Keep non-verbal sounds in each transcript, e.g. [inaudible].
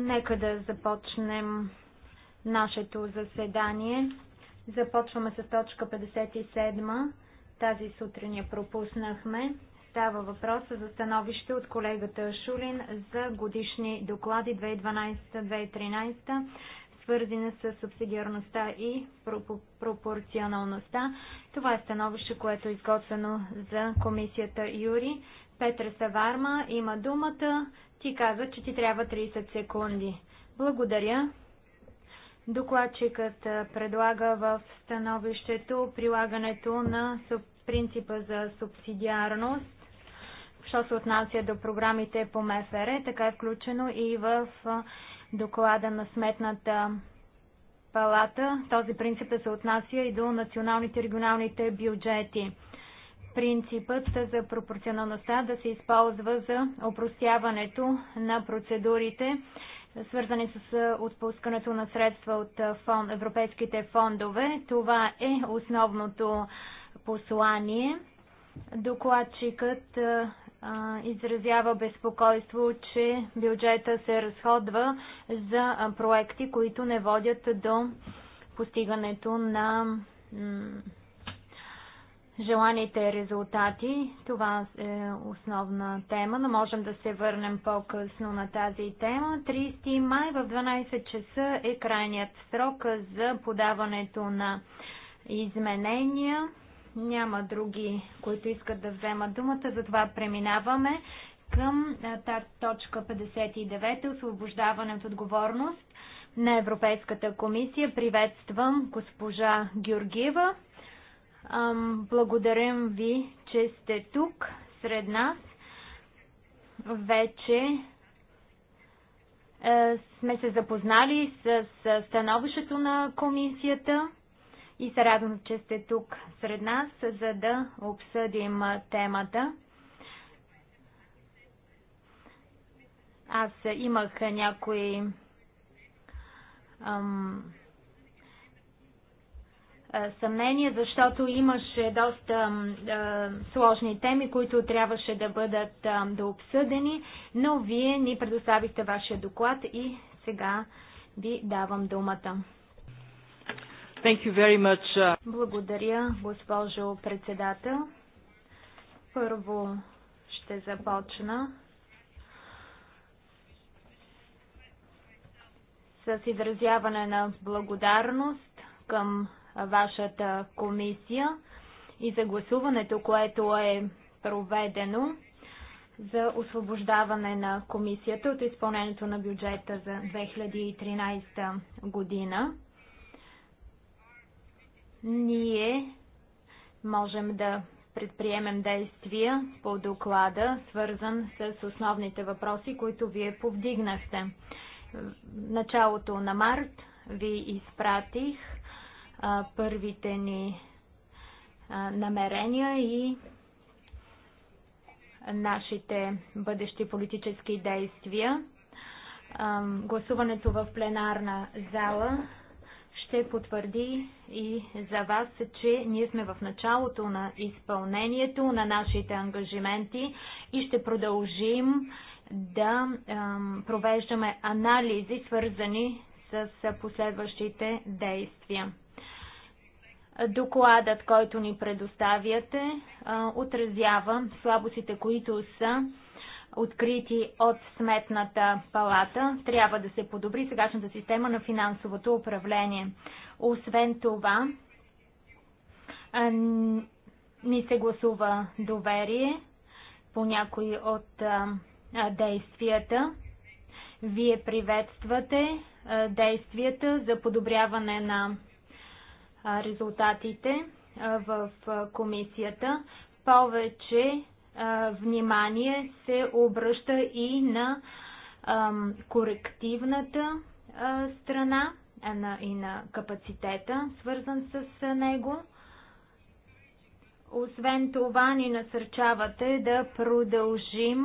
Нека да започнем нашето заседание. Започваме с точка 57. Тази сутрин я пропуснахме. Става въпроса за становище от колегата Шулин за годишни доклади 2012-2013, свързани с субсидиарността и пропорционалността. Това е становище, което е изготвено за комисията Юри. Петре Саварма има думата ти каза, че ти трябва 30 секунди. Благодаря. Докладчикът предлага в становището прилагането на принципа за субсидиарност, що се отнася до програмите по МФР, така е включено и в доклада на Сметната палата. Този принцип се отнася и до националните и регионалните бюджети принципът за пропорционалността да се използва за опростяването на процедурите, свързани с отпускането на средства от фон, европейските фондове. Това е основното послание. Докладчикът изразява безпокойство, че бюджета се разходва за проекти, които не водят до постигането на желаните резултати. Това е основна тема, но можем да се върнем по-късно на тази тема. 30 май в 12 часа е крайният срок за подаването на изменения. Няма други, които искат да вземат думата, затова преминаваме към точка 59 освобождаване от отговорност на Европейската комисия. Приветствам госпожа Георгиева. Благодарим ви, че сте тук сред нас. Вече е, сме се запознали с становището на комисията и се радвам, че сте тук сред нас, за да обсъдим темата. Аз имах някои е, съмнение, защото имаше доста е, сложни теми, които трябваше да бъдат е, да обсъдени, но вие ни предоставихте вашия доклад и сега ви давам думата. Thank you very much. Uh, Благодаря, госпожо председател. Първо ще започна с изразяване на благодарност към вашата комисия и за гласуването, което е проведено за освобождаване на комисията от изпълнението на бюджета за 2013 година. Ние можем да предприемем действия по доклада, свързан с основните въпроси, които вие повдигнахте. В началото на март ви изпратих първите ни намерения и нашите бъдещи политически действия. Гласуването в пленарна зала ще потвърди и за вас, че ние сме в началото на изпълнението на нашите ангажименти и ще продължим да провеждаме анализи, свързани с последващите действия. Докладът, който ни предоставяте, отразява слабостите, които са открити от сметната палата. Трябва да се подобри сегашната система на финансовото управление. Освен това, ни се гласува доверие по някои от действията. Вие приветствате действията за подобряване на резултатите в комисията. Повече внимание се обръща и на корективната страна и на капацитета, свързан с него. Освен това, ни насърчавате да продължим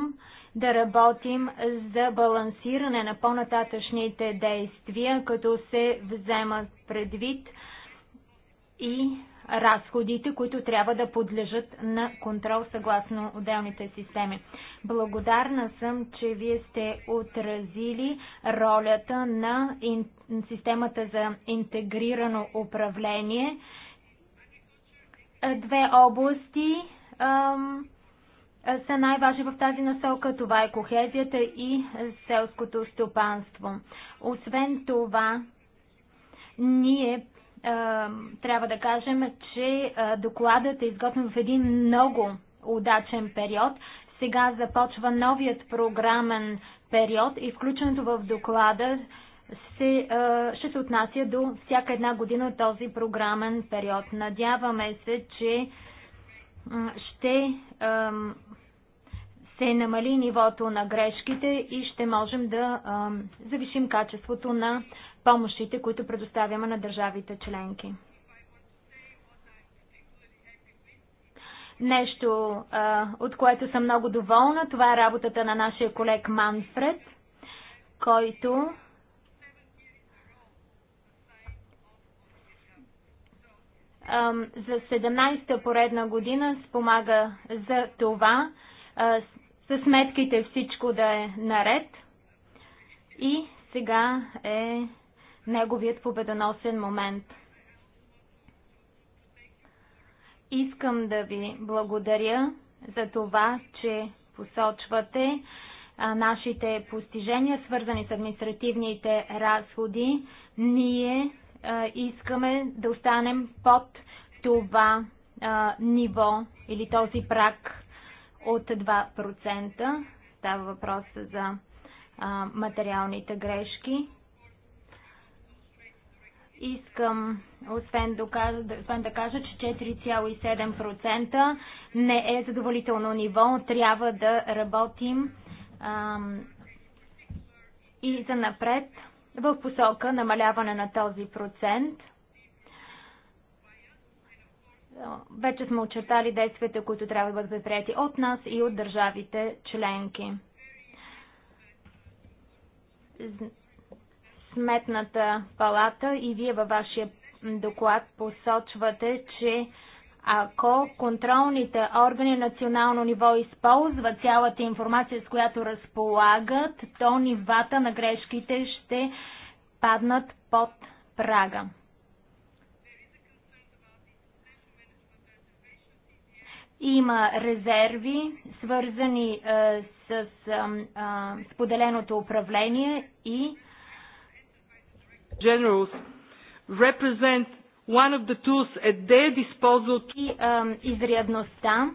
да работим за балансиране на по-нататъчните действия, като се вземат предвид и разходите, които трябва да подлежат на контрол съгласно отделните системи. Благодарна съм, че вие сте отразили ролята на системата за интегрирано управление. Две области ам, са най-важни в тази насока. Това е кохезията и селското стопанство. Освен това, ние трябва да кажем, че докладът е изготвен в един много удачен период. Сега започва новият програмен период и включването в доклада се, ще се отнася до всяка една година от този програмен период. Надяваме се, че ще се намали нивото на грешките и ще можем да завишим качеството на помощите, които предоставяме на държавите членки. Нещо, от което съм много доволна, това е работата на нашия колег Манфред, който за 17-та поредна година спомага за това със сметките всичко да е наред. И сега е неговият победоносен момент. Искам да ви благодаря за това, че посочвате нашите постижения, свързани с административните разходи. Ние искаме да останем под това ниво или този прак от 2%. Става въпрос за материалните грешки. Искам освен да кажа, освен да кажа че 4,7% не е задоволително ниво. Трябва да работим ам, и за напред в посока намаляване на този процент. Вече сме очертали действията, които трябва да бъдат предприяти от нас и от държавите членки Сметната палата и вие във вашия доклад посочвате, че ако контролните органи на национално ниво използват цялата информация, с която разполагат, то нивата на грешките ще паднат под прага. Има резерви, свързани е, с е, е споделеното управление и Generals represent one of the tools at their disposal. И изрядността.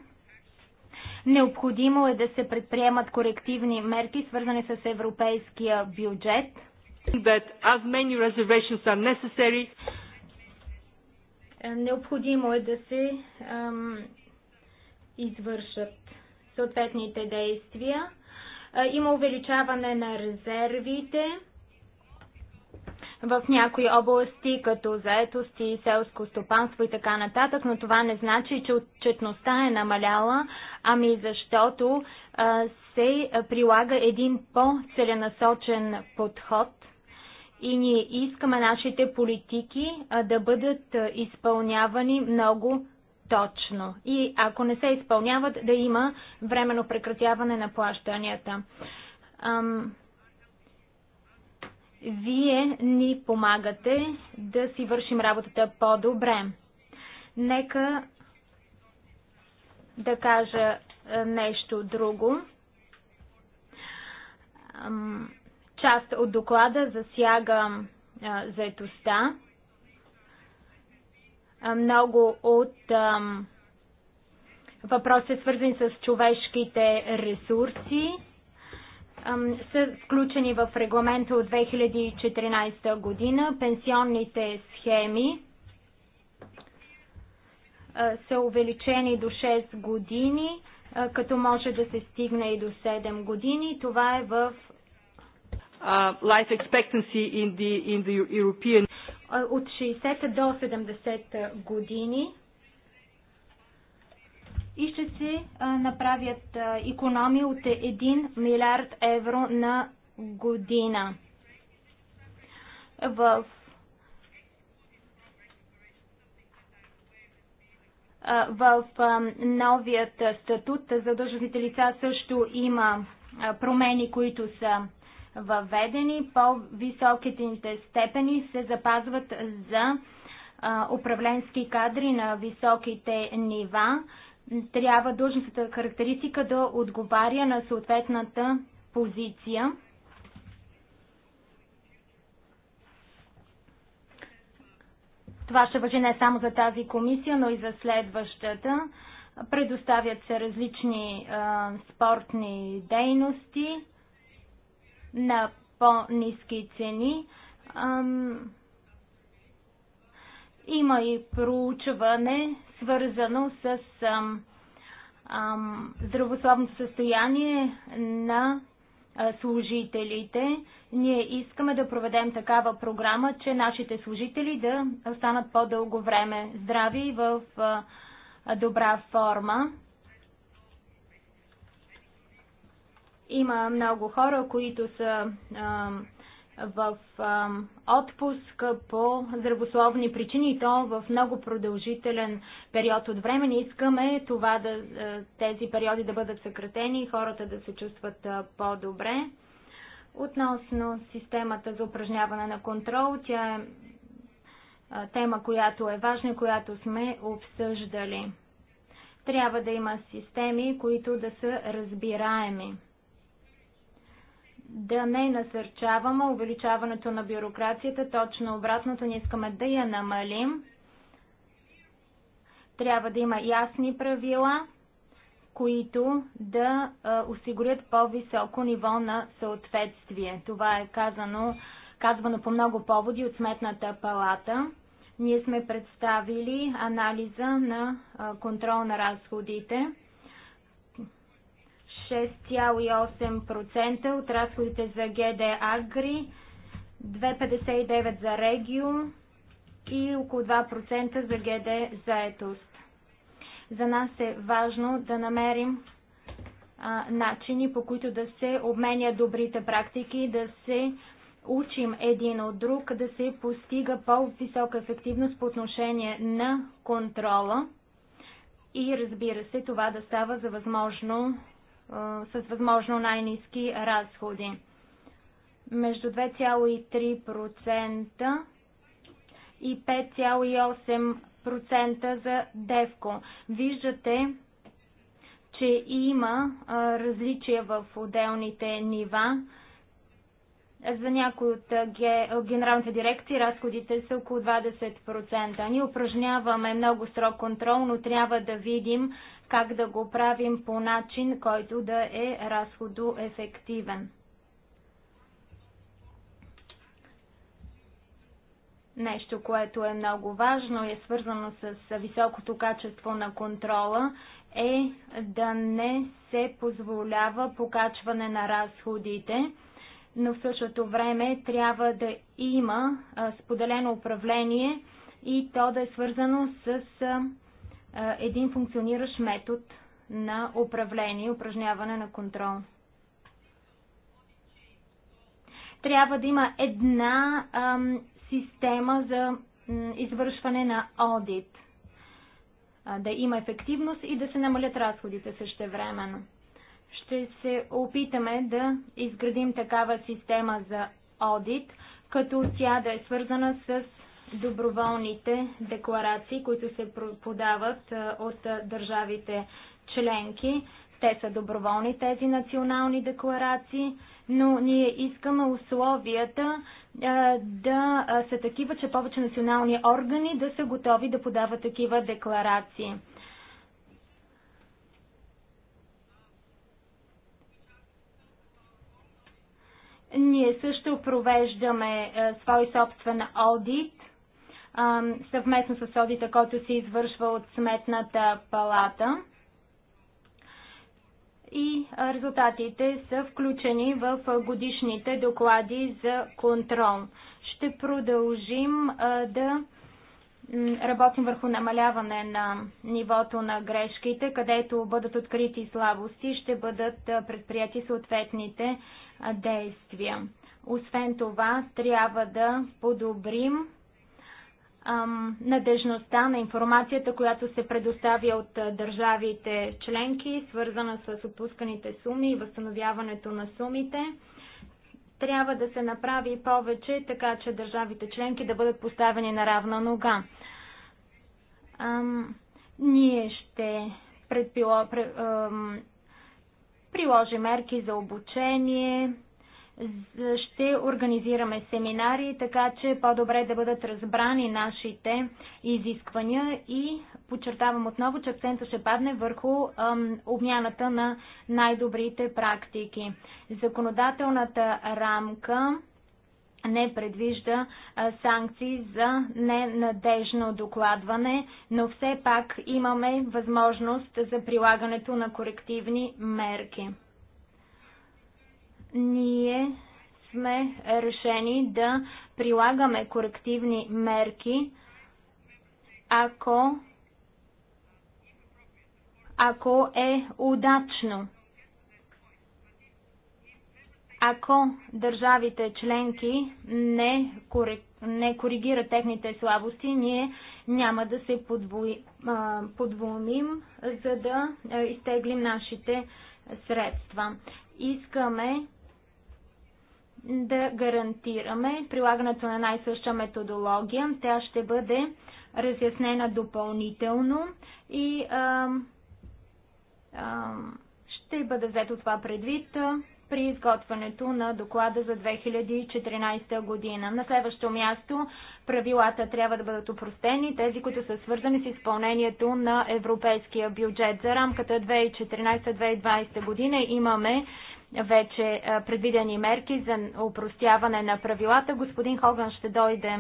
Необходимо е да се предприемат корективни мерки, свързани с европейския бюджет. That as many reservations are necessary. Е, необходимо е да се извършат съответните действия. Е, има увеличаване на резервите в някои области, като заетост и селско стопанство и така нататък, но това не значи, че отчетността е намаляла, ами защото а, се прилага един по-целенасочен подход и ние искаме нашите политики а, да бъдат изпълнявани много точно. И ако не се изпълняват, да има временно прекратяване на плащанията. Ам, вие ни помагате да си вършим работата по-добре. Нека да кажа е, нещо друго. Част от доклада засяга е, заетостта. Е, много от въпроси, свързани с човешките ресурси, са включени в регламента от 2014 година. Пенсионните схеми са увеличени до 6 години, като може да се стигне и до 7 години. Това е в life expectancy in the, in the European от 60 до 70 години и ще се направят економи от 1 милиард евро на година. В в новият статут за длъжностните лица също има промени, които са въведени. По-високите степени се запазват за управленски кадри на високите нива трябва длъжностната характеристика да отговаря на съответната позиция. Това ще въжи не само за тази комисия, но и за следващата. Предоставят се различни е, спортни дейности на по-низки цени. Е, има и проучване свързано с ам, ам, здравословното състояние на служителите. Ние искаме да проведем такава програма, че нашите служители да останат по-дълго време здрави и в добра форма. Има много хора, които са в отпуск по здравословни причини и то в много продължителен период от време. Не искаме това да, тези периоди да бъдат съкратени и хората да се чувстват по-добре. Относно системата за упражняване на контрол, тя е тема, която е важна, която сме обсъждали. Трябва да има системи, които да са разбираеми да не насърчаваме увеличаването на бюрокрацията, точно обратното не искаме да я намалим. Трябва да има ясни правила, които да осигурят по-високо ниво на съответствие. Това е казано, казвано по много поводи от Сметната палата. Ние сме представили анализа на контрол на разходите. 6,8% от разходите за ГД Агри, 2,59% за Регио и около 2% за ГД Заетост. За нас е важно да намерим начини, по които да се обменят добрите практики, да се учим един от друг, да се постига по-висока ефективност по отношение на контрола и разбира се това да става за възможно с възможно най-низки разходи. Между 2,3% и 5,8% за ДЕВКО. Виждате, че има различия в отделните нива. За някои от генералните дирекции разходите са около 20%. Ние упражняваме много строг контрол, но трябва да видим как да го правим по начин, който да е разходоефективен. Нещо, което е много важно и е свързано с високото качество на контрола, е да не се позволява покачване на разходите, но в същото време трябва да има споделено управление и то да е свързано с един функциониращ метод на управление и упражняване на контрол. Трябва да има една ам, система за м, извършване на одит. А, да има ефективност и да се намалят разходите също времено. Ще се опитаме да изградим такава система за одит, като тя да е свързана с доброволните декларации, които се подават е, от е, държавите членки. Те са доброволни тези национални декларации, но ние искаме условията е, да са такива, че повече национални органи да са готови да подават такива декларации. Ние също провеждаме свой собствен аудит съвместно с одита, който се извършва от Сметната палата. И резултатите са включени в годишните доклади за контрол. Ще продължим да работим върху намаляване на нивото на грешките, където бъдат открити слабости, ще бъдат предприяти съответните действия. Освен това, трябва да подобрим надежността на информацията, която се предоставя от държавите членки, свързана с отпусканите суми и възстановяването на сумите. Трябва да се направи повече, така че държавите членки да бъдат поставени на равна нога. Ам, ние ще предпило, пред, ам, приложи мерки за обучение, ще организираме семинари, така че по-добре да бъдат разбрани нашите изисквания и подчертавам отново, че акцента ще падне върху ам, обмяната на най-добрите практики. Законодателната рамка не предвижда а, санкции за ненадежно докладване, но все пак имаме възможност за прилагането на корективни мерки ние сме решени да прилагаме корективни мерки, ако, ако е удачно. Ако държавите членки не, кори, не коригират техните слабости, ние няма да се подвои, за да изтеглим нашите средства. Искаме да гарантираме прилагането на най съща методология. Тя ще бъде разяснена допълнително и а, а, ще бъде взето това предвид при изготвянето на доклада за 2014 година. На следващо място правилата трябва да бъдат упростени, тези, които са свързани с изпълнението на европейския бюджет. За рамката 2014-2020 година имаме вече е, предвидени мерки за упростяване на правилата. Господин Хоган ще дойде е,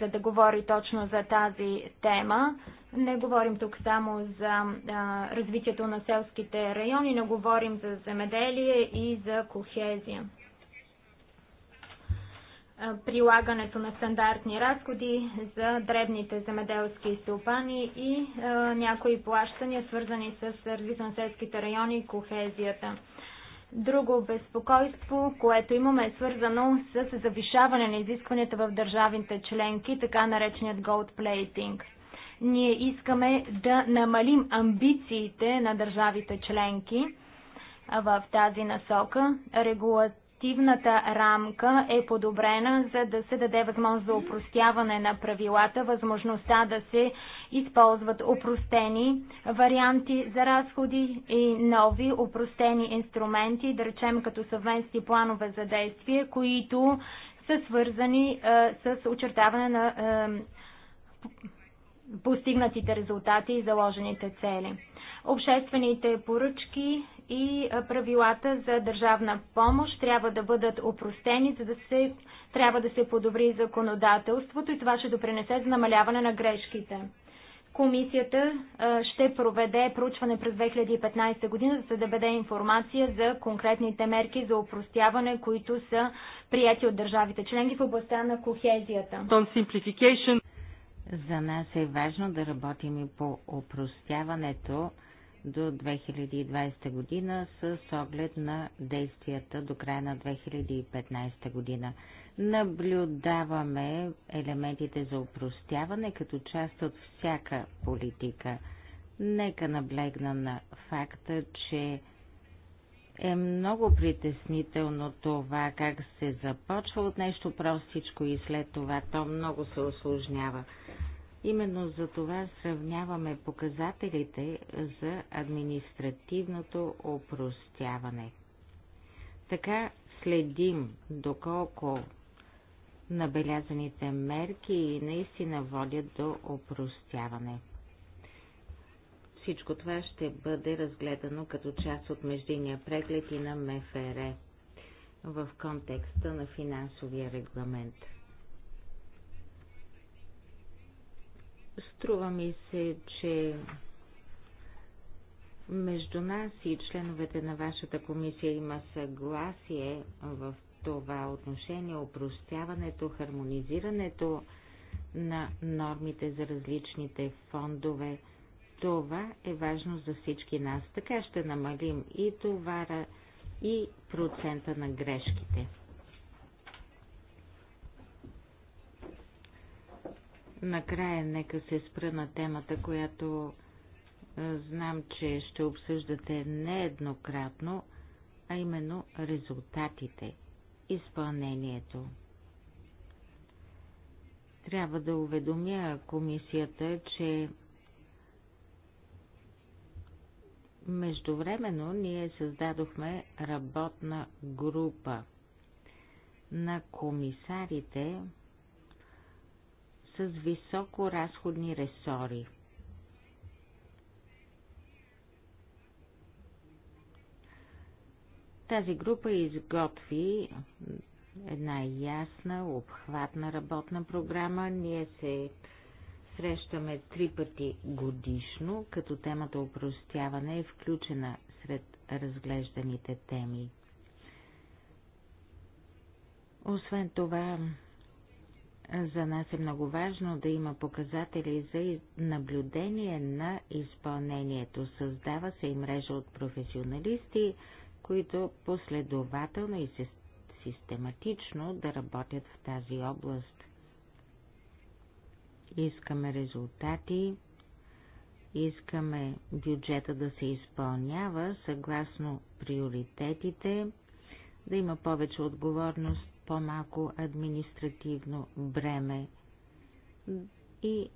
за да говори точно за тази тема. Не говорим тук само за е, развитието на селските райони, но говорим за земеделие и за кохезия. Прилагането на стандартни разходи за дребните земеделски стопани и някои плащания, свързани с развитието на селските райони и кохезията. Друго безпокойство, което имаме е свързано с завишаване на изискванията в държавните членки, така нареченият gold plating. Ние искаме да намалим амбициите на държавите членки в тази насока. Регулат нормативната рамка е подобрена, за да се даде възможност за упростяване на правилата, възможността да се използват упростени варианти за разходи и нови упростени инструменти, да речем като съвместни планове за действие, които са свързани а, с очертаване на а, постигнатите резултати и заложените цели. Обществените поръчки и правилата за държавна помощ трябва да бъдат опростени, за да се, трябва да се подобри законодателството и това ще допринесе за намаляване на грешките. Комисията ще проведе проучване през 2015 година, за да даде информация за конкретните мерки за опростяване, които са прияти от държавите членки в областта на кохезията. За нас е важно да работим и по опростяването до 2020 година с оглед на действията до края на 2015 година. Наблюдаваме елементите за упростяване като част от всяка политика. Нека наблегна на факта, че е много притеснително това как се започва от нещо простичко и след това то много се осложнява – Именно за това сравняваме показателите за административното опростяване. Така следим доколко набелязаните мерки наистина водят до опростяване. Всичко това ще бъде разгледано като част от междинния преглед и на МФР в контекста на финансовия регламент. Струва ми се, че между нас и членовете на вашата комисия има съгласие в това отношение, опростяването, хармонизирането на нормите за различните фондове. Това е важно за всички нас. Така ще намалим и товара, и процента на грешките. Накрая нека се спра на темата, която е, знам, че ще обсъждате нееднократно, а именно резултатите, изпълнението. Трябва да уведомя комисията, че Междувременно ние създадохме работна група на комисарите с високо разходни ресори. Тази група изготви една ясна, обхватна работна програма. Ние се срещаме три пъти годишно, като темата упростяване е включена сред разглежданите теми. Освен това, за нас е много важно да има показатели за наблюдение на изпълнението. Създава се и мрежа от професионалисти, които последователно и систематично да работят в тази област. Искаме резултати, искаме бюджета да се изпълнява съгласно приоритетите, да има повече отговорност по-малко административно бреме и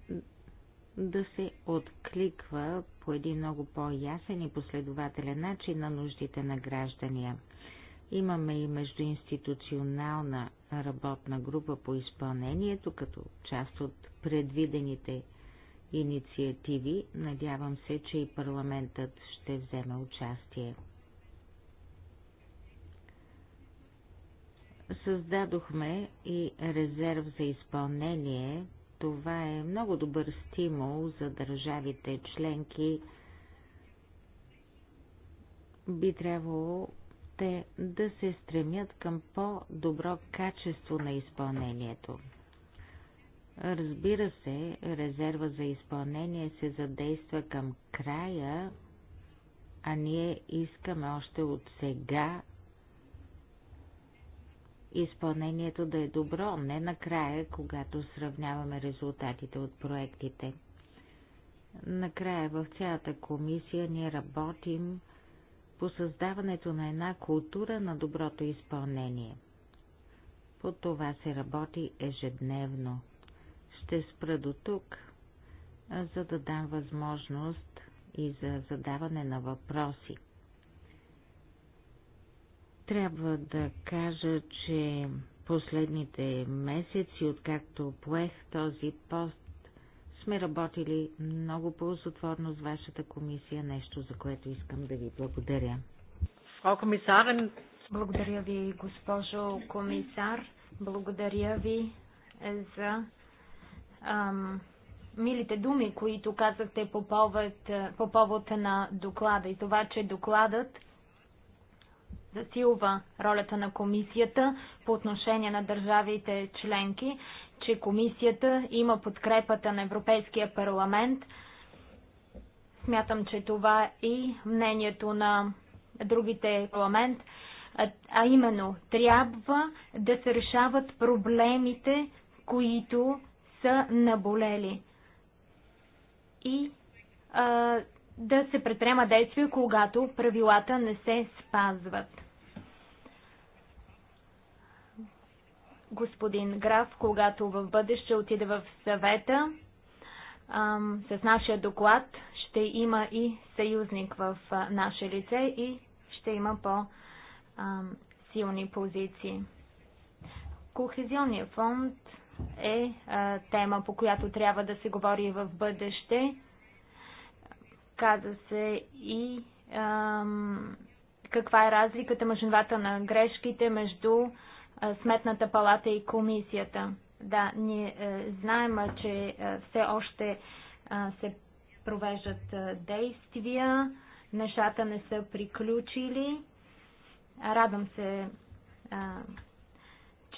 да се откликва по един много по-ясен и последователен начин на нуждите на граждания. Имаме и междуинституционална работна група по изпълнението, като част от предвидените инициативи. Надявам се, че и парламентът ще вземе участие. Създадохме и резерв за изпълнение. Това е много добър стимул за държавите членки. Би трябвало те да се стремят към по-добро качество на изпълнението. Разбира се, резерва за изпълнение се задейства към края, а ние искаме още от сега изпълнението да е добро, не накрая, когато сравняваме резултатите от проектите. Накрая в цялата комисия ние работим по създаването на една култура на доброто изпълнение. По това се работи ежедневно. Ще спра до тук, за да дам възможност и за задаване на въпроси. Трябва да кажа, че последните месеци, откакто поех този пост, сме работили много ползотворно с вашата комисия, нещо за което искам да ви благодаря. Фрау комисарен, благодаря ви, госпожо комисар. Благодаря ви за ам, милите думи, които казахте по повод, по повод на доклада и това, че докладът засилва ролята на комисията по отношение на държавите членки, че комисията има подкрепата на Европейския парламент. Смятам, че това е и мнението на другите парламент, а именно трябва да се решават проблемите, които са наболели. И а, да се предприема действия, когато правилата не се спазват. господин Граф, когато в бъдеще отиде в съвета а, с нашия доклад, ще има и съюзник в а, наше лице и ще има по-силни позиции. Кохезионният фонд е а, тема, по която трябва да се говори в бъдеще. Каза се и а, каква е разликата между на грешките между е, Сметната палата и комисията. Да, ние е, знаем, че е, все още се провеждат действия, нещата не са приключили. Радвам се,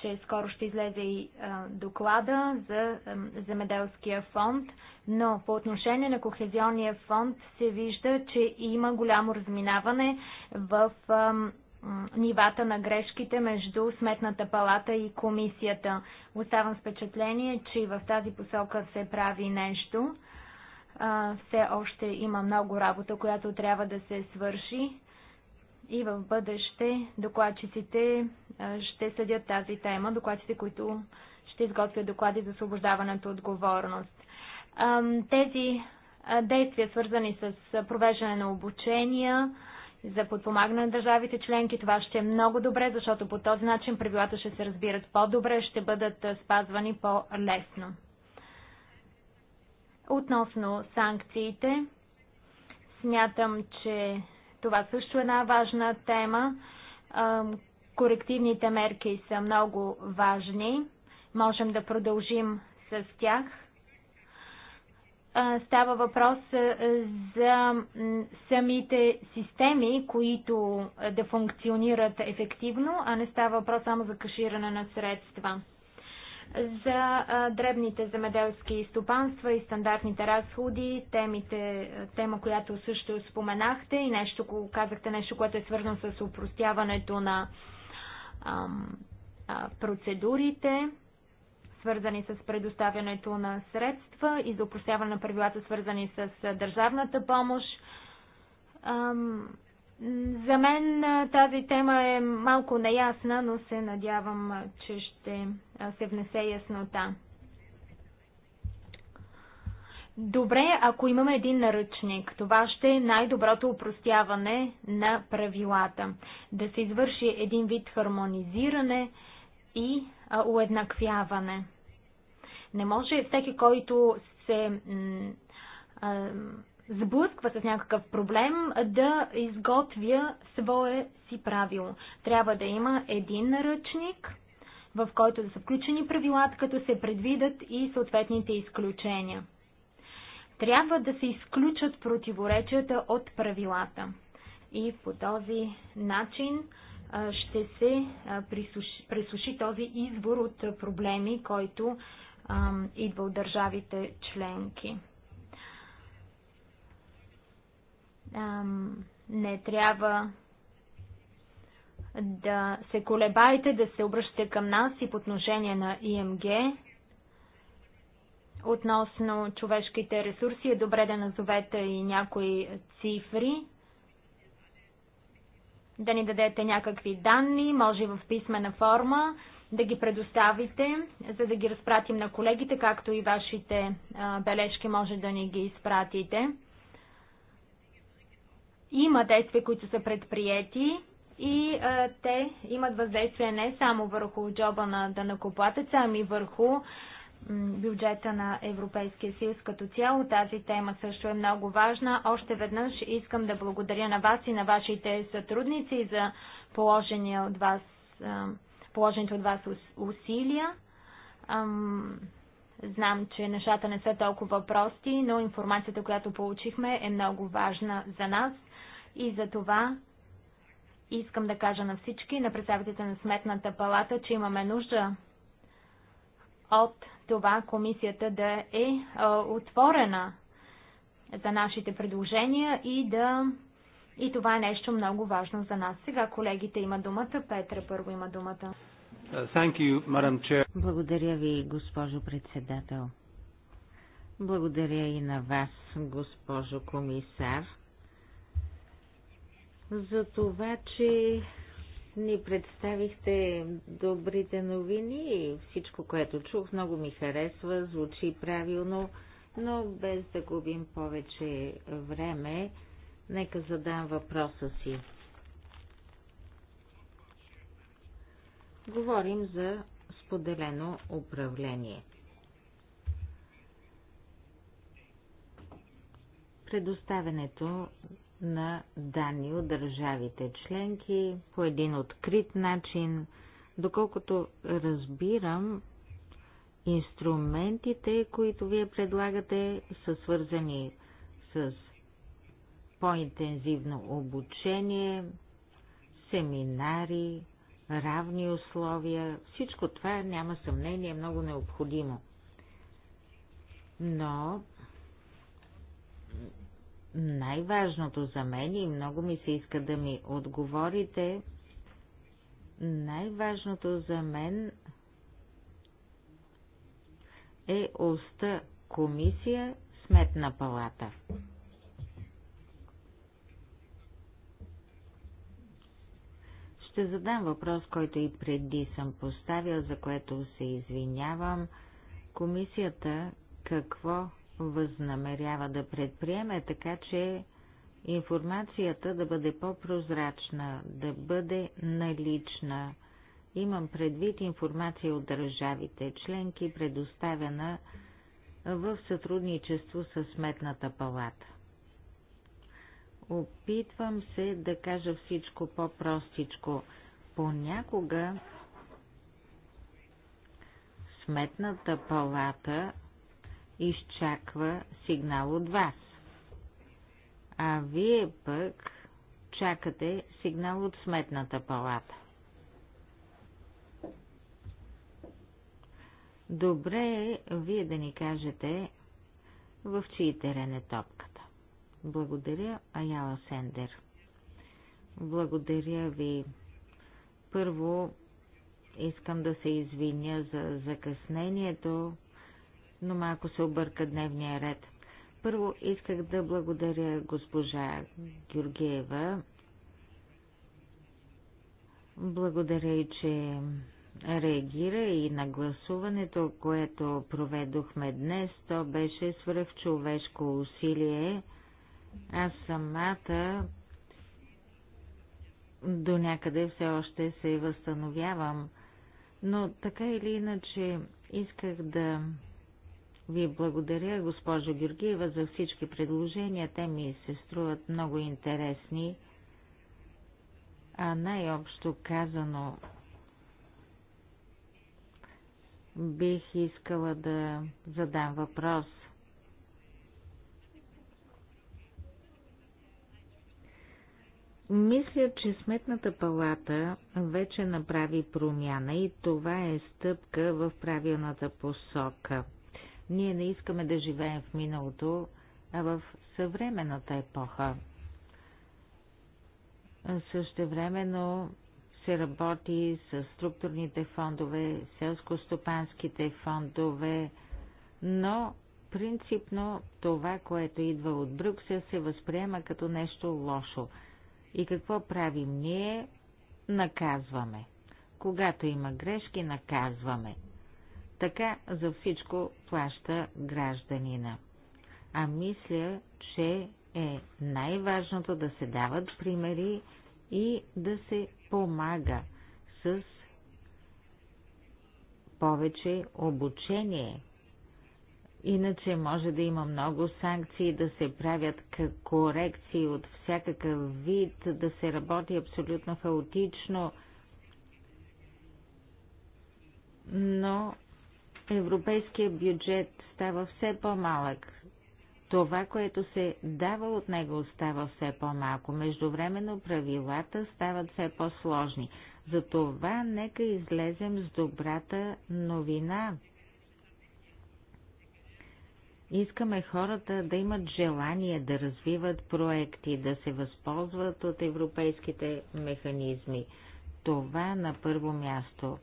че скоро ще излезе и доклада за земеделския фонд, но по отношение на кохезионния фонд се вижда, че има голямо разминаване в нивата на грешките между Сметната палата и комисията. Оставам с впечатление, че и в тази посока се прави нещо. Все още има много работа, която трябва да се свърши и в бъдеще докладчиците ще съдят тази тема, докладчиците, които ще изготвят доклади за освобождаването отговорност. Тези действия, свързани с провеждане на обучения, за подпомагане на държавите членки. Това ще е много добре, защото по този начин правилата ще се разбират по-добре, ще бъдат спазвани по-лесно. Относно санкциите, смятам, че това също е една важна тема. Корективните мерки са много важни. Можем да продължим с тях става въпрос за самите системи, които да функционират ефективно, а не става въпрос само за каширане на средства. За дребните земеделски стопанства и стандартните разходи, темите, тема, която също споменахте и нещо, казахте нещо, което е свързано с упростяването на ам, процедурите свързани с предоставянето на средства и за упростяване на правилата, свързани с държавната помощ. За мен тази тема е малко неясна, но се надявам, че ще се внесе яснота. Добре, ако имаме един наръчник, това ще е най-доброто упростяване на правилата. Да се извърши един вид хармонизиране и уеднаквяване. Не може всеки, който се сблъсква с някакъв проблем, да изготвя свое си правило. Трябва да има един наръчник, в който да са включени правилата, като се предвидат и съответните изключения. Трябва да се изключат противоречията от правилата. И по този начин ще се пресуши, пресуши този извор от проблеми, който идва от държавите членки. Не трябва да се колебаете, да се обръщате към нас и по отношение на ИМГ. Относно човешките ресурси е добре да назовете и някои цифри, да ни дадете някакви данни, може и в писмена форма да ги предоставите, за да ги разпратим на колегите, както и вашите бележки може да ни ги изпратите. Има действия, които са предприяти и а, те имат въздействие не само върху джоба на данъкоплатеца, ами върху бюджета на Европейския съюз като цяло. Тази тема също е много важна. Още веднъж искам да благодаря на вас и на вашите сътрудници за положения от вас положените от вас усилия. Знам, че нещата не са толкова прости, но информацията, която получихме е много важна за нас и за това искам да кажа на всички, на представителите на Сметната палата, че имаме нужда от това комисията да е отворена за нашите предложения и да и това е нещо много важно за нас. Сега колегите има думата. Петра първо има думата. Uh, you, Благодаря ви, госпожо председател. Благодаря и на вас, госпожо комисар, за това, че ни представихте добрите новини и всичко, което чух, много ми харесва, звучи правилно, но без да губим повече време, Нека задам въпроса си. Говорим за споделено управление. Предоставянето на данни от държавите членки по един открит начин. Доколкото разбирам, инструментите, които вие предлагате, са свързани с по-интензивно обучение, семинари, равни условия. Всичко това няма съмнение е много необходимо. Но най-важното за мен и много ми се иска да ми отговорите, най-важното за мен е оста комисия Сметна палата. Ще задам въпрос, който и преди съм поставил, за което се извинявам. Комисията какво възнамерява да предприеме, така че информацията да бъде по-прозрачна, да бъде налична. Имам предвид информация от държавите членки, предоставена в сътрудничество с Сметната палата. Опитвам се да кажа всичко по-простичко. Понякога сметната палата изчаква сигнал от вас, а вие пък чакате сигнал от сметната палата. Добре е вие да ни кажете в чий терен е топката. Благодаря, Аяла Сендер. Благодаря ви. Първо, искам да се извиня за закъснението, но малко се обърка дневния ред. Първо исках да благодаря госпожа Георгиева. Благодаря и, че реагира и на гласуването, което проведохме днес. То беше свръхчовешко усилие. Аз самата до някъде все още се възстановявам, но така или иначе исках да ви благодаря, госпожо Георгиева, за всички предложения. Те ми се струват много интересни. А най-общо казано, бих искала да задам въпрос – Мисля, че Сметната палата вече направи промяна и това е стъпка в правилната посока. Ние не искаме да живеем в миналото, а в съвременната епоха. Същевременно се работи с структурните фондове, селско-стопанските фондове, но принципно това, което идва от Брюксел, се възприема като нещо лошо – и какво правим ние? Наказваме. Когато има грешки, наказваме. Така за всичко плаща гражданина. А мисля, че е най-важното да се дават примери и да се помага с повече обучение Иначе може да има много санкции, да се правят корекции от всякакъв вид, да се работи абсолютно хаотично. Но европейският бюджет става все по-малък. Това, което се дава от него, става все по-малко. Междувременно правилата стават все по-сложни. Затова нека излезем с добрата новина Искаме хората да имат желание да развиват проекти, да се възползват от европейските механизми. Това на първо място.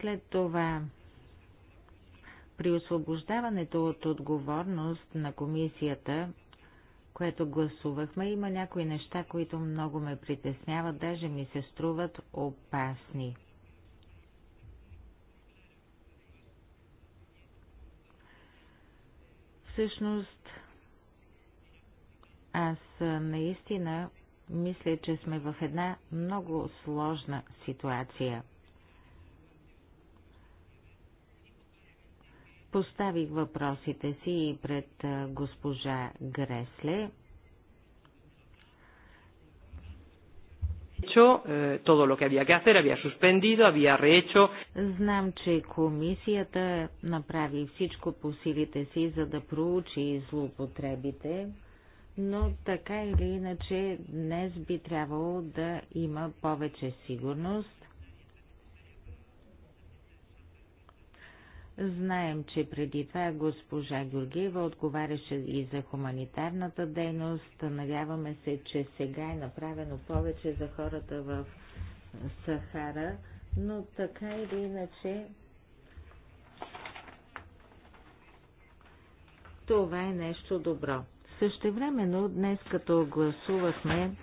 След това, при освобождаването от отговорност на комисията, което гласувахме, има някои неща, които много ме притесняват, даже ми се струват опасни – Всъщност, аз наистина мисля, че сме в една много сложна ситуация. Поставих въпросите си и пред госпожа Гресле – hecho eh, todo lo que había que hacer, había suspendido, había rehecho. Знам, че комисията направи всичко по силите си, за да проучи злоупотребите, но така или иначе днес би трябвало да има повече сигурност Знаем, че преди това госпожа Георгиева отговаряше и за хуманитарната дейност. Надяваме се, че сега е направено повече за хората в Сахара, но така или иначе това е нещо добро. Същевременно днес като гласувахме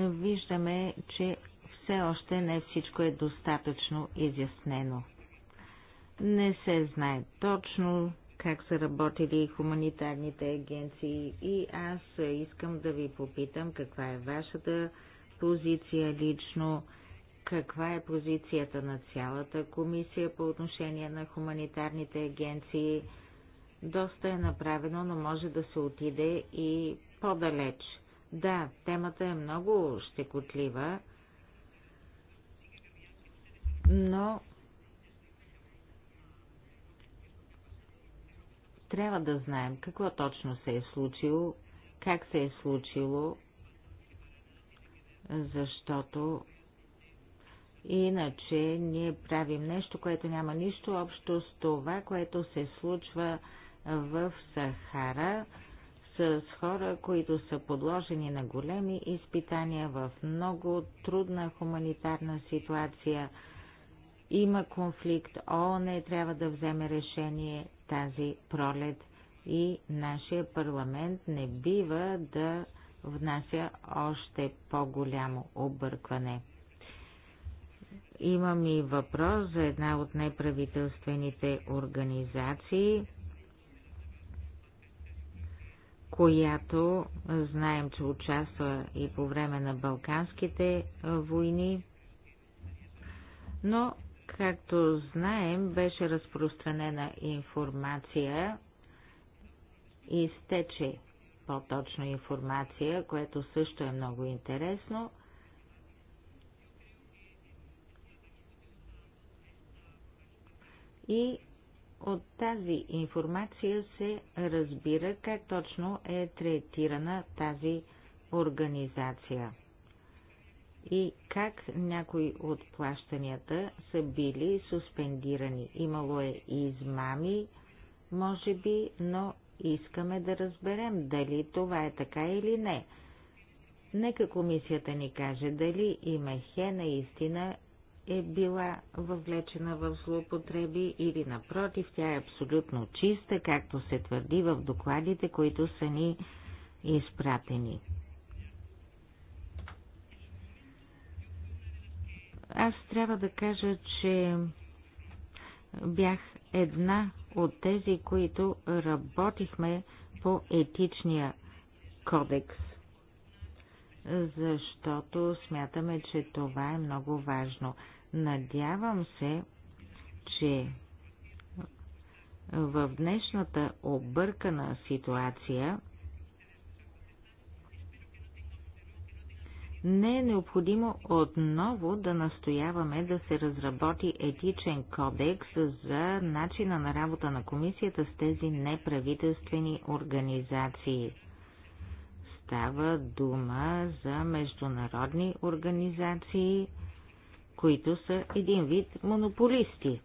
виждаме, че все още не всичко е достатъчно изяснено. Не се знае точно как са работили хуманитарните агенции и аз искам да ви попитам каква е вашата позиция лично, каква е позицията на цялата комисия по отношение на хуманитарните агенции. Доста е направено, но може да се отиде и по-далеч. Да, темата е много щекотлива, но трябва да знаем какво точно се е случило, как се е случило, защото иначе ние правим нещо, което няма нищо общо с това, което се случва в Сахара с хора, които са подложени на големи изпитания в много трудна хуманитарна ситуация – има конфликт, ООН е, трябва да вземе решение тази пролет и нашия парламент не бива да внася още по-голямо объркване. Имам и въпрос за една от неправителствените организации, която знаем, че участва и по време на Балканските войни, но Както знаем, беше разпространена информация и изтече по-точно информация, което също е много интересно. И от тази информация се разбира как точно е третирана тази организация и как някои от плащанията са били суспендирани. Имало е и измами, може би, но искаме да разберем дали това е така или не. Нека комисията ни каже дали и Мехе наистина е била въвлечена в злоупотреби или напротив, тя е абсолютно чиста, както се твърди в докладите, които са ни изпратени. Аз трябва да кажа, че бях една от тези, които работихме по етичния кодекс, защото смятаме, че това е много важно. Надявам се, че в днешната объркана ситуация не е необходимо отново да настояваме да се разработи етичен кодекс за начина на работа на комисията с тези неправителствени организации. Става дума за международни организации, които са един вид монополисти.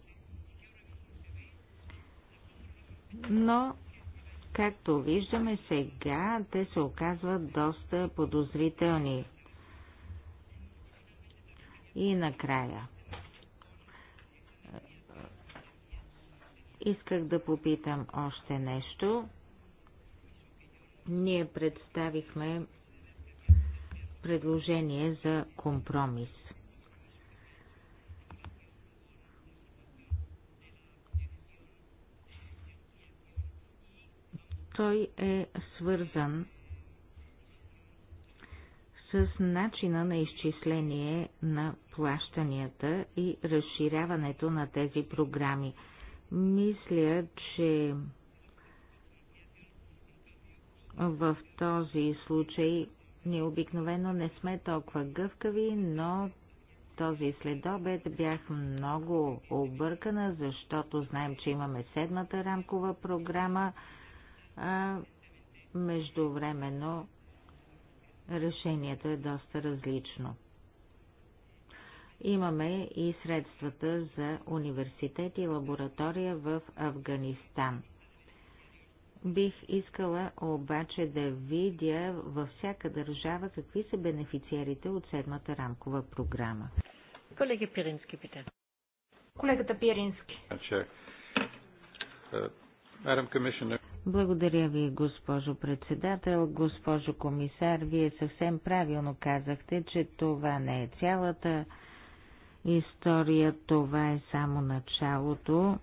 Но Както виждаме сега, те се оказват доста подозрителни. И накрая. Исках да попитам още нещо. Ние представихме предложение за компромис. Той е свързан с начина на изчисление на плащанията и разширяването на тези програми. Мисля, че в този случай ние обикновено не сме толкова гъвкави, но този следобед бях много объркана, защото знаем, че имаме седмата рамкова програма, а междувременно решението е доста различно. Имаме и средствата за университет и лаборатория в Афганистан. Бих искала обаче да видя във всяка държава какви са бенефициерите от седмата рамкова програма. Колеги Пирински, питам. Колегата Пирински. Madam uh, Commissioner, благодаря ви, госпожо председател. Госпожо комисар, вие съвсем правилно казахте, че това не е цялата история, това е само началото.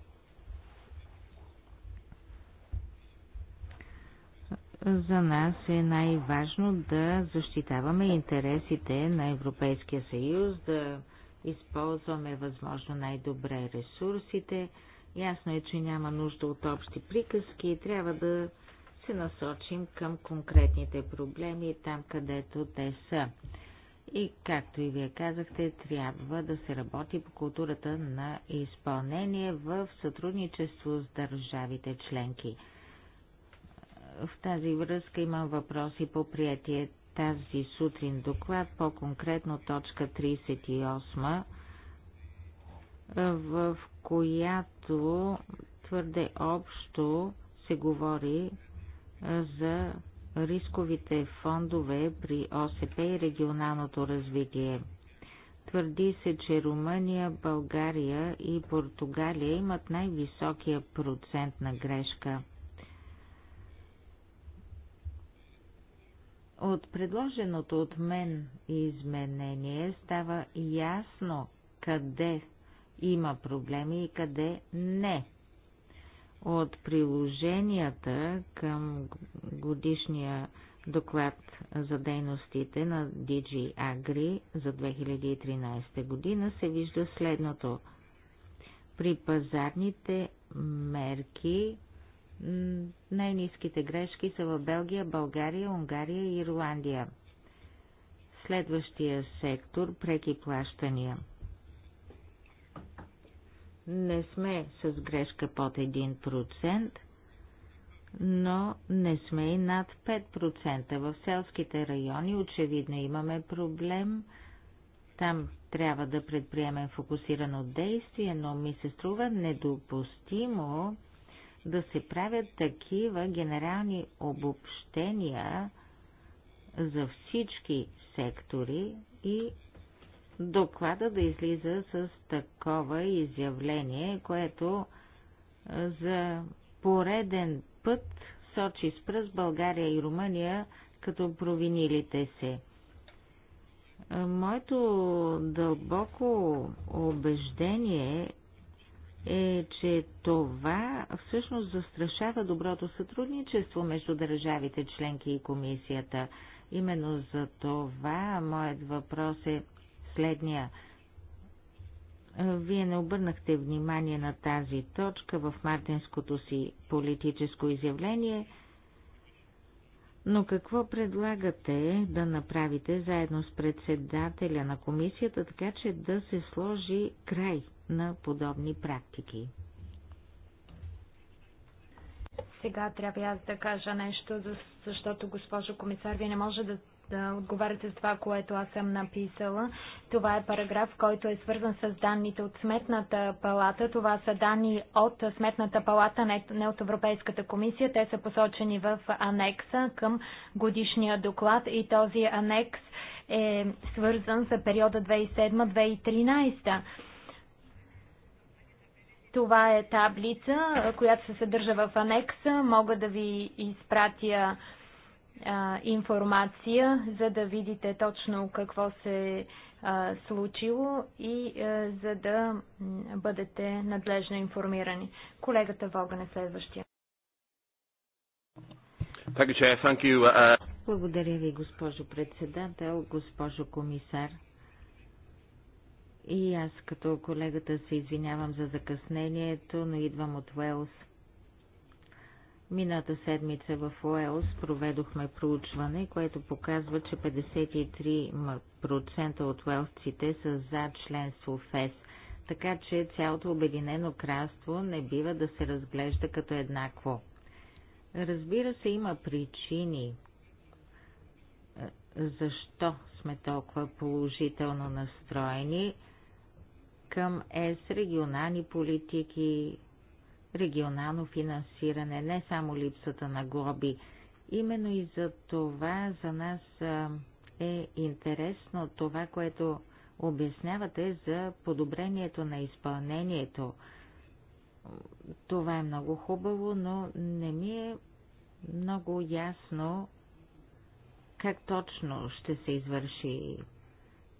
За нас е най-важно да защитаваме интересите на Европейския съюз, да използваме възможно най-добре ресурсите, Ясно е, че няма нужда от общи приказки и трябва да се насочим към конкретните проблеми там, където те са. И както и вие казахте, трябва да се работи по културата на изпълнение в сътрудничество с държавите членки. В тази връзка имам въпроси по приятие тази сутрин доклад, по-конкретно точка 38 в която твърде общо се говори за рисковите фондове при ОСП и регионалното развитие. Твърди се, че Румъния, България и Португалия имат най-високия процент на грешка. От предложеното от мен изменение става ясно къде има проблеми и къде не. От приложенията към годишния доклад за дейностите на DG Agri за 2013 година се вижда следното. При пазарните мерки най-низките грешки са в Белгия, България, Унгария и Ирландия. Следващия сектор – преки плащания – не сме с грешка под 1%, но не сме и над 5%. В селските райони очевидно имаме проблем. Там трябва да предприемем фокусирано действие, но ми се струва недопустимо да се правят такива генерални обобщения за всички сектори и доклада да излиза с такова изявление, което за пореден път сочи с пръст България и Румъния като провинилите се. Моето дълбоко убеждение е, че това всъщност застрашава доброто сътрудничество между държавите членки и комисията. Именно за това моят въпрос е последния. Вие не обърнахте внимание на тази точка в мартинското си политическо изявление, но какво предлагате да направите заедно с председателя на комисията, така че да се сложи край на подобни практики? Сега трябва аз да кажа нещо, защото, госпожо комисар, вие не може да да отговаряте за това, което аз съм написала. Това е параграф, който е свързан с данните от Сметната палата. Това са данни от Сметната палата, не от Европейската комисия. Те са посочени в анекса към годишния доклад и този анекс е свързан за периода 2007-2013. Това е таблица, която се съдържа в анекса. Мога да ви изпратя информация, за да видите точно какво се е случило и за да бъдете надлежно информирани. Колегата Воган е следващия. Uh, Благодаря ви, госпожо председател, госпожо комисар. И аз като колегата се извинявам за закъснението, но идвам от Уелс. Мината седмица в Уелс проведохме проучване, което показва, че 53% от уелсците са за членство в ЕС, така че цялото Обединено кралство не бива да се разглежда като еднакво. Разбира се, има причини е, защо сме толкова положително настроени към ЕС регионални политики, регионално финансиране, не само липсата на глоби. Именно и за това за нас е интересно това, което обяснявате за подобрението на изпълнението. Това е много хубаво, но не ми е много ясно как точно ще се извърши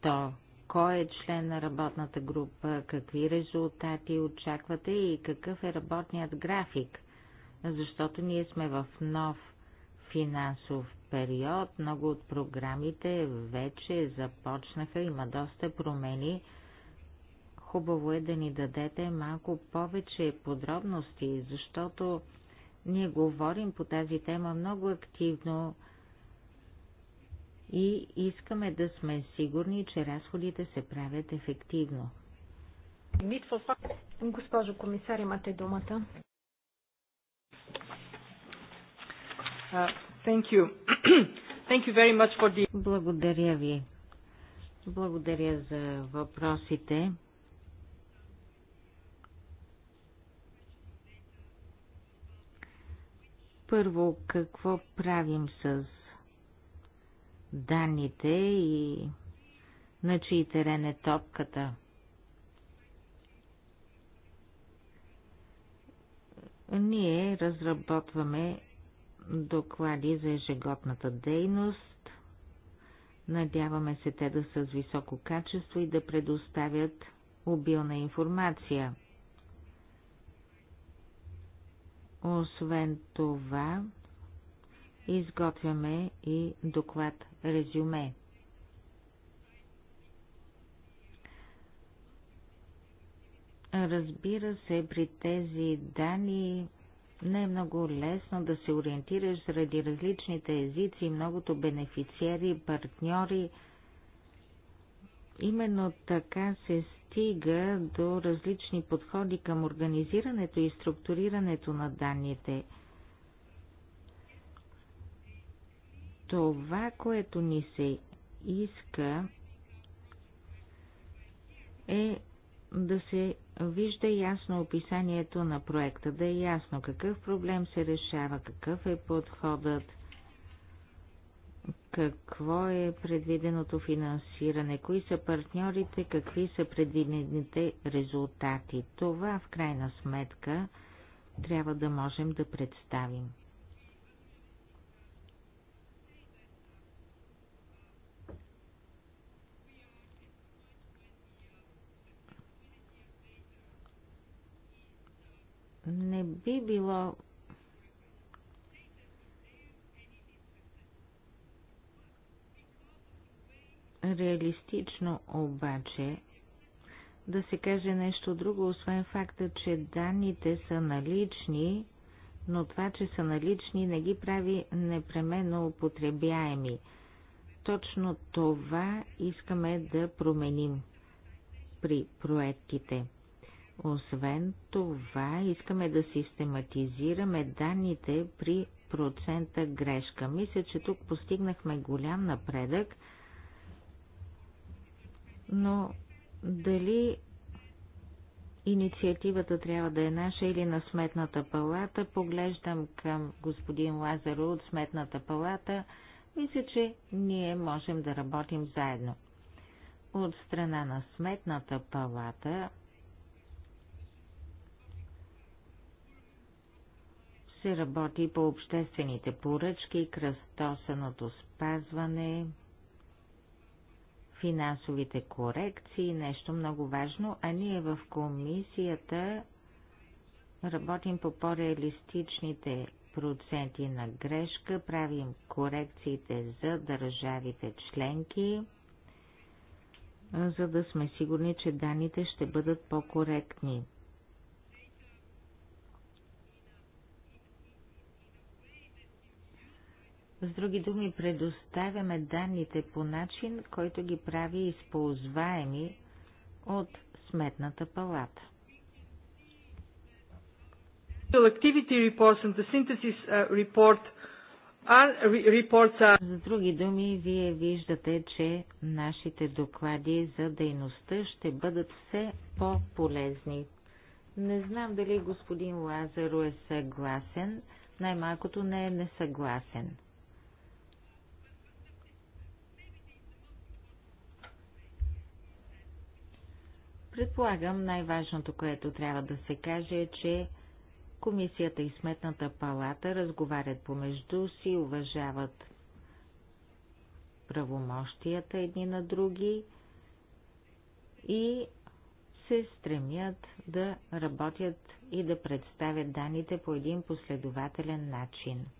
то кой е член на работната група, какви резултати очаквате и какъв е работният график, защото ние сме в нов финансов период, много от програмите вече започнаха, има доста промени. Хубаво е да ни дадете малко повече подробности, защото ние говорим по тази тема много активно и искаме да сме сигурни, че разходите се правят ефективно. Госпожо комисар, имате думата. Uh, thank you. [clears throat] thank you very much for the... Благодаря ви. Благодаря за въпросите. Първо, какво правим с данните и на чий терен е топката. Ние разработваме доклади за ежегодната дейност. Надяваме се те да са с високо качество и да предоставят обилна информация. Освен това, изготвяме и доклад резюме. Разбира се, при тези данни не е много лесно да се ориентираш заради различните езици, многото бенефициери, партньори. Именно така се стига до различни подходи към организирането и структурирането на данните – Това, което ни се иска е да се вижда ясно описанието на проекта, да е ясно какъв проблем се решава, какъв е подходът, какво е предвиденото финансиране, кои са партньорите, какви са предвидените резултати. Това в крайна сметка трябва да можем да представим. Не би било реалистично обаче да се каже нещо друго, освен факта, че данните са налични, но това, че са налични, не ги прави непременно употребяеми. Точно това искаме да променим при проектите. Освен това, искаме да систематизираме данните при процента грешка. Мисля, че тук постигнахме голям напредък, но дали инициативата трябва да е наша или на Сметната палата, поглеждам към господин Лазаро от Сметната палата, мисля, че ние можем да работим заедно. От страна на Сметната палата се работи по обществените поръчки, кръстосаното спазване, финансовите корекции, нещо много важно, а ние в комисията работим по по-реалистичните проценти на грешка, правим корекциите за държавите членки, за да сме сигурни, че данните ще бъдат по-коректни. С други думи, предоставяме данните по начин, който ги прави използваеми от Сметната палата. Uh, С други думи, вие виждате, че нашите доклади за дейността ще бъдат все по-полезни. Не знам дали господин Лазаро е съгласен, най-малкото не е несъгласен. Предполагам, най-важното, което трябва да се каже е, че Комисията и Сметната палата разговарят помежду си, уважават правомощията едни на други и се стремят да работят и да представят данните по един последователен начин –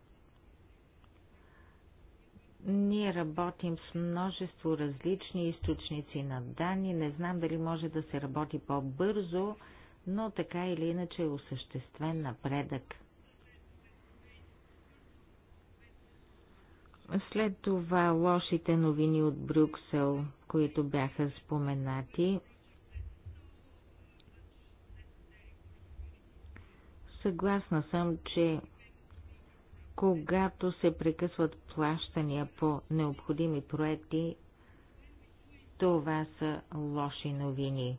ние работим с множество различни източници на данни. Не знам дали може да се работи по-бързо, но така или иначе е осъществен напредък. След това лошите новини от Брюксел, които бяха споменати, съгласна съм, че когато се прекъсват плащания по необходими проекти, това са лоши новини.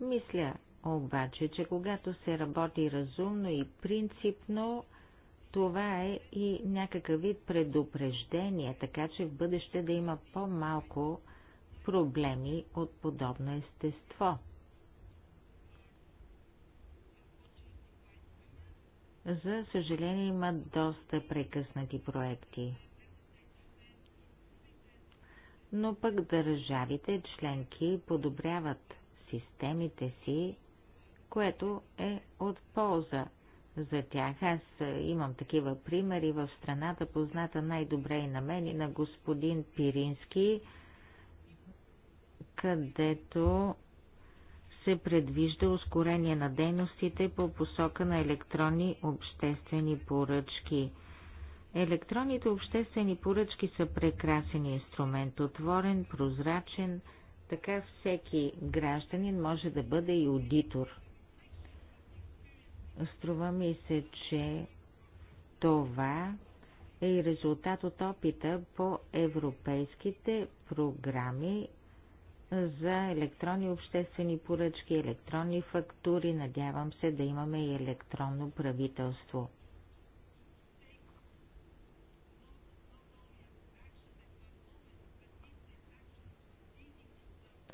Мисля обаче, че когато се работи разумно и принципно, това е и някакъв вид предупреждение, така че в бъдеще да има по-малко проблеми от подобно естество. За съжаление има доста прекъснати проекти. Но пък държавите членки подобряват системите си, което е от полза за тях. Аз имам такива примери в страната, позната най-добре и на мен и на господин Пирински, където се предвижда ускорение на дейностите по посока на електронни обществени поръчки. Електронните обществени поръчки са прекрасен инструмент, отворен, прозрачен, така всеки гражданин може да бъде и аудитор. Струва ми се, че това е и резултат от опита по европейските програми за електронни обществени поръчки, електронни фактури. Надявам се да имаме и електронно правителство.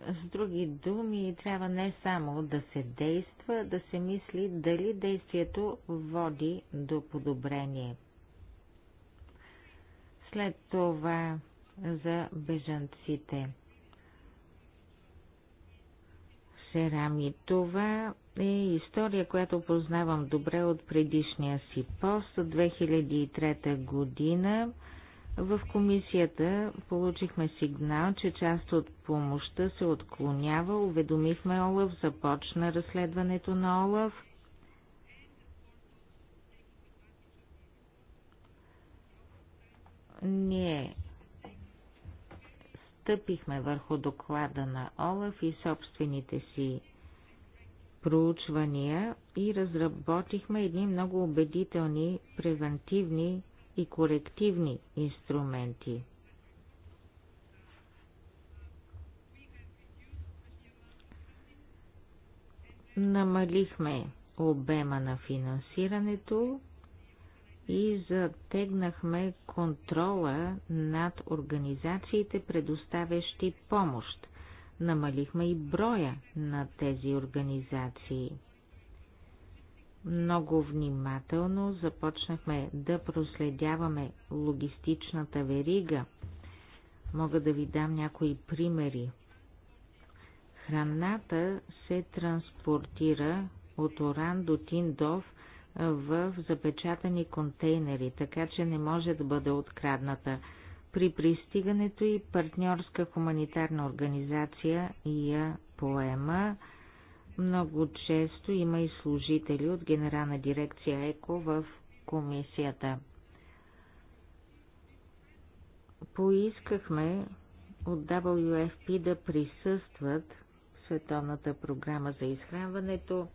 С други думи, трябва не само да се действа, да се мисли дали действието води до подобрение. След това за бежанците – Церами. Това е история, която познавам добре от предишния си пост от 2003 година. В комисията получихме сигнал, че част от помощта се отклонява. Уведомихме Олаф, започна разследването на Олаф. Ние стъпихме върху доклада на Олаф и собствените си проучвания и разработихме едни много убедителни превентивни и корективни инструменти. Намалихме обема на финансирането и затегнахме контрола над организациите, предоставящи помощ. Намалихме и броя на тези организации. Много внимателно започнахме да проследяваме логистичната верига. Мога да ви дам някои примери. Храната се транспортира от Оран до Тиндов в запечатани контейнери, така че не може да бъде открадната. При пристигането и партньорска хуманитарна организация я поема. Много често има и служители от Генерална дирекция ЕКО в комисията. Поискахме от WFP да присъстват в Световната програма за изхранването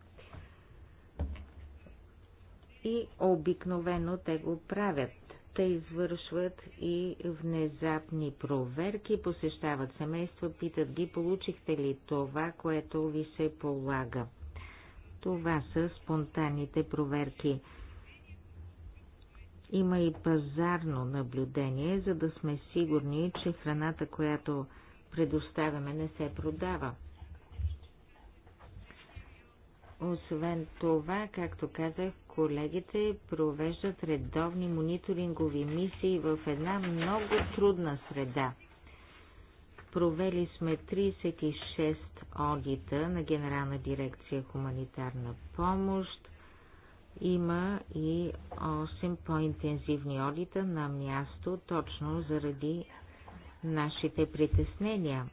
и обикновено те го правят. Те извършват и внезапни проверки, посещават семейства, питат ги, получихте ли това, което ви се полага. Това са спонтанните проверки. Има и пазарно наблюдение, за да сме сигурни, че храната, която предоставяме, не се продава. Освен това, както казах, колегите провеждат редовни мониторингови мисии в една много трудна среда. Провели сме 36 одита на Генерална дирекция хуманитарна помощ. Има и 8 по-интензивни одита на място, точно заради нашите притеснения.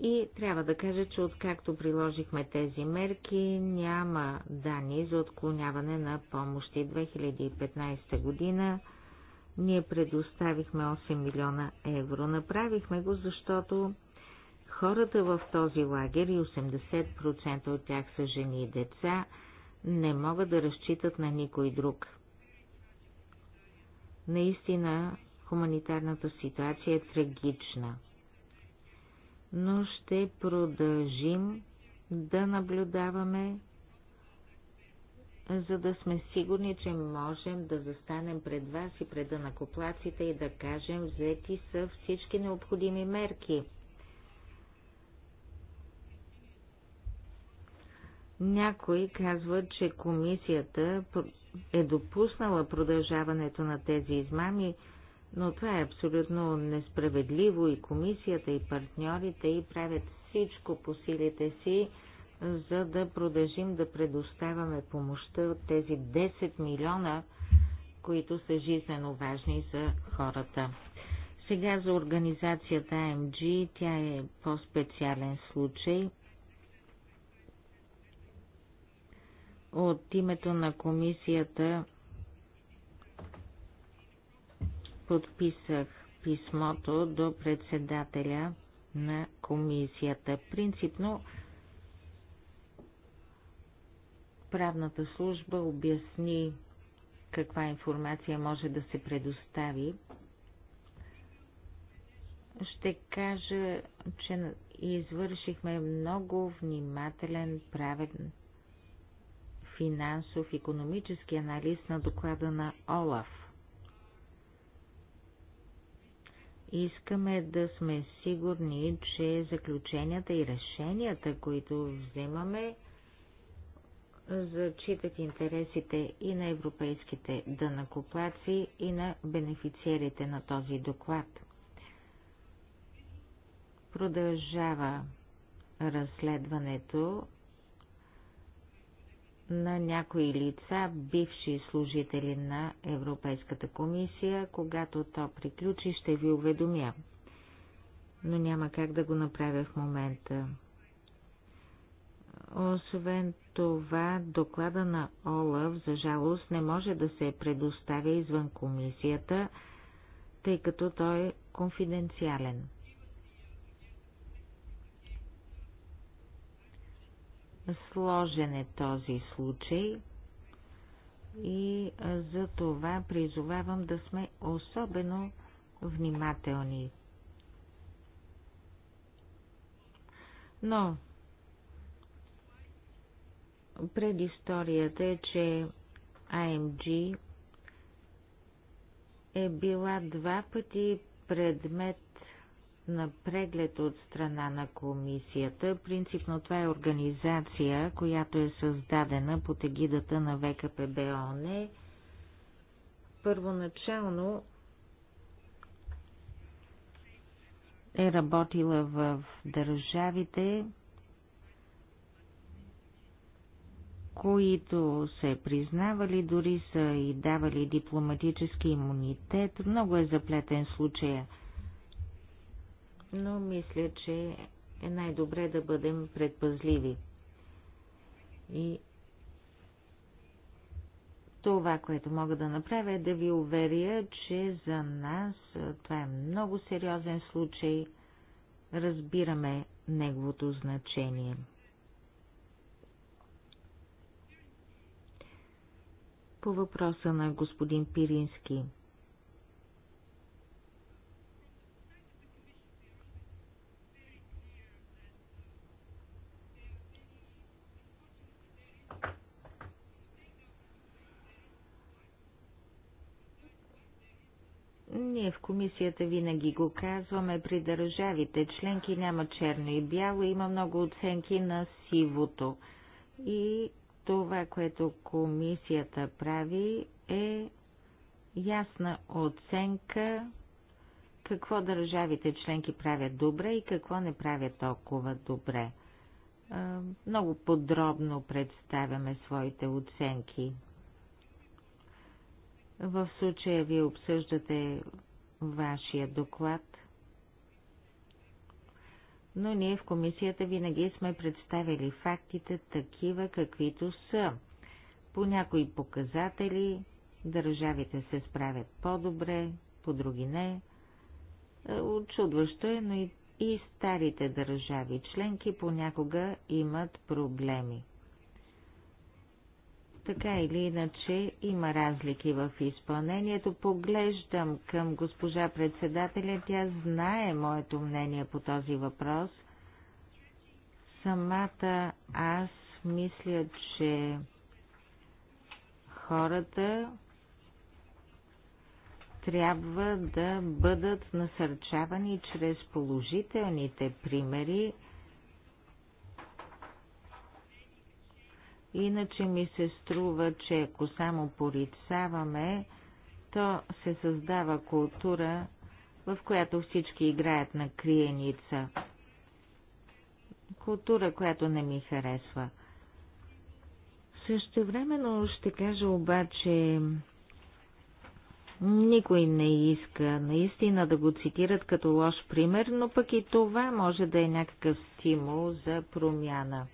И трябва да кажа, че откакто приложихме тези мерки, няма данни за отклоняване на помощи. 2015 година ние предоставихме 8 милиона евро. Направихме го, защото хората в този лагер и 80% от тях са жени и деца, не могат да разчитат на никой друг. Наистина, хуманитарната ситуация е трагична – но ще продължим да наблюдаваме, за да сме сигурни, че можем да застанем пред вас и пред накоплаците и да кажем, взети са всички необходими мерки. Някой казва, че комисията е допуснала продължаването на тези измами, но това е абсолютно несправедливо и комисията, и партньорите, и правят всичко по силите си, за да продължим да предоставяме помощта от тези 10 милиона, които са жизнено важни за хората. Сега за организацията AMG, тя е по-специален случай. От името на комисията подписах писмото до председателя на комисията. Принципно правната служба обясни каква информация може да се предостави. Ще кажа, че извършихме много внимателен, правен финансов, економически анализ на доклада на ОЛАФ – Искаме да сме сигурни, че заключенията и решенията, които вземаме, зачитат интересите и на европейските дънакоплаци и на бенефициерите на този доклад. Продължава разследването на някои лица, бивши служители на Европейската комисия. Когато то приключи, ще ви уведомя. Но няма как да го направя в момента. Освен това, доклада на Олаф, за жалост, не може да се предоставя извън комисията, тъй като той е конфиденциален. Сложен е този случай и за това призовавам да сме особено внимателни. Но предисторията е, че AMG е била два пъти предмет на преглед от страна на комисията. Принципно това е организация, която е създадена под егидата на ВКПБ ОНЕ. Първоначално е работила в държавите, които се признавали, дори са и давали дипломатически имунитет. Много е заплетен случая – но мисля, че е най-добре да бъдем предпазливи. И това, което мога да направя е да ви уверя, че за нас това е много сериозен случай. Разбираме неговото значение. По въпроса на господин Пирински – Ние в комисията винаги го казваме, при държавите членки няма черно и бяло, има много оценки на сивото. И това, което комисията прави е ясна оценка какво държавите членки правят добре и какво не правят толкова добре. Много подробно представяме своите оценки в случая вие обсъждате вашия доклад, но ние в комисията винаги сме представили фактите такива, каквито са. По някои показатели държавите се справят по-добре, по други не. Е, очудващо е, но и, и старите държави членки понякога имат проблеми. Така или иначе има разлики в изпълнението. Поглеждам към госпожа председателя, тя знае моето мнение по този въпрос. Самата аз мисля, че хората трябва да бъдат насърчавани чрез положителните примери Иначе ми се струва, че ако само порицаваме, то се създава култура, в която всички играят на криеница. Култура, която не ми харесва. Също ще кажа обаче, никой не иска наистина да го цитират като лош пример, но пък и това може да е някакъв стимул за промяна.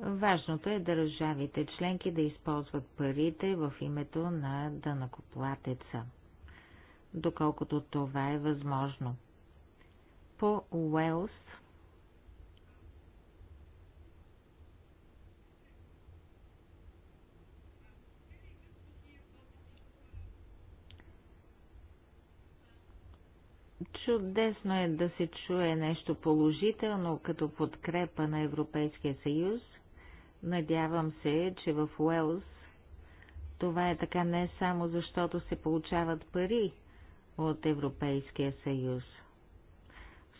Важното е държавите членки да използват парите в името на дънакоплатеца, доколкото това е възможно. По Уелс Чудесно е да се чуе нещо положително като подкрепа на Европейския съюз – Надявам се, че в Уелс това е така не само защото се получават пари от Европейския съюз.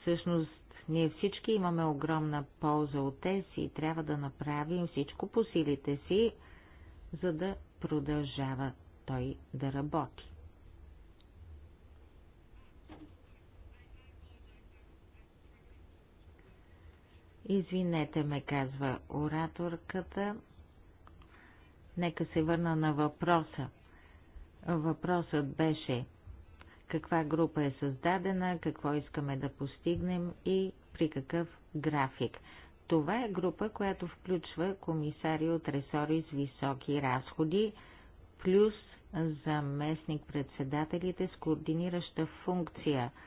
Всъщност, ние всички имаме огромна полза от тези и трябва да направим всичко по силите си, за да продължава той да работи. Извинете ме, казва ораторката. Нека се върна на въпроса. Въпросът беше каква група е създадена, какво искаме да постигнем и при какъв график. Това е група, която включва комисари от ресори с високи разходи, плюс заместник-председателите с координираща функция –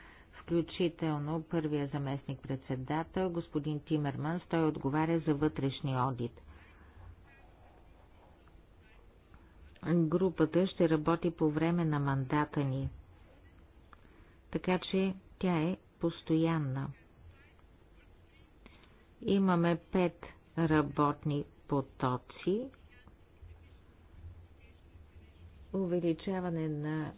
включително първия заместник-председател, господин Тимерман, той отговаря за вътрешния одит. Групата ще работи по време на мандата ни, така че тя е постоянна. Имаме пет работни потоци, увеличаване на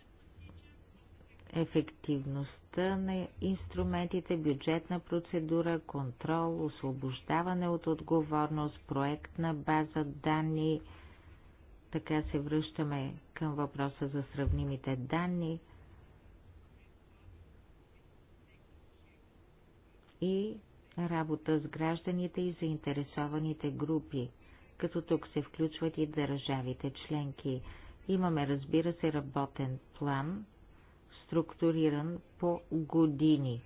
ефективност стойността на инструментите, бюджетна процедура, контрол, освобождаване от отговорност, проектна база данни. Така се връщаме към въпроса за сравнимите данни. И работа с гражданите и заинтересованите групи, като тук се включват и държавите членки. Имаме, разбира се, работен план структуриран по години.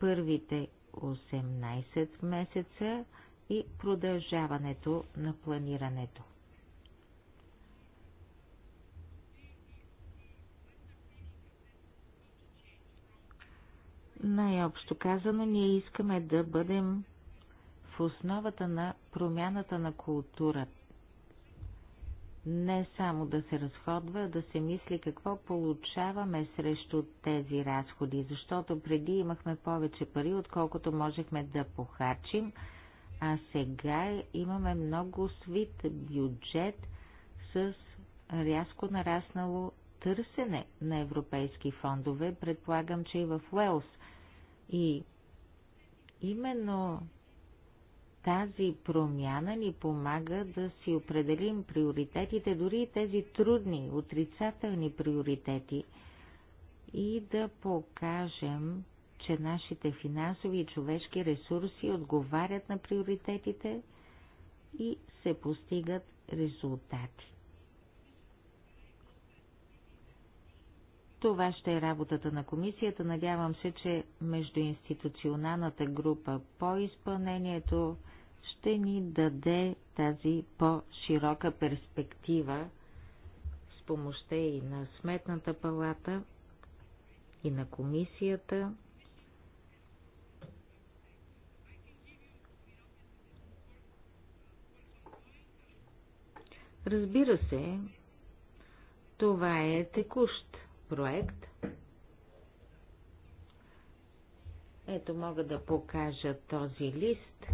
Първите 18 месеца и продължаването на планирането. Най-общо казано, ние искаме да бъдем в основата на промяната на културата не само да се разходва, а да се мисли какво получаваме срещу тези разходи, защото преди имахме повече пари, отколкото можехме да похарчим, а сега имаме много свит бюджет с рязко нараснало търсене на европейски фондове, предполагам, че и в Уелс. И именно тази промяна ни помага да си определим приоритетите, дори и тези трудни, отрицателни приоритети и да покажем, че нашите финансови и човешки ресурси отговарят на приоритетите и се постигат резултати. Това ще е работата на комисията. Надявам се, че междуинституционалната група по изпълнението ще ни даде тази по-широка перспектива с помощта и на Сметната палата, и на комисията. Разбира се, това е текущ проект. Ето мога да покажа този лист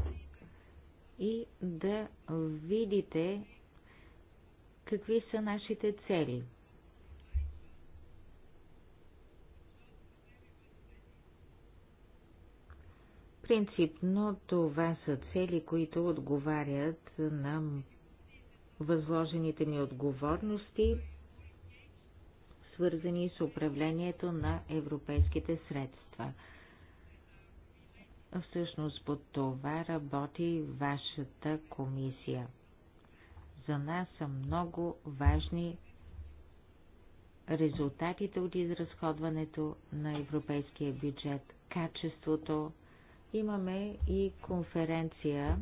и да видите какви са нашите цели. Принципно това са цели, които отговарят на възложените ни отговорности, свързани с управлението на европейските средства – Всъщност по това работи вашата комисия. За нас са много важни резултатите от изразходването на европейския бюджет, качеството. Имаме и конференция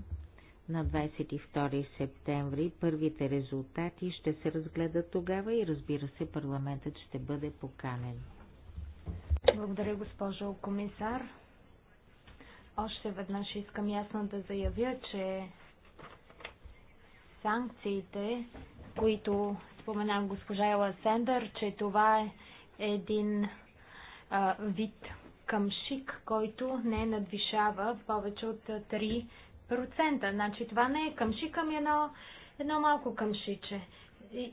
на 22 септември. Първите резултати ще се разгледат тогава и разбира се парламентът ще бъде поканен. Благодаря, госпожо комисар. Още веднъж искам ясно да заявя, че санкциите, които споменам госпожа Ела Сендър, че това е един а, вид къмшик, който не надвишава повече от 3%. Значи това не е къмшик, ами едно, едно малко къмшиче.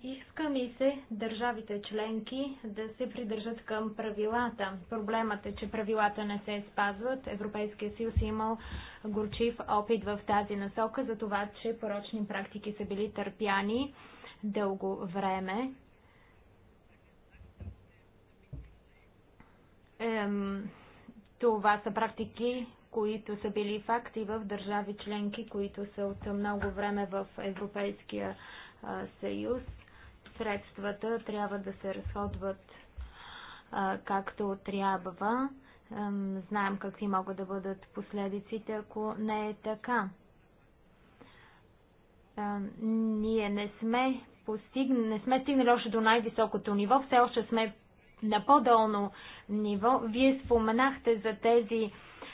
Иска ми се държавите членки да се придържат към правилата. Проблемът е, че правилата не се спазват. Европейския съюз е имал горчив опит в тази насока за това, че порочни практики са били търпяни дълго време. Ем, това са практики, които са били факти в държави членки, които са от много време в Европейския съюз съюз. Средствата трябва да се разходват както трябва. Знаем какви могат да бъдат последиците, ако не е така. Ние не сме, постиг... не сме стигнали още до най-високото ниво, все още сме на по-долно ниво. Вие споменахте за тези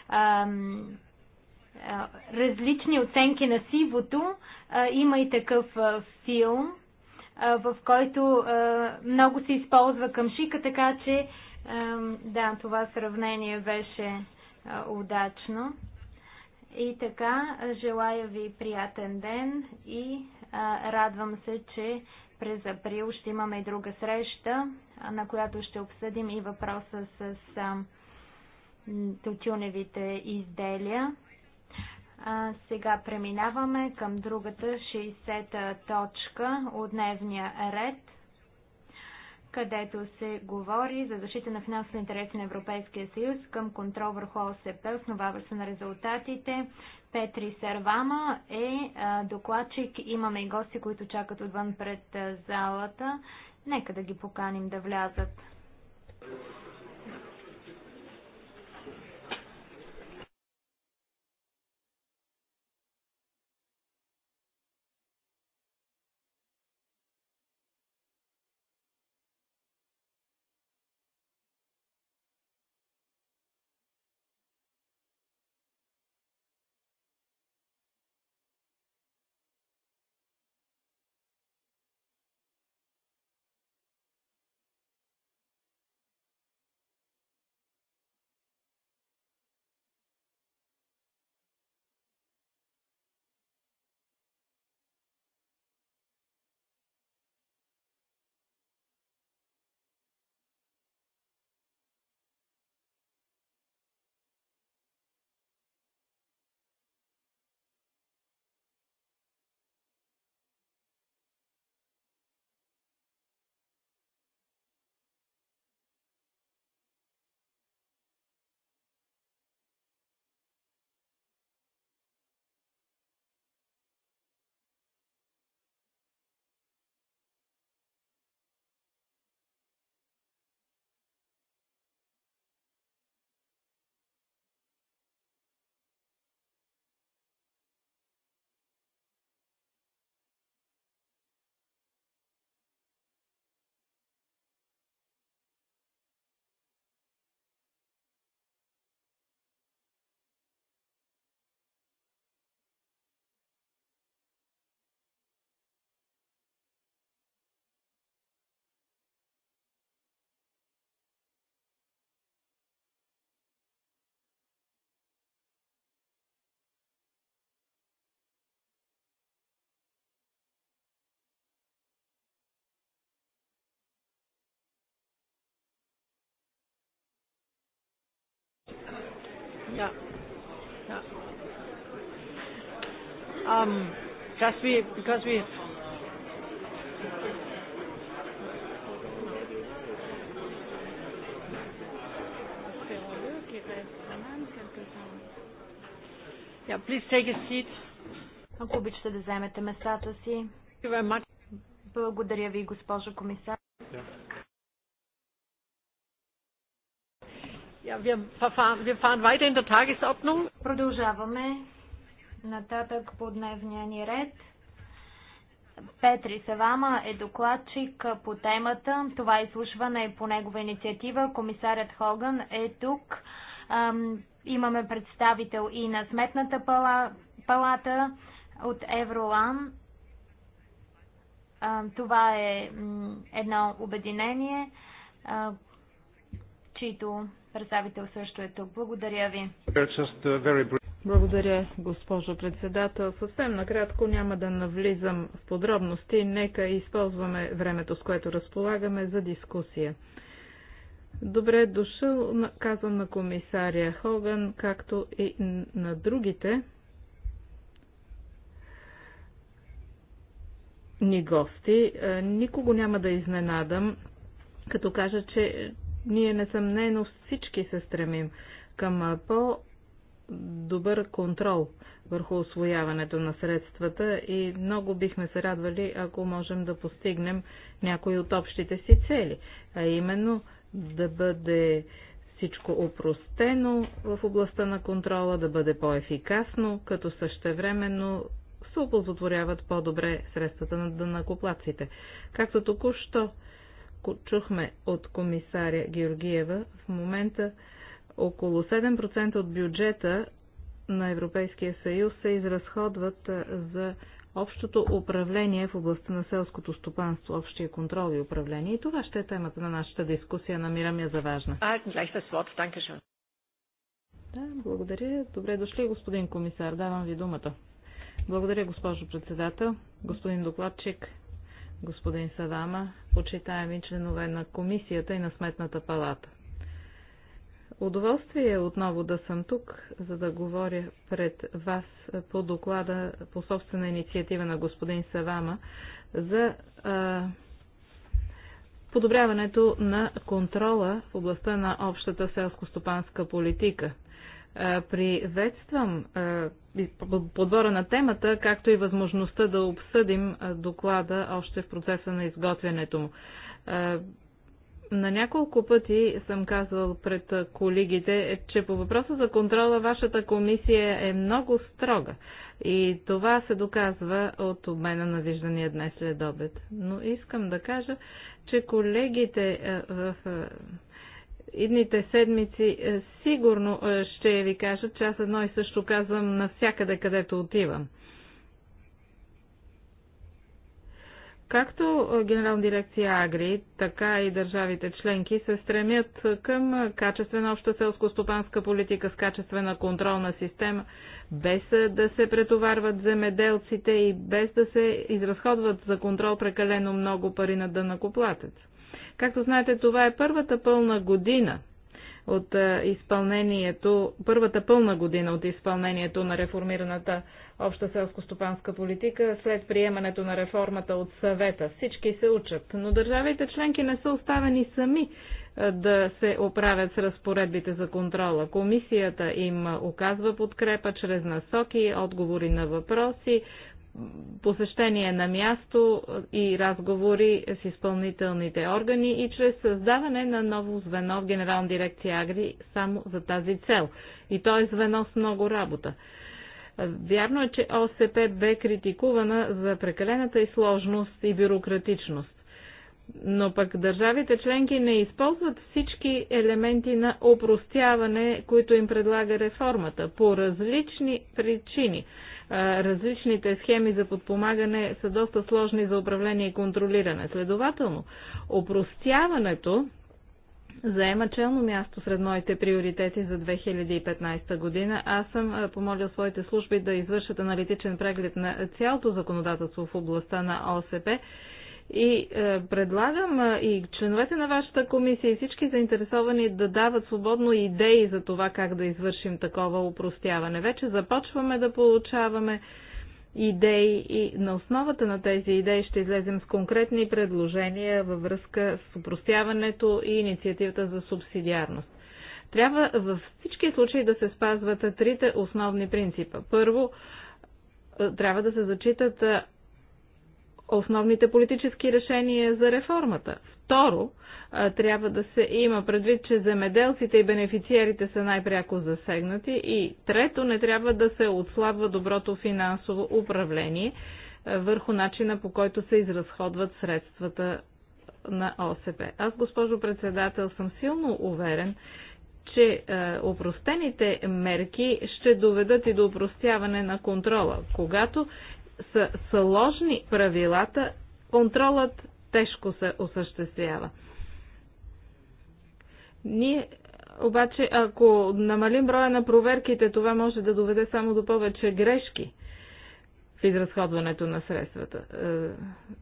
ам, различни оценки на сивото. Има и такъв филм, в който много се използва къмшика, така че да, това сравнение беше удачно. И така, желая ви приятен ден и радвам се, че през април ще имаме и друга среща, на която ще обсъдим и въпроса с тютюневите изделия. А, сега преминаваме към другата 60-та точка от дневния ред, където се говори за защита на финансови интереси на Европейския съюз към контрол върху ОСП, основава се на резултатите. Петри Сервама е докладчик. Имаме и гости, които чакат отвън пред залата. Нека да ги поканим да влязат. Ja. ja. Um, just we, because we Yeah, please take a seat. Ако обичате да вземете местата си. Благодаря ви, госпожа комисар. Продължаваме нататък по дневния ни ред. Петри Савама е докладчик по темата. Това изслушване е по негова инициатива. Комисарят Хоган е тук. Имаме представител и на Сметната палата от Евролан. Това е едно обединение, чието представител също е тук. Благодаря ви. Uh, Благодаря, госпожо председател. Съвсем накратко няма да навлизам в подробности. Нека използваме времето, с което разполагаме за дискусия. Добре е дошъл, казвам на комисаря Хоган, както и на другите ни гости. Е, никого няма да изненадам, като кажа, че ние несъмнено всички се стремим към по-добър контрол върху освояването на средствата и много бихме се радвали, ако можем да постигнем някои от общите си цели, а именно да бъде всичко опростено в областта на контрола, да бъде по-ефикасно, като същевременно се оползотворяват по-добре средствата на дънакоплаците. Както току-що чухме от комисаря Георгиева, в момента около 7% от бюджета на Европейския съюз се изразходват за общото управление в областта на селското стопанство, общия контрол и управление. И това ще е темата на нашата дискусия. Намирам я за важна. Да, благодаря. Добре дошли, господин комисар. Давам ви думата. Благодаря, госпожо председател, господин докладчик господин Садама, почитаеми членове на комисията и на Сметната палата. Удоволствие е отново да съм тук, за да говоря пред вас по доклада по собствена инициатива на господин Савама за а, подобряването на контрола в областта на общата селско-стопанска политика – е, приветствам е, подбора на темата, както и възможността да обсъдим е, доклада още в процеса на изготвянето му. На няколко пъти съм казвал пред колегите, че по въпроса за контрола вашата комисия е много строга и това се доказва от обмена на виждания днес след обед. Но искам да кажа, че колегите в идните седмици е, сигурно е, ще ви кажа, че аз едно и също казвам навсякъде, където отивам. Както е, Генерална дирекция Агри, така и държавите членки се стремят към качествена обща селско-стопанска политика с качествена контролна система, без да се претоварват земеделците и без да се изразходват за контрол прекалено много пари на дънакоплатец. Както знаете, това е първата пълна година от е, изпълнението, първата пълна година от изпълнението на реформираната обща селско-стопанска политика след приемането на реформата от съвета. Всички се учат, но държавите членки не са оставени сами е, да се оправят с разпоредбите за контрола. Комисията им оказва подкрепа чрез насоки, отговори на въпроси, посещение на място и разговори с изпълнителните органи и чрез създаване на ново звено в Генерална дирекция Агри само за тази цел. И то е звено с много работа. Вярно е, че ОСП бе критикувана за прекалената и сложност и бюрократичност. Но пък държавите членки не използват всички елементи на опростяване, които им предлага реформата, по различни причини различните схеми за подпомагане са доста сложни за управление и контролиране. Следователно, опростяването заема челно място сред моите приоритети за 2015 година. Аз съм помолил своите служби да извършат аналитичен преглед на цялото законодателство в областта на ОСП и е, предлагам е, и членовете на вашата комисия и всички заинтересовани да дават свободно идеи за това как да извършим такова упростяване. Вече започваме да получаваме идеи и на основата на тези идеи ще излезем с конкретни предложения във връзка с упростяването и инициативата за субсидиарност. Трябва във всички случаи да се спазват трите основни принципа. Първо, е, трябва да се зачитат е, основните политически решения за реформата. Второ, трябва да се има предвид, че земеделците и бенефициерите са най-пряко засегнати. И трето, не трябва да се отслабва доброто финансово управление върху начина по който се изразходват средствата на ОСП. Аз, госпожо председател, съм силно уверен, че е, опростените мерки ще доведат и до опростяване на контрола. Когато са сложни правилата, контролът тежко се осъществява. Ние обаче, ако намалим броя на проверките, това може да доведе само до повече грешки в изразходването на средствата. Е,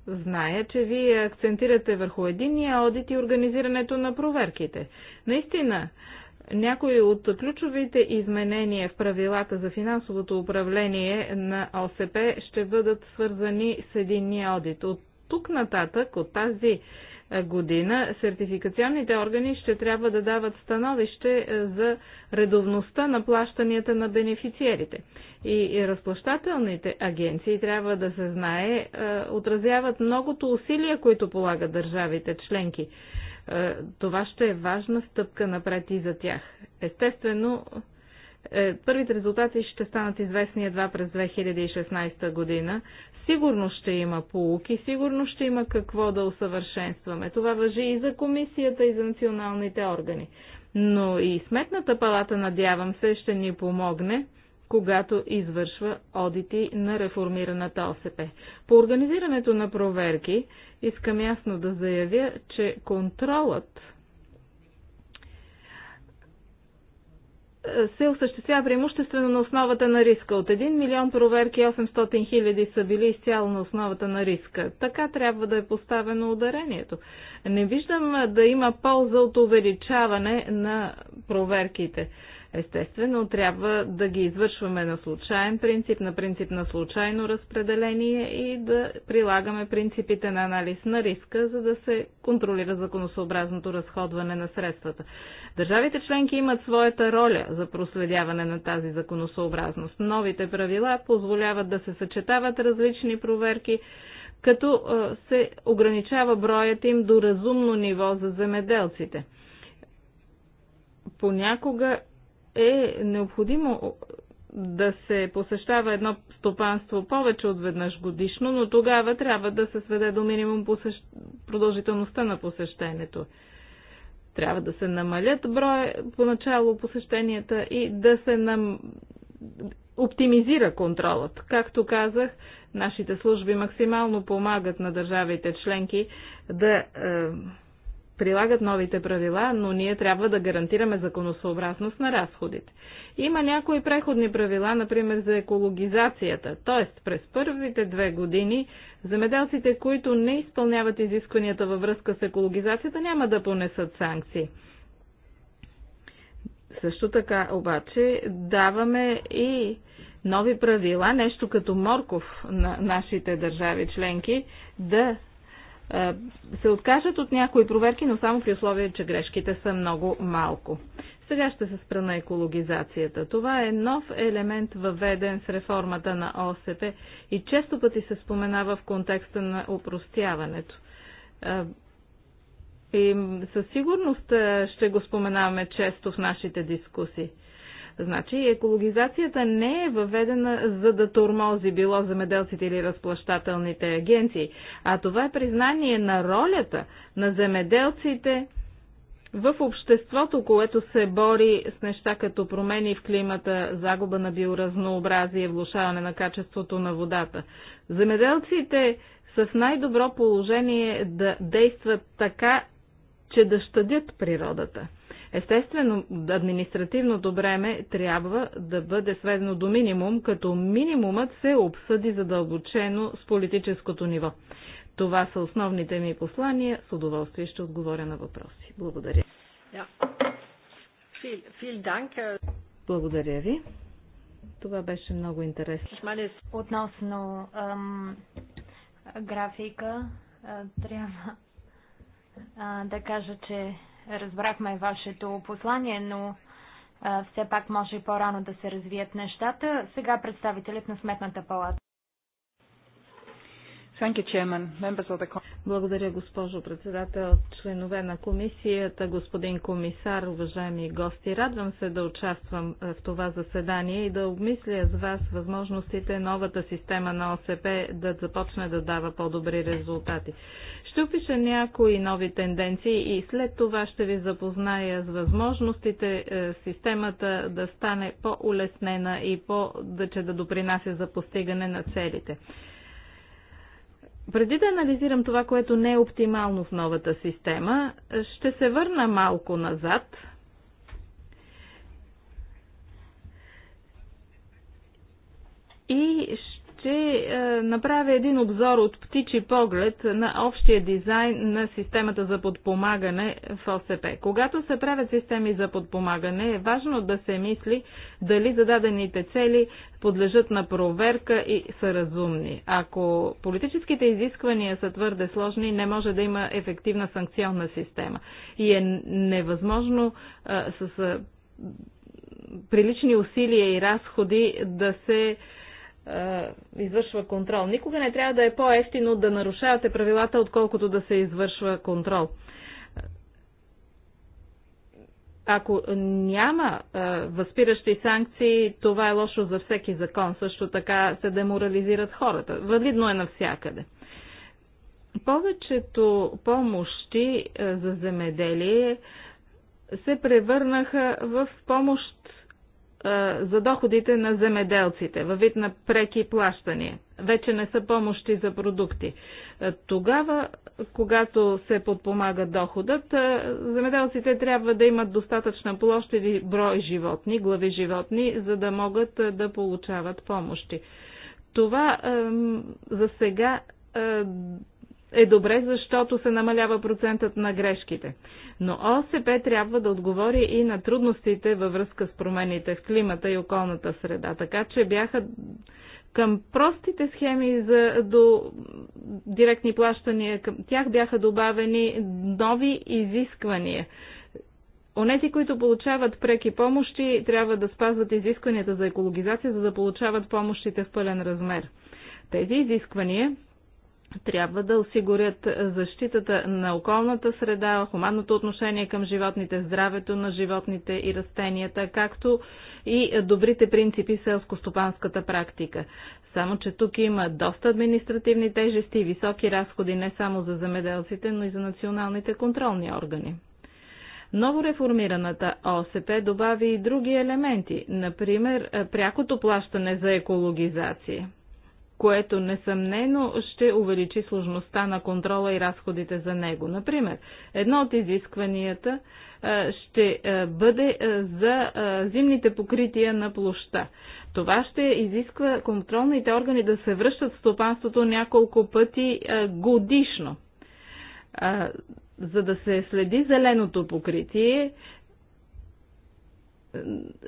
Зная, че вие акцентирате върху единния одит и организирането на проверките. Наистина, някои от ключовите изменения в правилата за финансовото управление на ОСП ще бъдат свързани с единния одит. От тук нататък, от тази е, година, сертификационните органи ще трябва да дават становище е, за редовността на плащанията на бенефициерите. И разплащателните агенции, трябва да се знае, е, отразяват многото усилия, които полагат държавите членки е, това ще е важна стъпка напред и за тях. Естествено, е, първите резултати ще станат известни едва през 2016 година. Сигурно ще има полуки, сигурно ще има какво да усъвършенстваме. Това въжи и за комисията, и за националните органи. Но и Сметната палата, надявам се, ще ни помогне когато извършва одити на реформираната ОСП. По организирането на проверки искам ясно да заявя, че контролът е, се осъществява преимуществено на основата на риска. От 1 милион проверки 800 хиляди са били изцяло на основата на риска. Така трябва да е поставено ударението. Не виждам е, да има полза от увеличаване на проверките. Естествено, трябва да ги извършваме на случайен принцип, на принцип на случайно разпределение и да прилагаме принципите на анализ на риска, за да се контролира законосъобразното разходване на средствата. Държавите членки имат своята роля за проследяване на тази законосъобразност. Новите правила позволяват да се съчетават различни проверки, като се ограничава броят им до разумно ниво за земеделците. Понякога е необходимо да се посещава едно стопанство повече от веднъж годишно, но тогава трябва да се сведе до минимум посещ... продължителността на посещението. Трябва да се намалят броя поначало посещенията и да се нам... оптимизира контролът. Както казах, нашите служби максимално помагат на държавите членки да е, прилагат новите правила, но ние трябва да гарантираме законосъобразност на разходите. Има някои преходни правила, например за екологизацията, т.е. през първите две години земеделците, които не изпълняват изискванията във връзка с екологизацията, няма да понесат санкции. Също така обаче даваме и нови правила, нещо като морков на нашите държави членки, да е, се откажат от някои проверки, но само при условие, че грешките са много малко. Сега ще се спра на екологизацията. Това е нов елемент въведен с реформата на ОСП и често пъти се споменава в контекста на упростяването. Е, и със сигурност е, ще го споменаваме често в нашите дискусии. Значи екологизацията не е въведена за да тормози било земеделците или разплащателните агенции, а това е признание на ролята на земеделците в обществото, което се бори с неща като промени в климата, загуба на биоразнообразие, влушаване на качеството на водата. Земеделците са в най-добро положение да действат така, че да щадят природата. Естествено, административното време трябва да бъде сведено до минимум, като минимумът се обсъди задълбочено с политическото ниво. Това са основните ми послания. С удоволствие ще отговоря на въпроси. Благодаря. Благодаря ви. Това беше много интересно. Относно ам, графика, а, трябва а, да кажа, че разбрахме вашето послание, но а, все пак може и по-рано да се развият нещата. Сега представителят на Сметната палата. Благодаря, госпожо председател, членове на комисията, господин комисар, уважаеми гости. Радвам се да участвам в това заседание и да обмисля с вас възможностите новата система на ОСП да започне да дава по-добри резултати. Ще опиша някои нови тенденции и след това ще ви запозная с възможностите е, системата да стане по-улеснена и по-да че да допринася за постигане на целите. Преди да анализирам това, което не е оптимално в новата система, ще се върна малко назад и е, направя един обзор от птичи поглед на общия дизайн на системата за подпомагане в ОСП. Когато се правят системи за подпомагане, е важно да се мисли дали зададените цели подлежат на проверка и са разумни. Ако политическите изисквания са твърде сложни, не може да има ефективна санкционна система. И е невъзможно е, с е, прилични усилия и разходи да се е, извършва контрол. Никога не трябва да е по-ефтино да нарушавате правилата, отколкото да се извършва контрол. Ако няма а, е, възпиращи санкции, това е лошо за всеки закон. Също така се деморализират хората. Валидно е навсякъде. Повечето помощи е, за земеделие се превърнаха в помощ е, за доходите на земеделците във вид на преки плащания. Вече не са помощи за продукти. Е, тогава, когато се подпомага доходът, е, земеделците трябва да имат достатъчна площ или брой животни, глави животни, за да могат да получават помощи. Това за сега е добре, защото се намалява процентът на грешките. Но ОСП трябва да отговори и на трудностите във връзка с промените в климата и околната среда. Така че бяха към простите схеми за до директни плащания, към тях бяха добавени нови изисквания. Онези, които получават преки помощи, трябва да спазват изискванията за екологизация, за да получават помощите в пълен размер. Тези изисквания трябва да осигурят защитата на околната среда, хуманното отношение към животните, здравето на животните и растенията, както и добрите принципи селско-стопанската практика. Само, че тук има доста административни тежести и високи разходи не само за земеделците, но и за националните контролни органи. Ново реформираната ОСП добави и други елементи, например прякото плащане за екологизация – което несъмнено ще увеличи сложността на контрола и разходите за него. Например, едно от изискванията ще бъде за зимните покрития на площа. Това ще изисква контролните органи да се връщат в стопанството няколко пъти годишно. За да се следи зеленото покритие,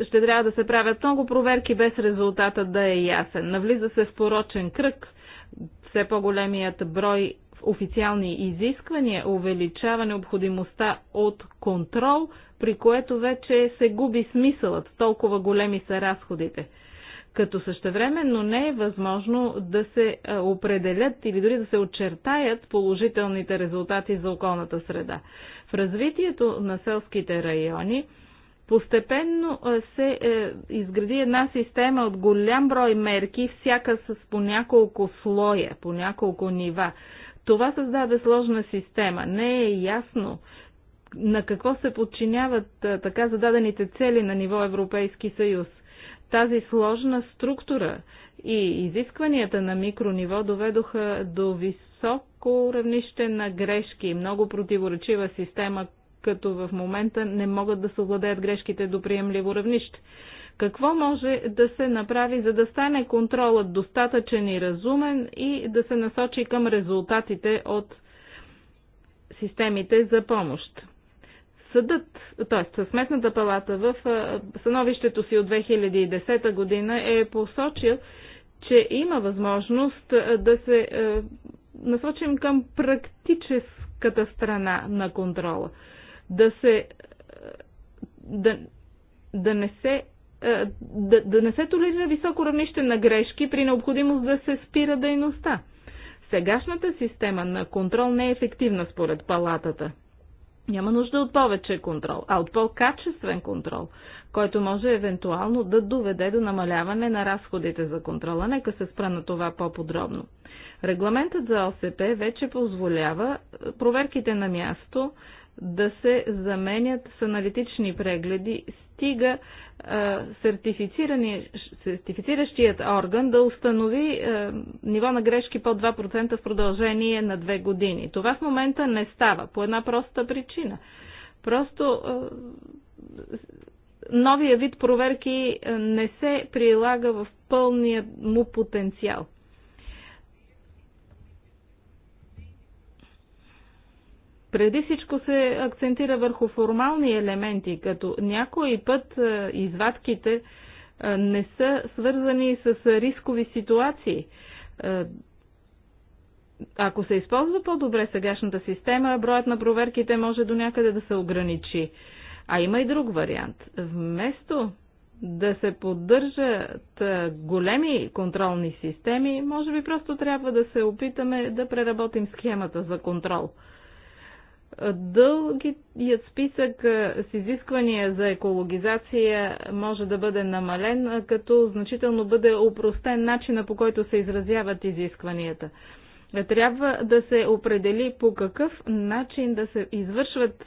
ще трябва да се правят много проверки без резултата да е ясен. Навлиза се в порочен кръг, все по-големият брой официални изисквания увеличава необходимостта от контрол, при което вече се губи смисълът, толкова големи са разходите. Като същевременно не е възможно да се определят или дори да се очертаят положителните резултати за околната среда. В развитието на селските райони – Постепенно се е, изгради една система от голям брой мерки, всяка с по няколко слоя, по няколко нива. Това създаде сложна система. Не е ясно на какво се подчиняват така зададените цели на ниво Европейски съюз. Тази сложна структура и изискванията на микрониво доведоха до високо равнище на грешки, много противоречива система, като в момента не могат да се овладеят грешките до приемливо равнище. Какво може да се направи, за да стане контролът достатъчен и разумен и да се насочи към резултатите от системите за помощ? Съдът, т.е. Сметната палата в становището си от 2010 година е посочил, че има възможност да се насочим към практическата страна на контрола да се е, да, да не се е, да, да не се толерира високо равнище на грешки при необходимост да се спира дейността. Сегашната система на контрол не е ефективна според палатата. Няма нужда от повече контрол, а от по-качествен контрол, който може евентуално да доведе до намаляване на разходите за контрола. Нека се спра на това по-подробно. Регламентът за ОСП вече позволява е, проверките на място да се заменят с аналитични прегледи, стига е, сертифициращият орган да установи е, ниво на грешки по 2% в продължение на две години. Това в момента не става по една проста причина. Просто е, новия вид проверки не се прилага в пълния му потенциал. преди всичко се акцентира върху формални елементи, като някой път е, извадките е, не са свързани с рискови ситуации. Е, ако се използва по-добре сегашната система, броят на проверките може до някъде да се ограничи. А има и друг вариант. Вместо да се поддържат големи контролни системи, може би просто трябва да се опитаме да преработим схемата за контрол – Дългият списък с изисквания за екологизация може да бъде намален, като значително бъде упростен начина по който се изразяват изискванията. Трябва да се определи по какъв начин да се извършват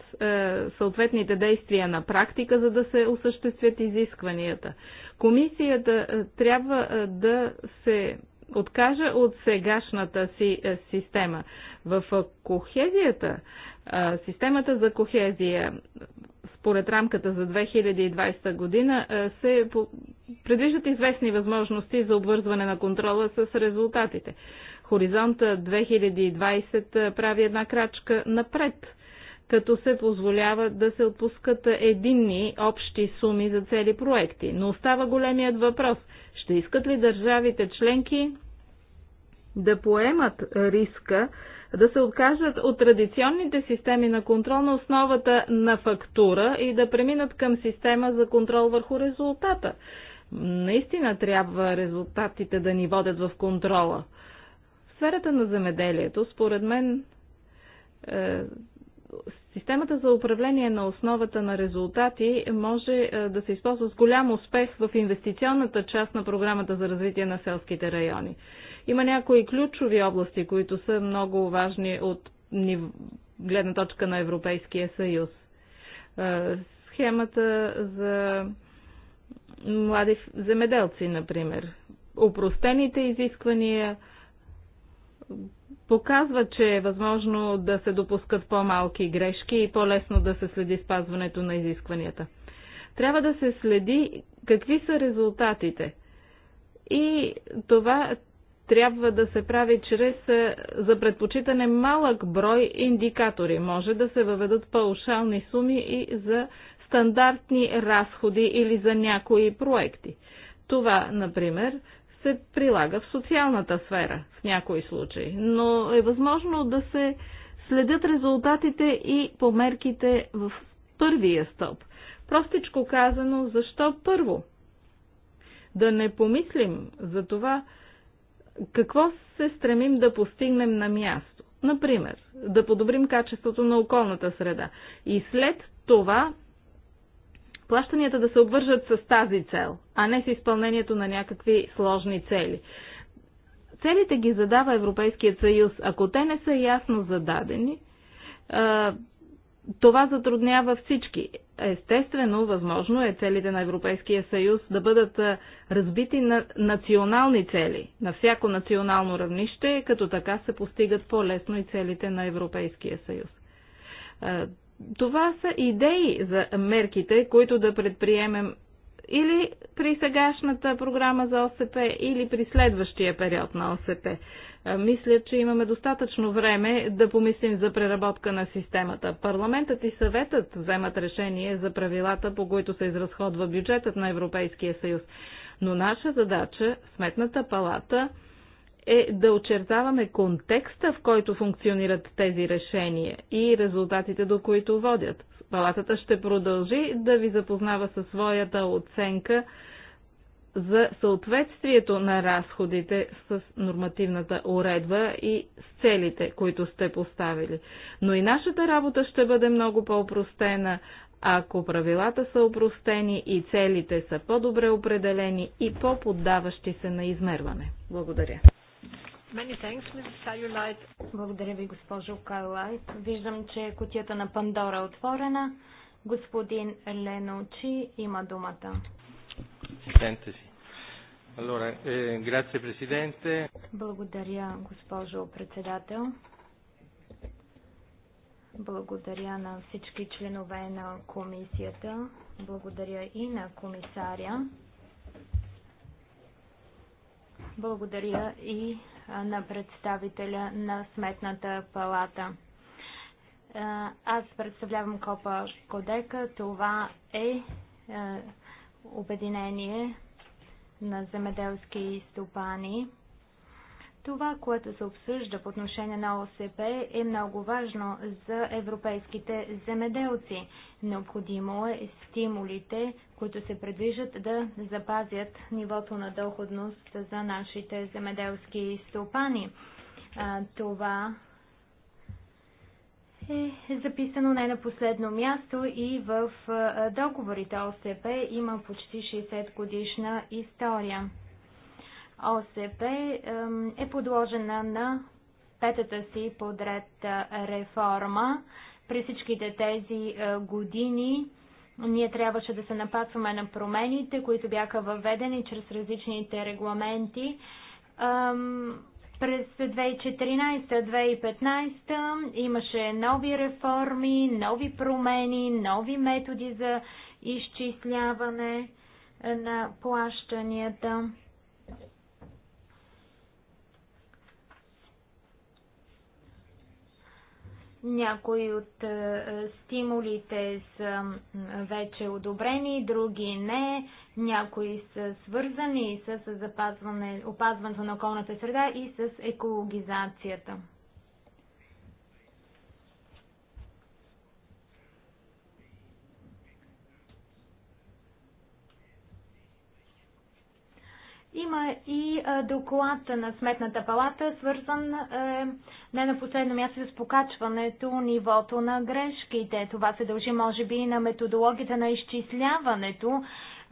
съответните действия на практика, за да се осъществят изискванията. Комисията трябва да се откажа от сегашната си система. В кохезията Системата за кохезия според рамката за 2020 година се предвиждат известни възможности за обвързване на контрола с резултатите. Хоризонт 2020 прави една крачка напред, като се позволява да се отпускат единни общи суми за цели проекти. Но остава големият въпрос. Ще искат ли държавите членки да поемат риска да се откажат от традиционните системи на контрол на основата на фактура и да преминат към система за контрол върху резултата. Наистина трябва резултатите да ни водят в контрола. В сферата на земеделието, според мен, е, системата за управление на основата на резултати може е, да се използва с голям успех в инвестиционната част на програмата за развитие на селските райони. Има някои ключови области, които са много важни от гледна точка на Европейския съюз. Схемата за млади земеделци, например. Упростените изисквания показват, че е възможно да се допускат по-малки грешки и по-лесно да се следи спазването на изискванията. Трябва да се следи какви са резултатите. И това трябва да се прави чрез е, за предпочитане малък брой индикатори. Може да се въведат паушални суми и за стандартни разходи или за някои проекти. Това, например, се прилага в социалната сфера в някои случаи, но е възможно да се следят резултатите и по мерките в първия стълб. Простичко казано, защо първо? Да не помислим за това, какво се стремим да постигнем на място? Например, да подобрим качеството на околната среда. И след това плащанията да се обвържат с тази цел, а не с изпълнението на някакви сложни цели. Целите ги задава Европейският съюз. Ако те не са ясно зададени, това затруднява всички. Естествено, възможно е целите на Европейския съюз да бъдат разбити на национални цели, на всяко национално равнище, като така се постигат по-лесно и целите на Европейския съюз. Това са идеи за мерките, които да предприемем или при сегашната програма за ОСП, или при следващия период на ОСП. Е, мисля, че имаме достатъчно време да помислим за преработка на системата. Парламентът и съветът вземат решение за правилата, по които се изразходва бюджетът на Европейския съюз. Но наша задача, Сметната палата, е да очертаваме контекста, в който функционират тези решения и резултатите, до които водят. Палатата ще продължи да ви запознава със своята оценка за съответствието на разходите с нормативната уредба и с целите, които сте поставили. Но и нашата работа ще бъде много по-опростена, ако правилата са опростени и целите са по-добре определени и по-поддаващи се на измерване. Благодаря. Благодаря ви, госпожо Карлайт. Виждам, че котията на Пандора е отворена. Господин Леночи има думата. Синтези. Eh, Благодаря, госпожо председател. Благодаря на всички членове на комисията. Благодаря и на комисаря. Благодаря и на представителя на Сметната палата. Аз представлявам Копа Кодека. Това е обединение на земеделски стопани. Това, което се обсъжда по отношение на ОСП е много важно за европейските земеделци. Необходимо е стимулите, които се предвижат да запазят нивото на доходност за нашите земеделски стопани. Това е записано не на последно място и в е, договорите ОСП има почти 60 годишна история. ОСП е подложена на петата си подред е, реформа. При всичките тези е, години ние трябваше да се напасваме на промените, които бяха въведени чрез различните регламенти през 2014-2015 имаше нови реформи, нови промени, нови методи за изчисляване на плащанията. Някои от е, стимулите са вече одобрени, други не. Някои са свързани с запазване, опазването на околната среда и с екологизацията. Има и доклад на Сметната палата, свързан е, не на последно място с покачването нивото на грешките. Това се дължи, може би, на методологията на изчисляването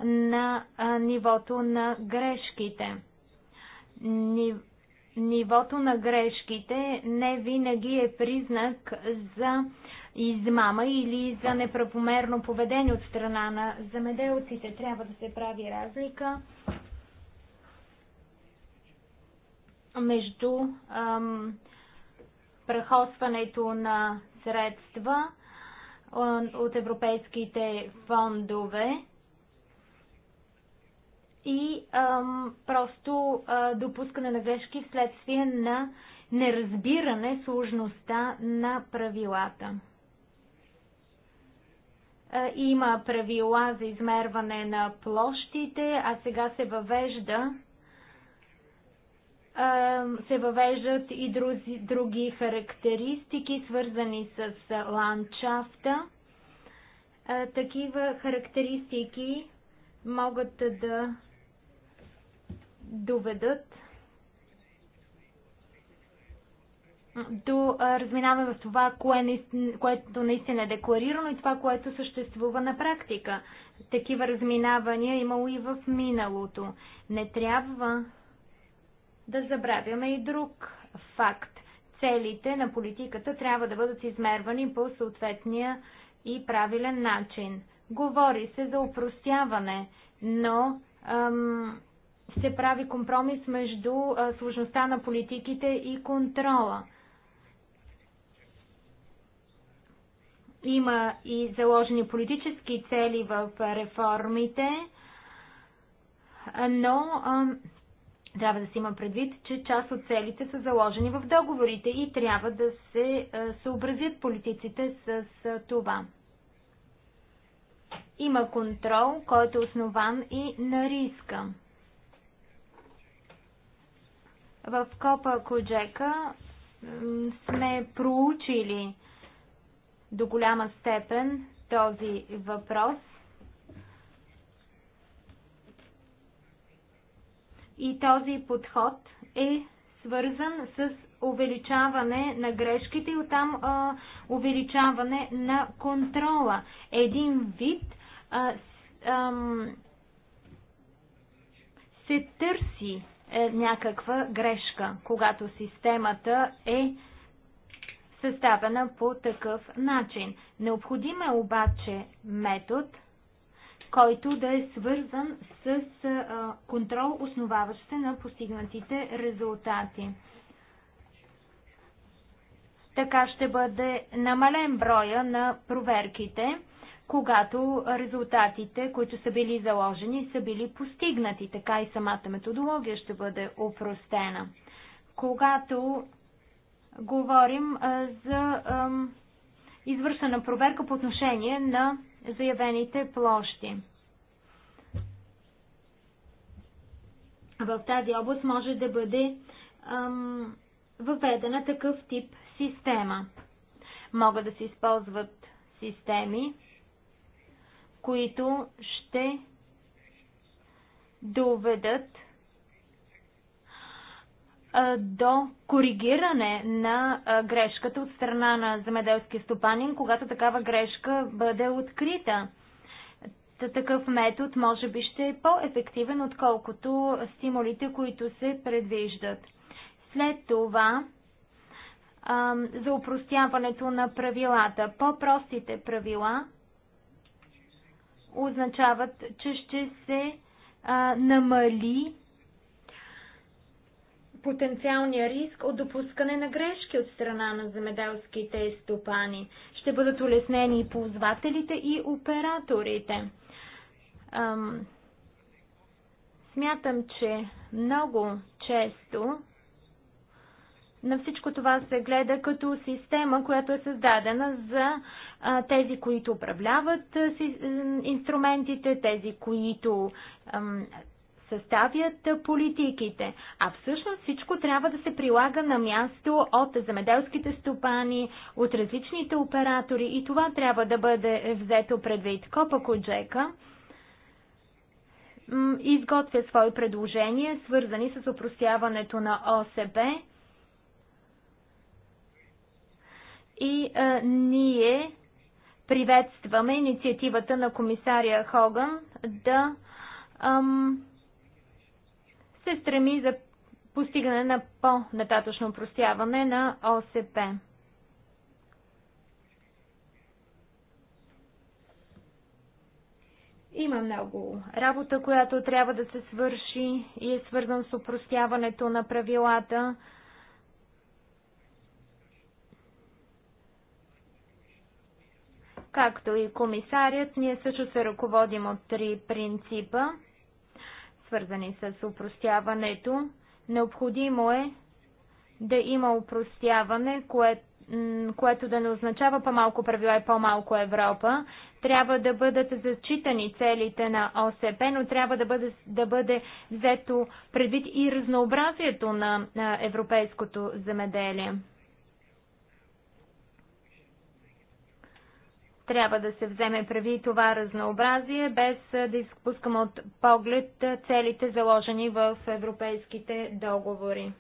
на нивото на грешките. нивото на грешките не винаги е признак за измама или за неправомерно поведение от страна на замеделците. Трябва да се прави разлика между ам, прахосването на средства от европейските фондове и ам, просто а, допускане на грешки вследствие на неразбиране сложността на правилата. А, има правила за измерване на площите, а сега се въвежда се въвеждат и други, други характеристики, свързани с ландшафта. Такива характеристики могат да доведат до разминава в това, кое, което наистина е декларирано и това, което съществува на практика. Такива разминавания е имало и в миналото. Не трябва да забравяме и друг факт. Целите на политиката трябва да бъдат измервани по съответния и правилен начин. Говори се за упростяване, но ам, се прави компромис между а, сложността на политиките и контрола. Има и заложени политически цели в реформите, но ам, трябва да се има предвид, че част от целите са заложени в договорите и трябва да се е, съобразят политиците с това. Има контрол, който е основан и на риска. В Копа Коджека сме проучили до голяма степен този въпрос – И този подход е свързан с увеличаване на грешките и оттам а, увеличаване на контрола. Един вид а, с, ам, се търси е, някаква грешка, когато системата е съставена по такъв начин. Необходим е обаче метод – който да е свързан с контрол, основаващ се на постигнатите резултати. Така ще бъде намален броя на проверките, когато резултатите, които са били заложени, са били постигнати. Така и самата методология ще бъде упростена. Когато говорим за извършена проверка по отношение на заявените площи. В тази област може да бъде ам, въведена такъв тип система. Могат да се използват системи, които ще доведат до коригиране на грешката от страна на земеделския стопанин, когато такава грешка бъде открита. Такъв метод може би ще е по-ефективен, отколкото стимулите, които се предвиждат. След това за упростяването на правилата. По-простите правила означават, че ще се намали потенциалния риск от допускане на грешки от страна на земеделските стопани. Ще бъдат улеснени и ползвателите и операторите. Ам, смятам, че много често на всичко това се гледа като система, която е създадена за а, тези, които управляват а, си, инструментите, тези, които ам, съставят политиките. А всъщност всичко трябва да се прилага на място от замеделските стопани, от различните оператори и това трябва да бъде взето предвид. Копа Коджека изготвя свои предложения, свързани с опростяването на ОСП. И а, ние приветстваме инициативата на комисария Хоган да ам, се стреми за постигане на по-нататъчно упростяване на ОСП. Има много работа, която трябва да се свърши и е свързан с упростяването на правилата. Както и комисарят, ние също се ръководим от три принципа – свързани с упростяването. Необходимо е да има упростяване, кое, което да не означава по-малко правила и по-малко Европа. Трябва да бъдат зачитани целите на ОСП, но трябва да бъде, да бъде взето предвид и разнообразието на европейското земеделие. Трябва да се вземе прави това разнообразие, без да изпускаме от поглед целите заложени в европейските договори.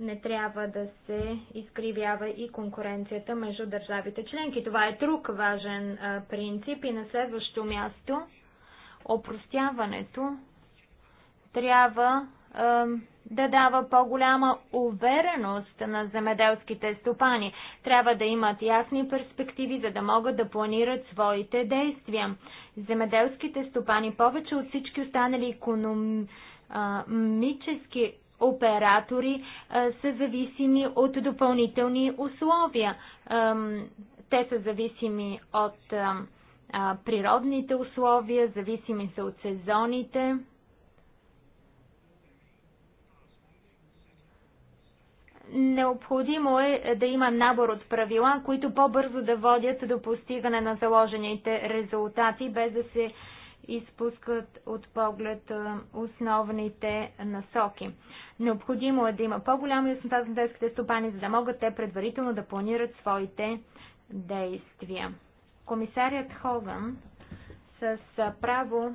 Не трябва да се изкривява и конкуренцията между държавите членки. Това е друг важен принцип и на следващо място опростяването трябва да дава по-голяма увереност на земеделските стопани. Трябва да имат ясни перспективи, за да могат да планират своите действия. Земеделските стопани повече от всички останали економически оператори са зависими от допълнителни условия. Те са зависими от природните условия, зависими са от сезоните. Необходимо е да има набор от правила, които по-бързо да водят до постигане на заложените резултати, без да се изпускат от поглед основните насоки. Необходимо е да има по-голяма яснота за детските стопани, за да могат те предварително да планират своите действия. Комисарият Хоган с право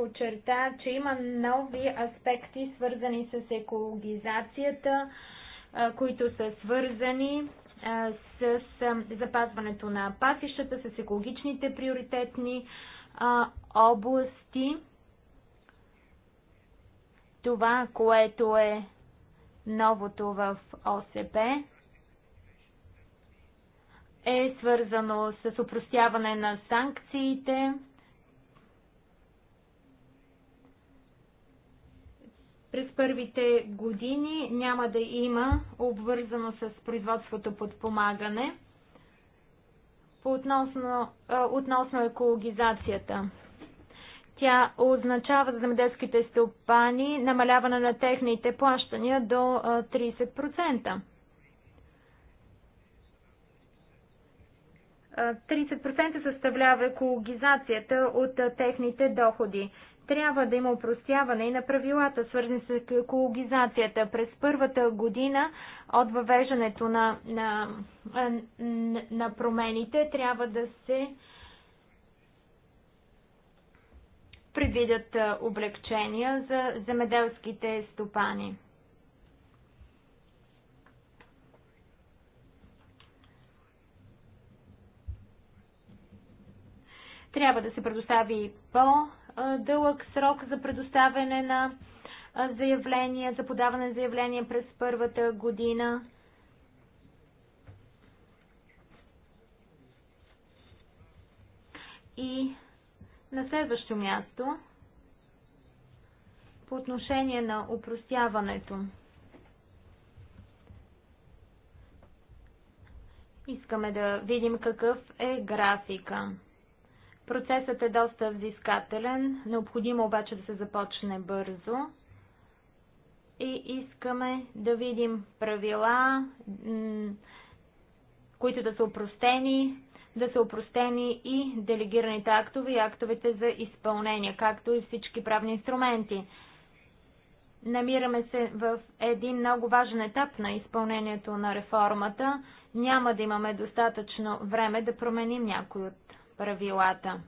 подчерта, че има нови аспекти, свързани с екологизацията, които са свързани с запазването на пасищата, с екологичните приоритетни области. Това, което е новото в ОСП, е свързано с упростяване на санкциите, През първите години няма да има обвързано с производството подпомагане относно, относно екологизацията. Тя означава за земеделските стопани намаляване на техните плащания до 30%. 30% съставлява екологизацията от техните доходи. Трябва да има упростяване и на правилата, свързани с екологизацията. През първата година от въвеждането на, на, на промените трябва да се предвидят облегчения за земеделските стопани. трябва да се предостави по дълъг срок за предоставяне на заявления, за подаване на заявления през първата година. И на следващо място, по отношение на упростяването. Искаме да видим какъв е графика. Процесът е доста взискателен, необходимо обаче да се започне бързо. И искаме да видим правила, които да са упростени, да са упростени и делегираните актове и актовете за изпълнение, както и всички правни инструменти. Намираме се в един много важен етап на изпълнението на реформата. Няма да имаме достатъчно време да променим някои от правилата.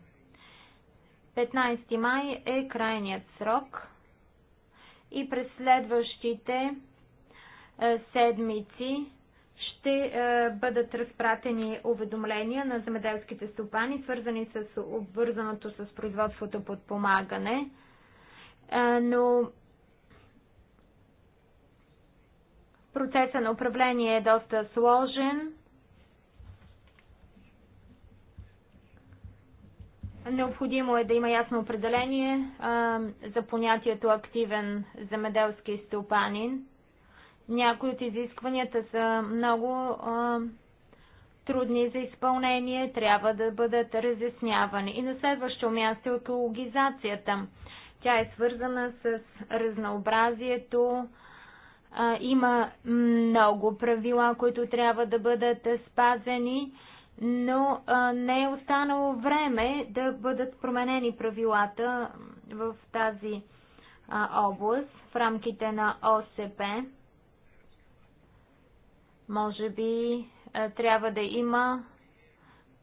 15 май е крайният срок и през следващите е, седмици ще е, бъдат разпратени уведомления на земеделските стопани, свързани с обвързаното с производството подпомагане. Е, но процеса на управление е доста сложен Необходимо е да има ясно определение а, за понятието активен земеделски стопанин. Някои от изискванията са много а, трудни за изпълнение, трябва да бъдат разяснявани. И на следващо място е екологизацията. Тя е свързана с разнообразието. А, има много правила, които трябва да бъдат спазени но а, не е останало време да бъдат променени правилата в тази а, област в рамките на ОСП. Може би а, трябва да има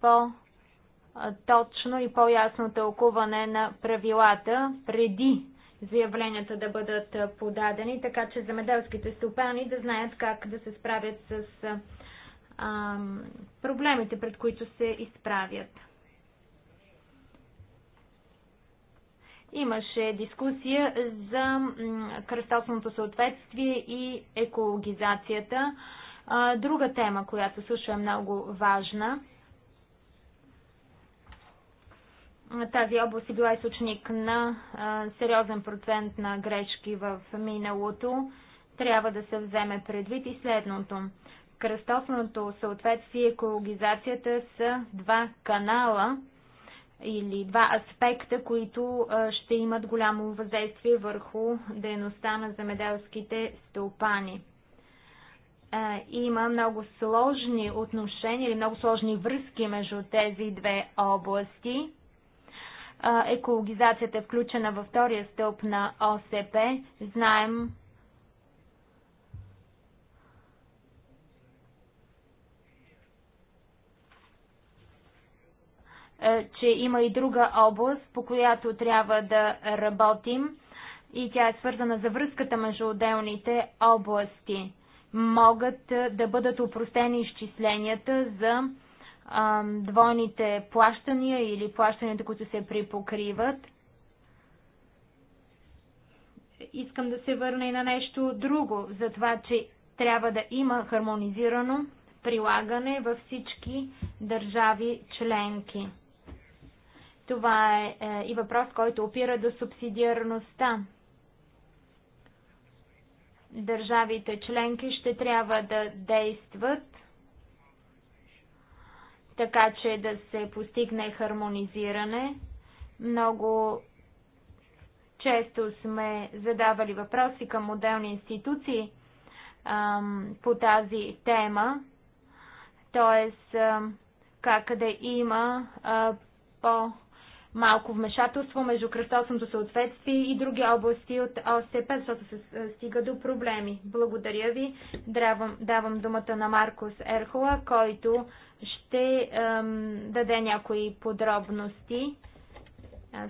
по-точно и по-ясно тълкуване на правилата преди заявленията да бъдат подадени, така че земеделските стопани да знаят как да се справят с а, проблемите, пред които се изправят. Имаше дискусия за кръстосното съответствие и екологизацията. Друга тема, която също е много важна. Тази област е била източник на сериозен процент на грешки в миналото. Трябва да се вземе предвид и следното кръстосното съответствие и екологизацията са два канала или два аспекта, които ще имат голямо въздействие върху дейността на земеделските стълпани. Има много сложни отношения или много сложни връзки между тези две области. Екологизацията е включена във втория стълб на ОСП. Знаем, Е, че има и друга област, по която трябва да работим и тя е свързана за връзката между отделните области. Могат е, да бъдат упростени изчисленията за двойните плащания или плащанията, които се припокриват. Искам да се върна и на нещо друго, за това, че трябва да има хармонизирано прилагане във всички държави членки. Това е, е и въпрос, който опира до субсидиарността. Държавите членки ще трябва да действат така, че да се постигне хармонизиране. Много често сме задавали въпроси към отделни институции ам, по тази тема, т.е. как да има а, по- малко вмешателство между кръстосното съответствие и други области от ОСП, защото се е, стига до проблеми. Благодаря ви. Давам, давам думата на Маркус Ерхола, който ще ем, даде някои подробности, е,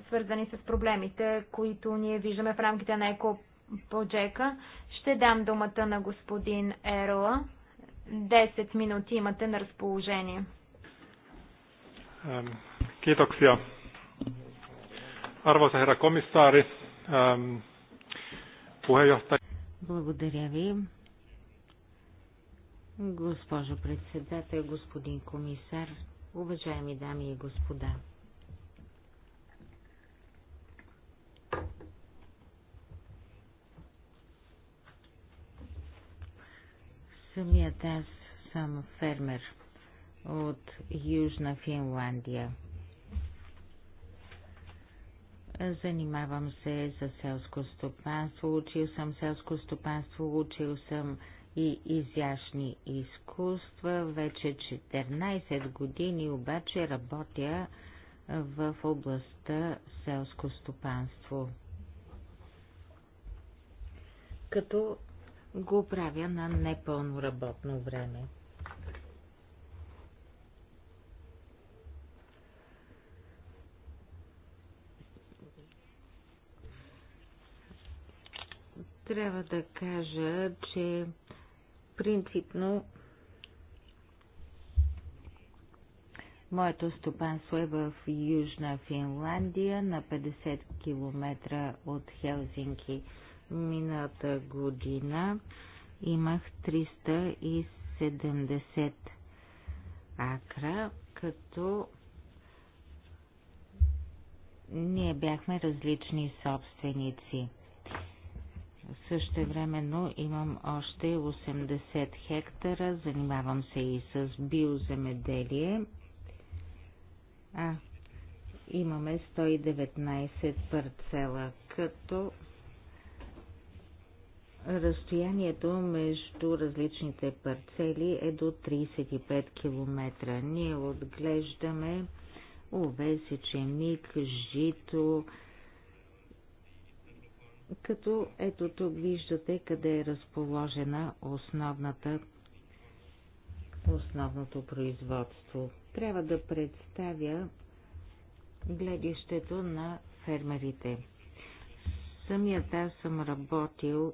свързани с проблемите, които ние виждаме в рамките на Еко Поджека. Ще дам думата на господин Ерола. 10 минути имате на разположение. Kiitoksia Arvoisa хера комисари, ähm, puheenjohtaja. Благодаря ви. Госпожо председател, господин комисар, уважаеми дами и господа. Самият аз съм фермер от Южна Финландия – Занимавам се за селско стопанство, учил съм селско стопанство, учил съм и изящни изкуства. Вече 14 години обаче работя в областта селско стопанство. Като го правя на непълно работно време. Трябва да кажа, че принципно моето стопанство е в Южна Финландия на 50 км от Хелзинки. Мината година имах 370 акра, като ние бяхме различни собственици. Също времено имам още 80 хектара, занимавам се и с биоземеделие. А, имаме 119 парцела, като разстоянието между различните парцели е до 35 км. Ние отглеждаме овес, ченик, жито, като ето тук виждате къде е разположена основната основното производство. Трябва да представя гледището на фермерите. Самият аз съм работил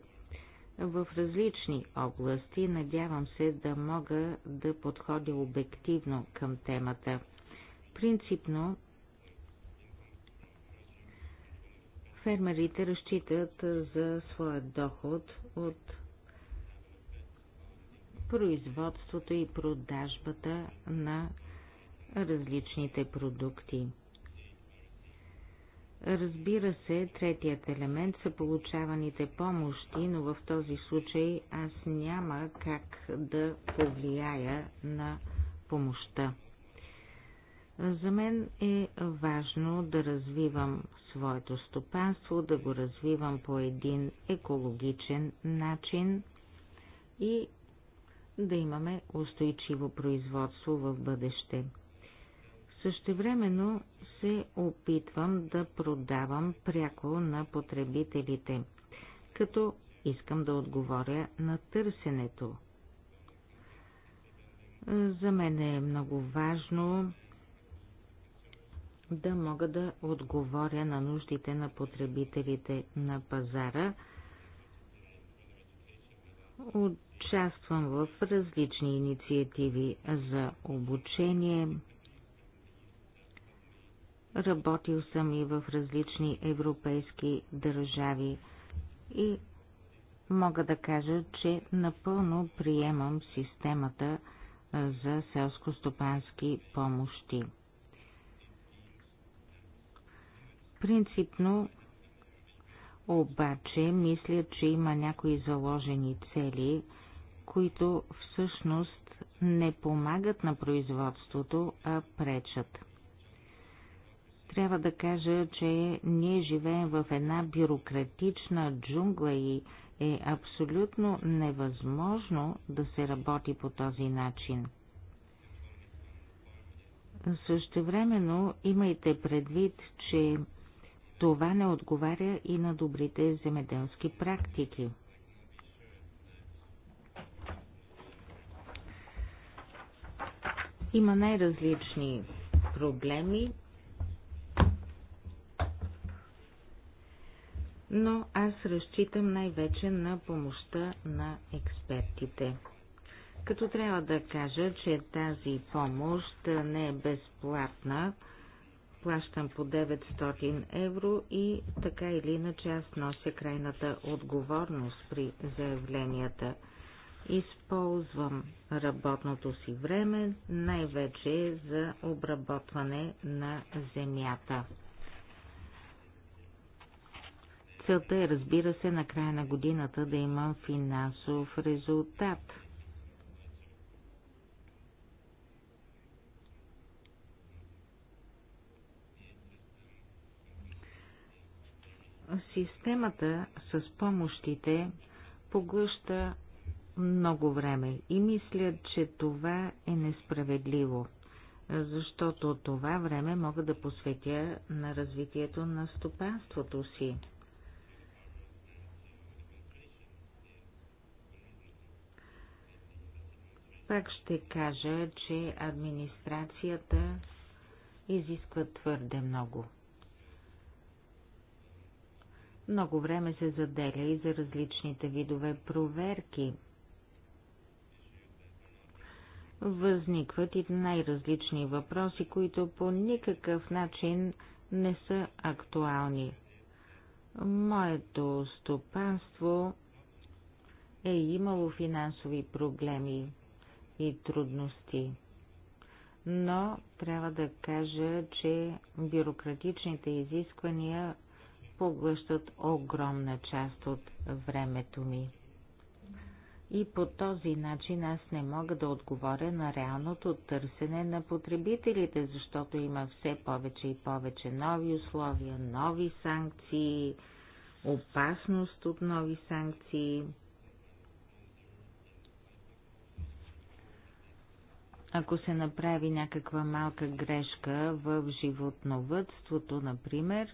в различни области. Надявам се да мога да подходя обективно към темата. Принципно Фермерите разчитат за своя доход от производството и продажбата на различните продукти. Разбира се, третият елемент са получаваните помощи, но в този случай аз няма как да повлияя на помощта. За мен е важно да развивам своето стопанство, да го развивам по един екологичен начин и да имаме устойчиво производство в бъдеще. Същевременно се опитвам да продавам пряко на потребителите, като искам да отговоря на търсенето. За мен е много важно да мога да отговоря на нуждите на потребителите на пазара. Участвам в различни инициативи за обучение. Работил съм и в различни европейски държави и мога да кажа, че напълно приемам системата за селско-стопански помощи. Принципно обаче мисля, че има някои заложени цели, които всъщност не помагат на производството, а пречат. Трябва да кажа, че ние живеем в една бюрократична джунгла и е абсолютно невъзможно да се работи по този начин. Същевременно имайте предвид, че това не отговаря и на добрите земеделски практики. Има най-различни проблеми, но аз разчитам най-вече на помощта на експертите. Като трябва да кажа, че тази помощ не е безплатна, плащам по 900 евро и така или иначе аз нося крайната отговорност при заявленията. Използвам работното си време най-вече за обработване на земята. Целта е, разбира се, на края на годината да имам финансов резултат – Системата с помощите поглъща много време и мисля, че това е несправедливо, защото това време мога да посветя на развитието на стопанството си. Пак ще кажа, че администрацията изисква твърде много много време се заделя и за различните видове проверки. Възникват и най-различни въпроси, които по никакъв начин не са актуални. Моето стопанство е имало финансови проблеми и трудности. Но трябва да кажа, че бюрократичните изисквания поглъщат огромна част от времето ми. И по този начин аз не мога да отговоря на реалното търсене на потребителите, защото има все повече и повече нови условия, нови санкции, опасност от нови санкции. Ако се направи някаква малка грешка в животновътството, например,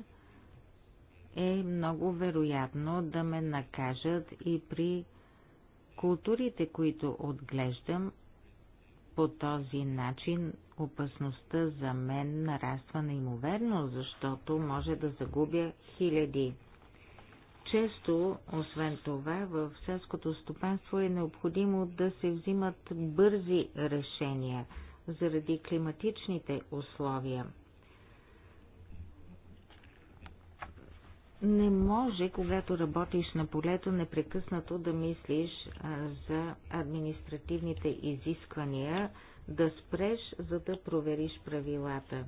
е много вероятно да ме накажат и при културите, които отглеждам. По този начин опасността за мен нараства неимоверно, защото може да загубя хиляди. Често, освен това, в селското стопанство е необходимо да се взимат бързи решения заради климатичните условия – Не може, когато работиш на полето, непрекъснато да мислиш за административните изисквания, да спреш, за да провериш правилата.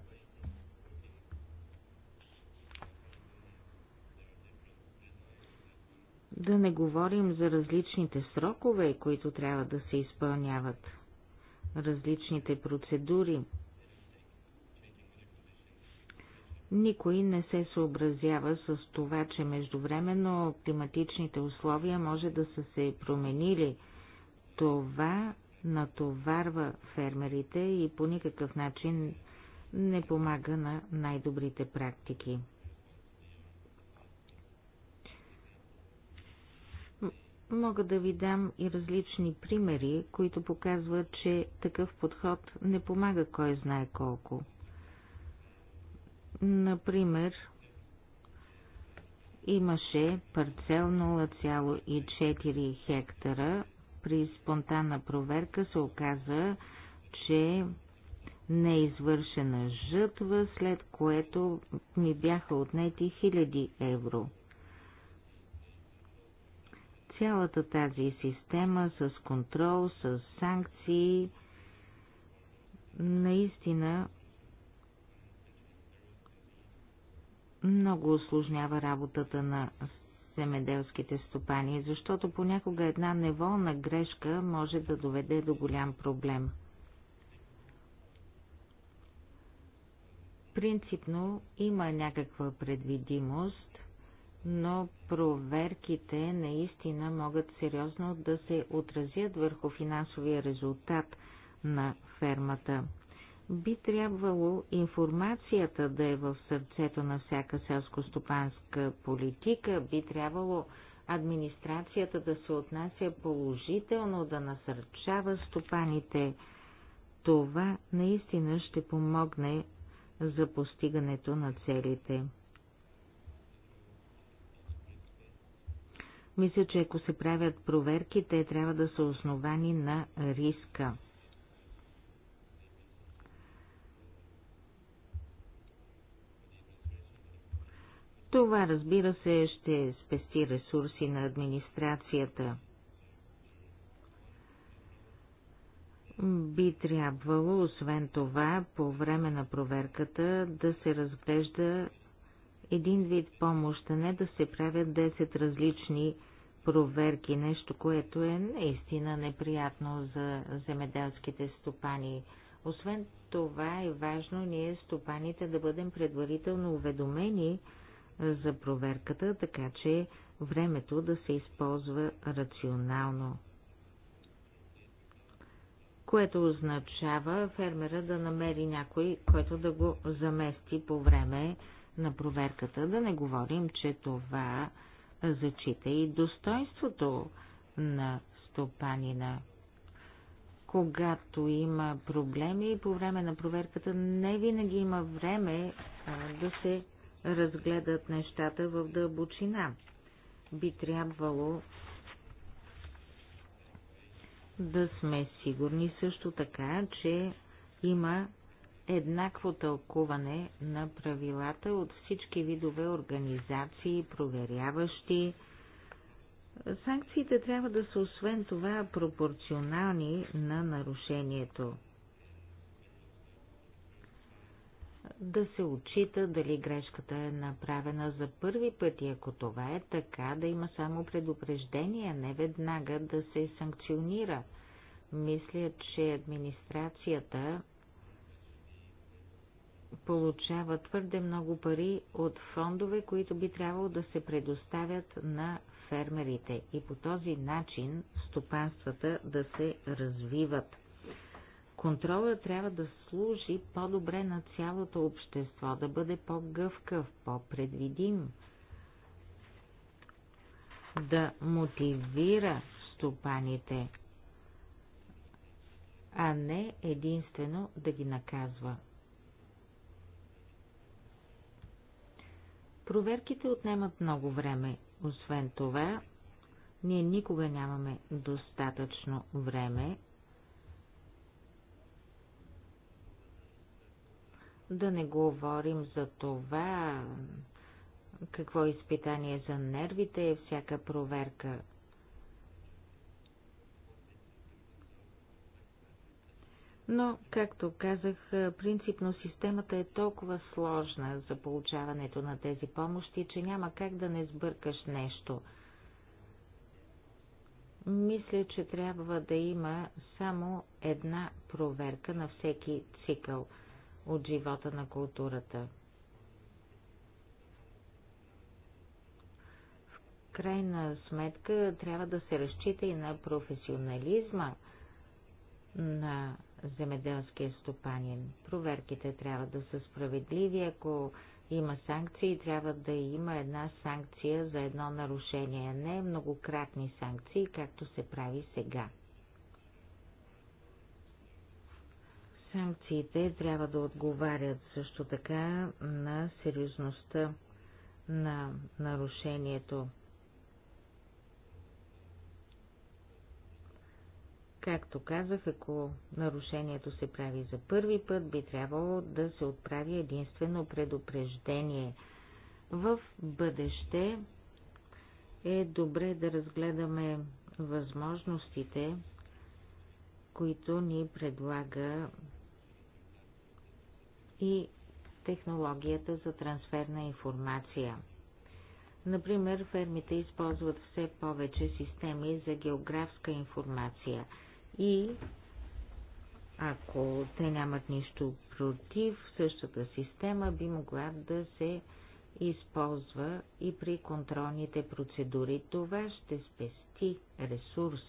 Да не говорим за различните срокове, които трябва да се изпълняват, различните процедури – Никой не се съобразява с това, че междувременно климатичните условия може да са се променили. Това натоварва фермерите и по никакъв начин не помага на най-добрите практики. Мога да ви дам и различни примери, които показват, че такъв подход не помага кой знае колко – Например, имаше парцел 0,4 хектара. При спонтанна проверка се оказа, че не е извършена жътва, след което ми бяха отнети хиляди евро. Цялата тази система с контрол, с санкции, наистина много осложнява работата на земеделските стопани, защото понякога една неволна грешка може да доведе до голям проблем. Принципно има някаква предвидимост, но проверките наистина могат сериозно да се отразят върху финансовия резултат на фермата – би трябвало информацията да е в сърцето на всяка селско-стопанска политика, би трябвало администрацията да се отнася положително, да насърчава стопаните. Това наистина ще помогне за постигането на целите. Мисля, че ако се правят проверки, те трябва да са основани на риска. Това, разбира се, ще спести ресурси на администрацията. Би трябвало, освен това, по време на проверката да се разглежда един вид помощ, а не да се правят 10 различни проверки, нещо, което е наистина неприятно за земеделските стопани. Освен това е важно ние стопаните да бъдем предварително уведомени, за проверката, така че времето да се използва рационално. Което означава фермера да намери някой, който да го замести по време на проверката. Да не говорим, че това зачита и достоинството на стопанина. Когато има проблеми по време на проверката, не винаги има време да се разгледат нещата в дълбочина. Би трябвало да сме сигурни също така, че има еднакво тълкуване на правилата от всички видове организации, проверяващи. Санкциите трябва да са освен това пропорционални на нарушението. да се отчита дали грешката е направена за първи път и ако това е така, да има само предупреждение, не веднага да се санкционира. Мисля, че администрацията получава твърде много пари от фондове, които би трябвало да се предоставят на фермерите и по този начин стопанствата да се развиват. Контрола трябва да служи по-добре на цялото общество, да бъде по-гъвкав, по-предвидим, да мотивира стопаните, а не единствено да ги наказва. Проверките отнемат много време. Освен това, ние никога нямаме достатъчно време Да не говорим за това, какво е изпитание за нервите е всяка проверка. Но, както казах, принципно системата е толкова сложна за получаването на тези помощи, че няма как да не сбъркаш нещо. Мисля, че трябва да има само една проверка на всеки цикъл – от живота на културата. В крайна сметка трябва да се разчита и на професионализма на земеделския стопанин. Проверките трябва да са справедливи, ако има санкции, трябва да има една санкция за едно нарушение, не многократни санкции, както се прави сега. Санкциите трябва да отговарят също така на сериозността на нарушението. Както казах, ако нарушението се прави за първи път, би трябвало да се отправи единствено предупреждение. В бъдеще е добре да разгледаме възможностите, които ни предлага и технологията за трансфер на информация. Например, фермите използват все повече системи за географска информация и ако те нямат нищо против, същата система би могла да се използва и при контролните процедури. Това ще спести ресурс.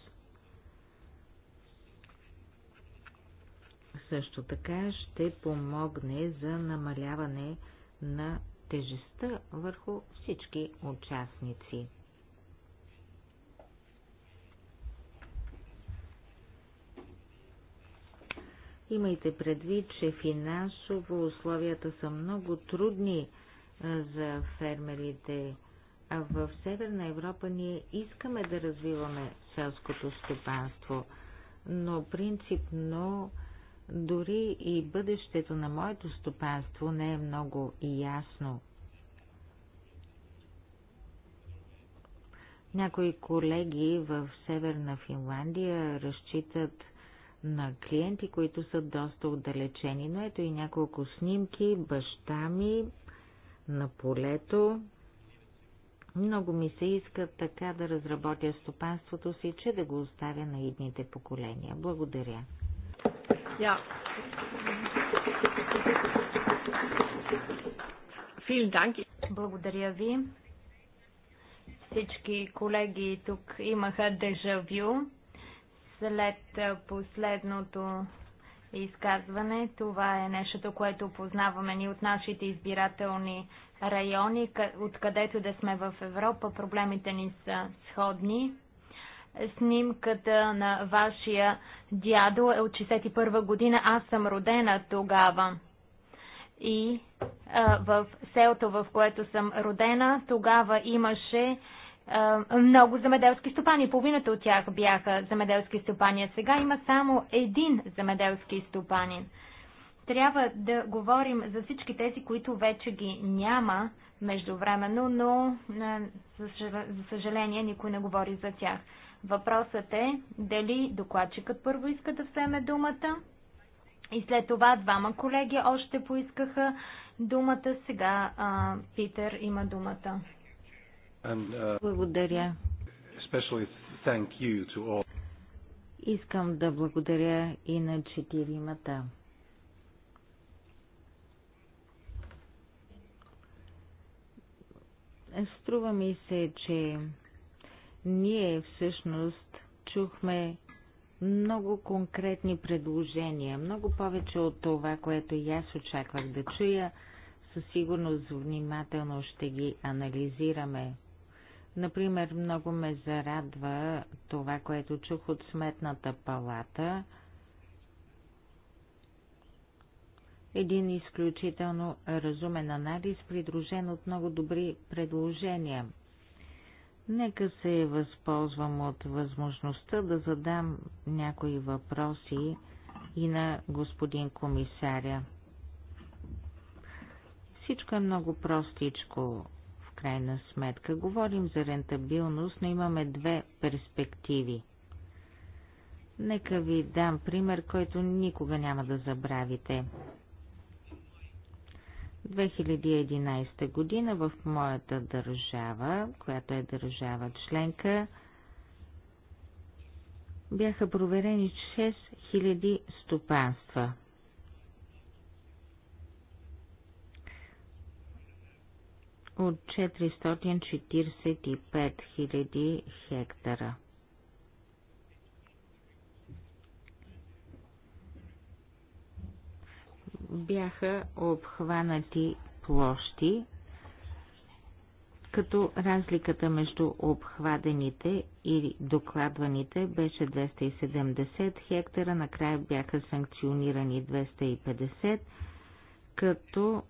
също така ще помогне за намаляване на тежестта върху всички участници. Имайте предвид, че финансово условията са много трудни за фермерите, а в Северна Европа ние искаме да развиваме селското стопанство, но принципно дори и бъдещето на моето стопанство не е много ясно. Някои колеги в Северна Финландия разчитат на клиенти, които са доста отдалечени. Но ето и няколко снимки, баща ми на полето. Много ми се иска така да разработя стопанството си, че да го оставя на идните поколения. Благодаря. Ja. Благодаря ви. Всички колеги тук имаха дежавю след последното изказване. Това е нещото, което познаваме ни от нашите избирателни райони, откъдето да сме в Европа. Проблемите ни са сходни. Снимката на вашия дядо е от 61 година. Аз съм родена тогава. И а, в селото, в което съм родена, тогава имаше а, много земеделски стопани. Половината от тях бяха земеделски стопани, сега има само един земеделски стопанин. Трябва да говорим за всички тези, които вече ги няма междувременно, но за съжаление никой не говори за тях. Въпросът е дали докладчикът първо иска да вземе думата и след това двама колеги още поискаха думата. Сега а, Питер има думата. And, uh, Благодаря. Thank you to all. Искам да благодаря и на четиримата. Струва ми се, че ние всъщност чухме много конкретни предложения, много повече от това, което и аз очаквах да чуя. Със сигурност внимателно ще ги анализираме. Например, много ме зарадва това, което чух от Сметната палата. Един изключително разумен анализ, придружен от много добри предложения – Нека се възползвам от възможността да задам някои въпроси и на господин комисаря. Всичко е много простичко, в крайна сметка. Говорим за рентабилност, но имаме две перспективи. Нека ви дам пример, който никога няма да забравите. 2011 година в моята държава, която е държава членка, бяха проверени 6000 стопанства. от 445 000 хектара. бяха обхванати площи, като разликата между обхвадените и докладваните беше 270 хектара, накрая бяха санкционирани 250, като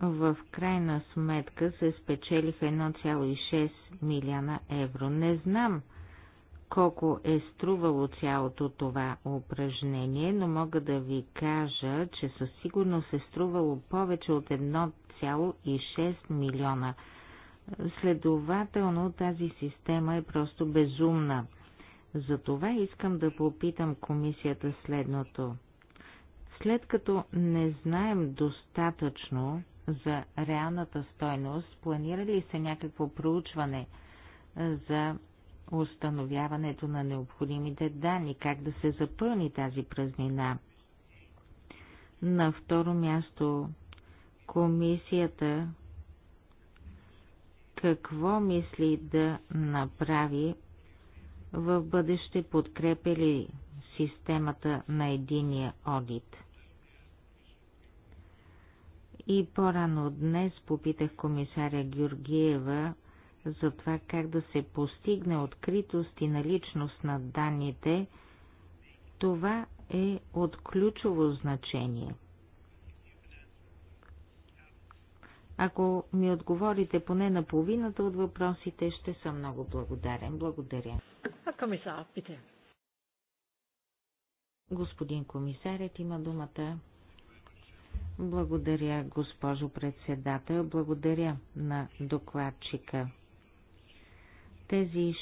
в крайна сметка се спечелиха 1,6 милиона евро. Не знам колко е струвало цялото това упражнение, но мога да ви кажа, че със сигурност е струвало повече от 1,6 милиона. Следователно тази система е просто безумна. Затова искам да попитам комисията следното. След като не знаем достатъчно за реалната стойност, планира ли се някакво проучване за установяването на необходимите данни, как да се запълни тази празнина. На второ място, комисията какво мисли да направи в бъдеще подкрепя ли системата на единия одит. И по-рано днес попитах комисаря Георгиева за това как да се постигне откритост и наличност на данните, това е от ключово значение. Ако ми отговорите поне на половината от въпросите, ще съм много благодарен. Благодаря. А комисар, пите. Господин комисарят има думата. Благодаря, госпожо председател. Благодаря на докладчика. Тези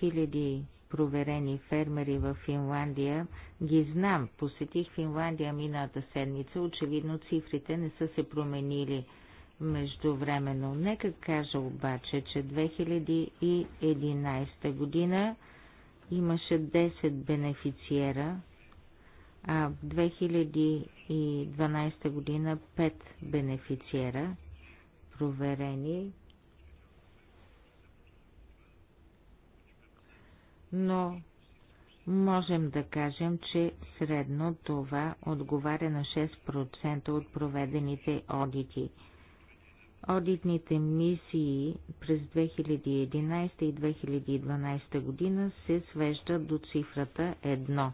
6000 проверени фермери в Финландия ги знам. Посетих Финландия мината седмица. Очевидно цифрите не са се променили междувременно. Нека кажа обаче, че 2011 година имаше 10 бенефициера, а в 2012 година 5 бенефициера проверени но можем да кажем, че средно това отговаря на 6% от проведените одити. Одитните мисии през 2011 и 2012 година се свеждат до цифрата 1.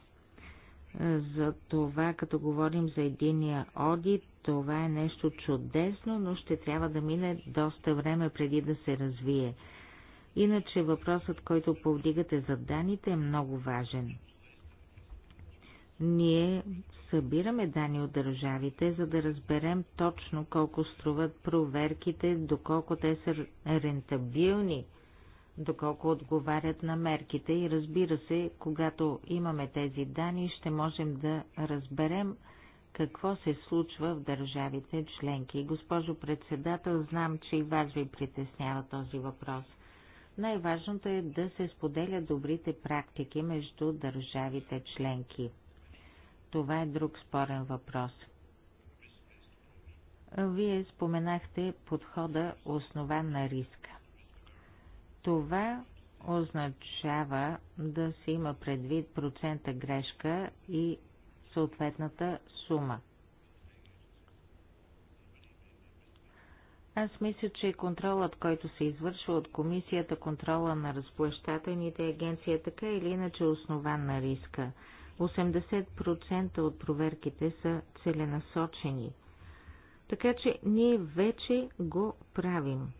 За това, като говорим за единия одит, това е нещо чудесно, но ще трябва да мине доста време преди да се развие. Иначе въпросът, който повдигате за данните е много важен. Ние събираме данни от държавите, за да разберем точно колко струват проверките, доколко те са рентабилни, доколко отговарят на мерките и разбира се, когато имаме тези данни, ще можем да разберем какво се случва в държавите членки. Госпожо председател, знам, че и вас ви притеснява този въпрос – най-важното е да се споделят добрите практики между държавите членки. Това е друг спорен въпрос. Вие споменахте подхода основан на риска. Това означава да се има предвид процента грешка и съответната сума – Аз мисля, че контролът, който се извършва от комисията, контрола на разплащателните агенции е така или иначе основан на риска. 80% от проверките са целенасочени. Така че ние вече го правим.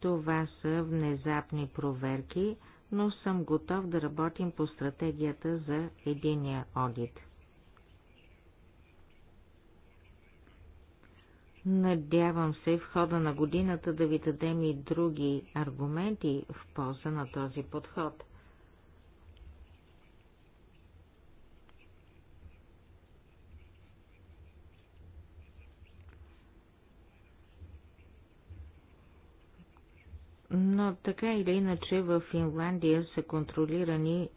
Това са внезапни проверки, но съм готов да работим по стратегията за единия одит. Надявам се в хода на годината да ви дадем и други аргументи в полза на този подход. Но така или иначе в Финландия са контролирани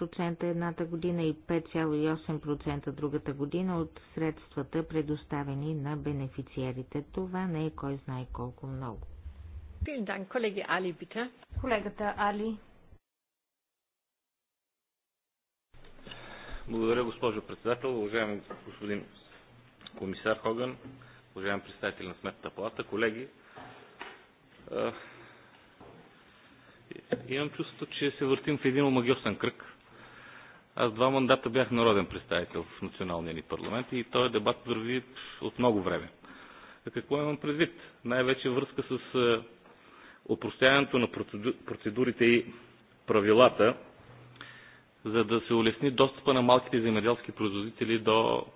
2,8% едната година и 5,8% другата година от средствата, предоставени на бенефициерите. Това не е кой знае колко много. Колеги Али, бите. Колегата Али. Благодаря, госпожо председател. Уважаеми господин комисар Хоган, уважаеми представители на Сметната палата, колеги, имам чувството, че се въртим в един омагиосен кръг. Аз два мандата бях народен представител в националния ни парламент и този дебат върви от много време. А какво имам предвид? Най-вече връзка с е, опростяването на процедурите и правилата, за да се улесни достъпа на малките земеделски производители до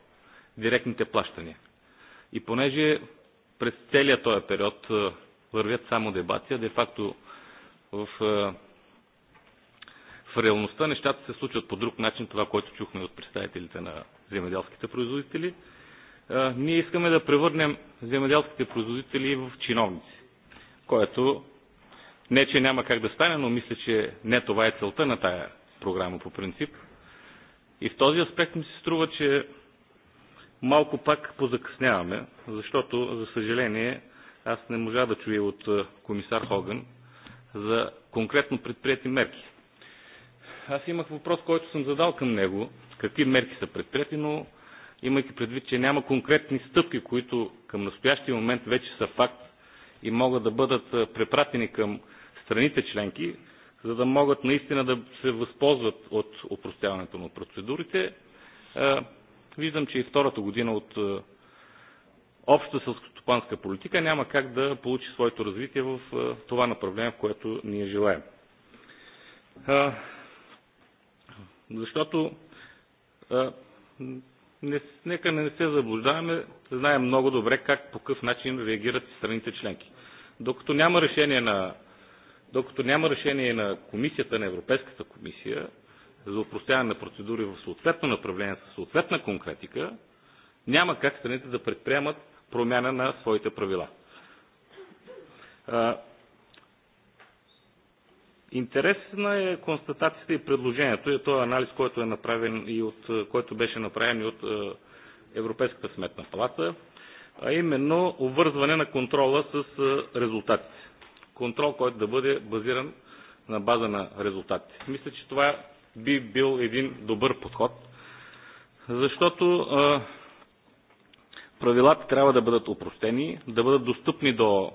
директните плащания. И понеже през целия този период е, вървят само дебати, а де-факто в е, в реалността нещата се случват по друг начин, това, което чухме от представителите на земеделските производители. Ние искаме да превърнем земеделските производители в чиновници, което не, че няма как да стане, но мисля, че не това е целта на тая програма по принцип. И в този аспект ми се струва, че малко пак позакъсняваме, защото, за съжаление, аз не можа да чуя от комисар Хоган за конкретно предприяти мерки аз имах въпрос, който съм задал към него. Какви мерки са предприяти, но имайки предвид, че няма конкретни стъпки, които към настоящия момент вече са факт и могат да бъдат препратени към страните членки, за да могат наистина да се възползват от опростяването на процедурите. Виждам, че и втората година от обща селскостопанска политика няма как да получи своето развитие в това направление, в което ние желаем. Защото а, не, нека не се заблуждаваме, знаем много добре как, по какъв начин реагират страните членки. Докато няма решение на, докато няма решение на комисията, на Европейската комисия, за упростяване на процедури в съответно направление, със съответна конкретика, няма как страните да предприемат промяна на своите правила. Интересна е констатацията и предложението, и този анализ, който, е направен и от, който беше направен и от е, Европейската сметна палата, а именно обвързване на контрола с е, резултатите. Контрол, който да бъде базиран на база на резултатите. Мисля, че това би бил един добър подход, защото а, е, правилата трябва да бъдат опростени, да бъдат достъпни до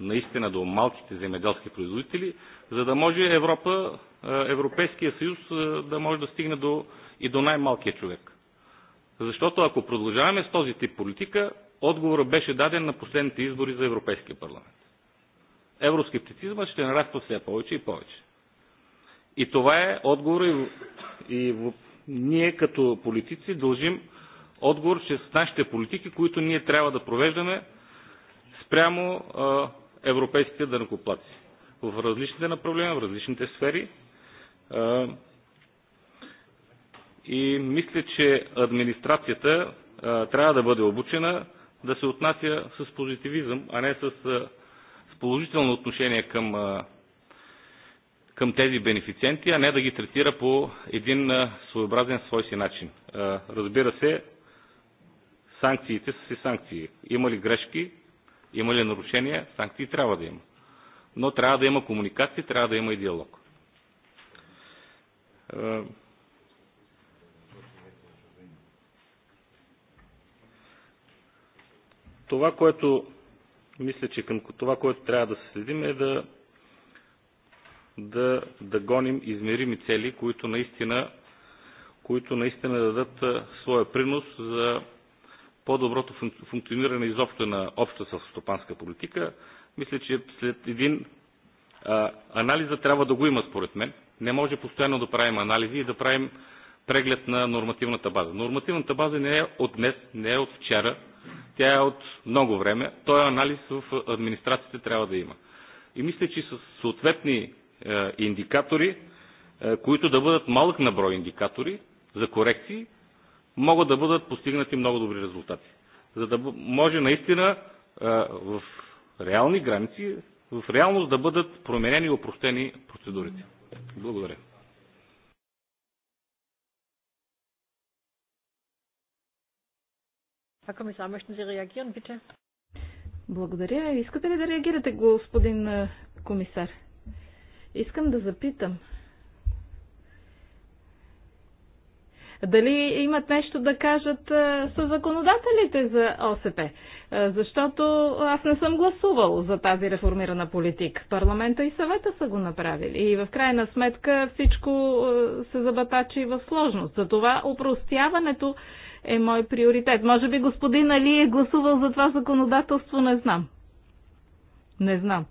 наистина до малките земеделски производители, за да може Европа, е, Европейския съюз е, да може да стигне до, и до най-малкия човек. Защото ако продължаваме с този тип политика, отговорът беше даден на последните избори за Европейския парламент. Евроскептицизма ще нараства все повече и повече. И това е отговор и, и в, ние като политици дължим отговор че с нашите политики, които ние трябва да провеждаме спрямо а, европейските данъкоплаци. В различните направления, в различните сфери. И мисля, че администрацията трябва да бъде обучена да се отнася с позитивизъм, а не с, с положително отношение към, към тези бенефициенти, а не да ги третира по един своеобразен свой си начин. Разбира се, санкциите са си санкции. Има ли грешки, има ли нарушения, санкции трябва да има. Но трябва да има комуникация, трябва да има и диалог. Е, това, което мисля, че към това, което трябва да се следим е да, да, да гоним измерими цели, които наистина, които наистина дадат е, своя принос за по-доброто функциониране изобщо на обща съвстопанска политика, мисля, че след един а, анализа трябва да го има, според мен. Не може постоянно да правим анализи и да правим преглед на нормативната база. Нормативната база не е от днес, не е от вчера, тя е от много време. Той анализ в администрациите трябва да има. И мисля, че с съответни е, индикатори, е, които да бъдат малък наброй индикатори за корекции, могат да бъдат постигнати много добри резултати. За да може наистина в реални граници, в реалност да бъдат променени и опростени процедурите. Благодаря. Herr Kommissar, möchten Sie reagieren, bitte? Благодаря. Искате ли да реагирате, господин комисар? Искам да запитам. Дали имат нещо да кажат със законодателите за ОСП? Защото аз не съм гласувал за тази реформирана политика. Парламента и съвета са го направили. И в крайна сметка всичко се забатачи в сложност. Затова упростяването е мой приоритет. Може би господин Али е гласувал за това законодателство, не знам. Не знам.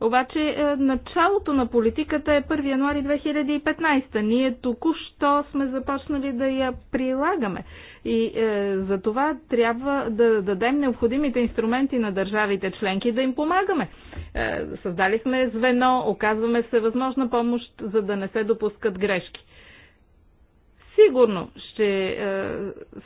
Обаче е, началото на политиката е 1 януари 2015. Ние току-що сме започнали да я прилагаме. И е, за това трябва да дадем необходимите инструменти на държавите членки да им помагаме. Е, създали сме звено, оказваме се възможна помощ, за да не се допускат грешки. Сигурно ще е,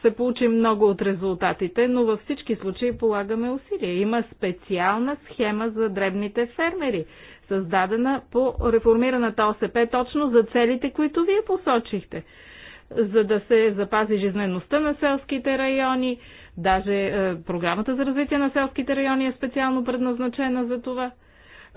се получи много от резултатите, но във всички случаи полагаме усилия. Има специална схема за дребните фермери, създадена по реформираната ОСП точно за целите, които вие посочихте. За да се запази жизнеността на селските райони, даже е, програмата за развитие на селските райони е специално предназначена за това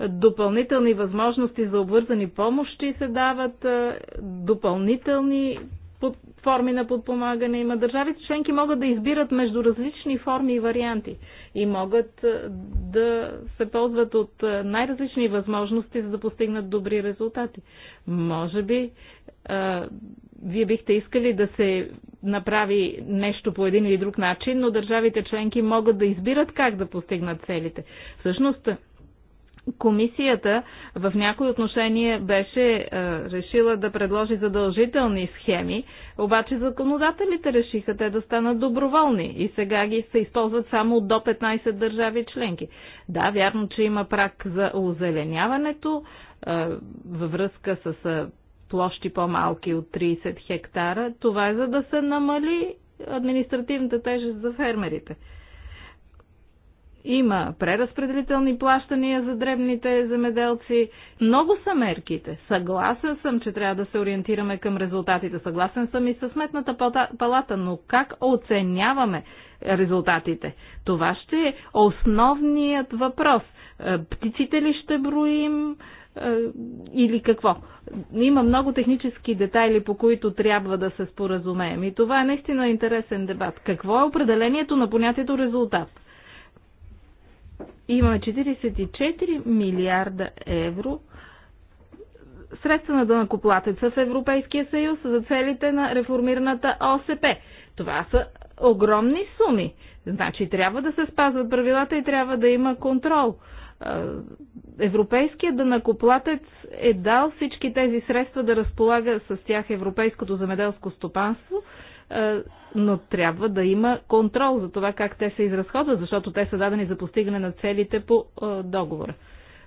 допълнителни възможности за обвързани помощи се дават, е, допълнителни под форми на подпомагане има. Държавите членки могат да избират между различни форми и варианти и могат е, да се ползват от е, най-различни възможности, за да постигнат добри резултати. Може би а, е, вие бихте искали да се направи нещо по един или друг начин, но държавите членки могат да избират как да постигнат целите. Всъщност, Комисията в някои отношения беше е, решила да предложи задължителни схеми, обаче законодателите решиха те да станат доброволни и сега ги се използват само до 15 държави членки. Да, вярно, че има прак за озеленяването е, във връзка с е, площи по-малки от 30 хектара. Това е за да се намали административната тежест за фермерите. Има преразпределителни плащания за дребните земеделци. Много са мерките. Съгласен съм, че трябва да се ориентираме към резултатите. Съгласен съм и със сметната палата, но как оценяваме резултатите? Това ще е основният въпрос. Е, птиците ли ще броим? Е, или какво. Има много технически детайли, по които трябва да се споразумеем. И това е наистина интересен дебат. Какво е определението на понятието резултат? има 44 милиарда евро средства на дънакоплатеца в Европейския съюз за целите на реформираната ОСП. Това са огромни суми. Значи трябва да се спазват правилата и трябва да има контрол. Европейският дънакоплатец е дал всички тези средства да разполага с тях Европейското замеделско стопанство – е, но трябва да има контрол за това как те се изразходват, защото те са дадени за постигане на целите по е, договора.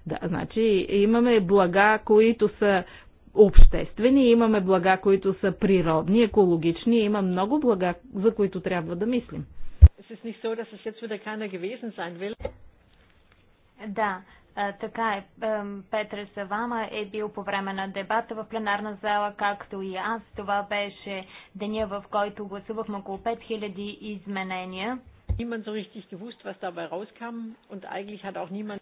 Да, значи имаме блага, които са обществени, имаме блага, които са природни, екологични, има много блага, за които трябва да мислим. Да, така е, Петре Савама е бил по време на дебата в пленарна зала, както и аз. Това беше деня, в който гласувахме около 5000 изменения.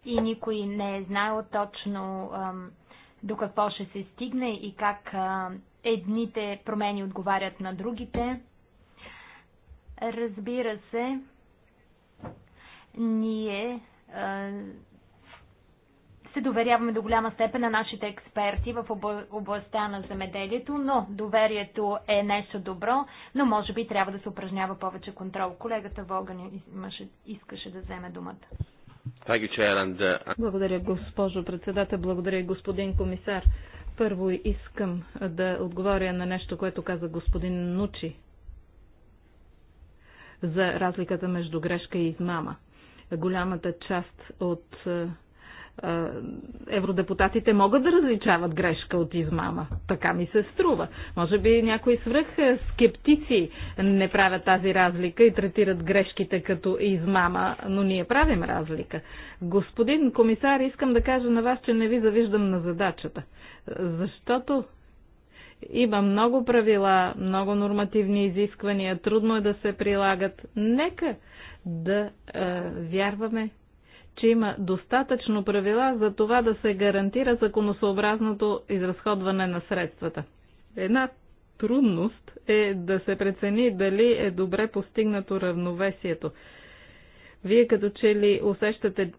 И никой не е знаел точно до какво ще се стигне и как едните промени отговарят на другите. Разбира се, ние се доверяваме до голяма степен на нашите експерти в областта на земеделието, но доверието е нещо добро, но може би трябва да се упражнява повече контрол. Колегата имаше, искаше да вземе думата. Uh, Благодаря, госпожо председател. Благодаря, господин комисар. Първо искам да отговоря на нещо, което каза господин Нучи за разликата между грешка и измама. Голямата част от е, евродепутатите могат да различават грешка от измама. Така ми се струва. Може би някои свръх скептици не правят тази разлика и третират грешките като измама, но ние правим разлика. Господин комисар, искам да кажа на вас, че не ви завиждам на задачата, защото има много правила, много нормативни изисквания, трудно е да се прилагат. Нека да е, вярваме, че има достатъчно правила за това да се гарантира законосъобразното изразходване на средствата. Една трудност е да се прецени дали е добре постигнато равновесието. Вие като че ли усещате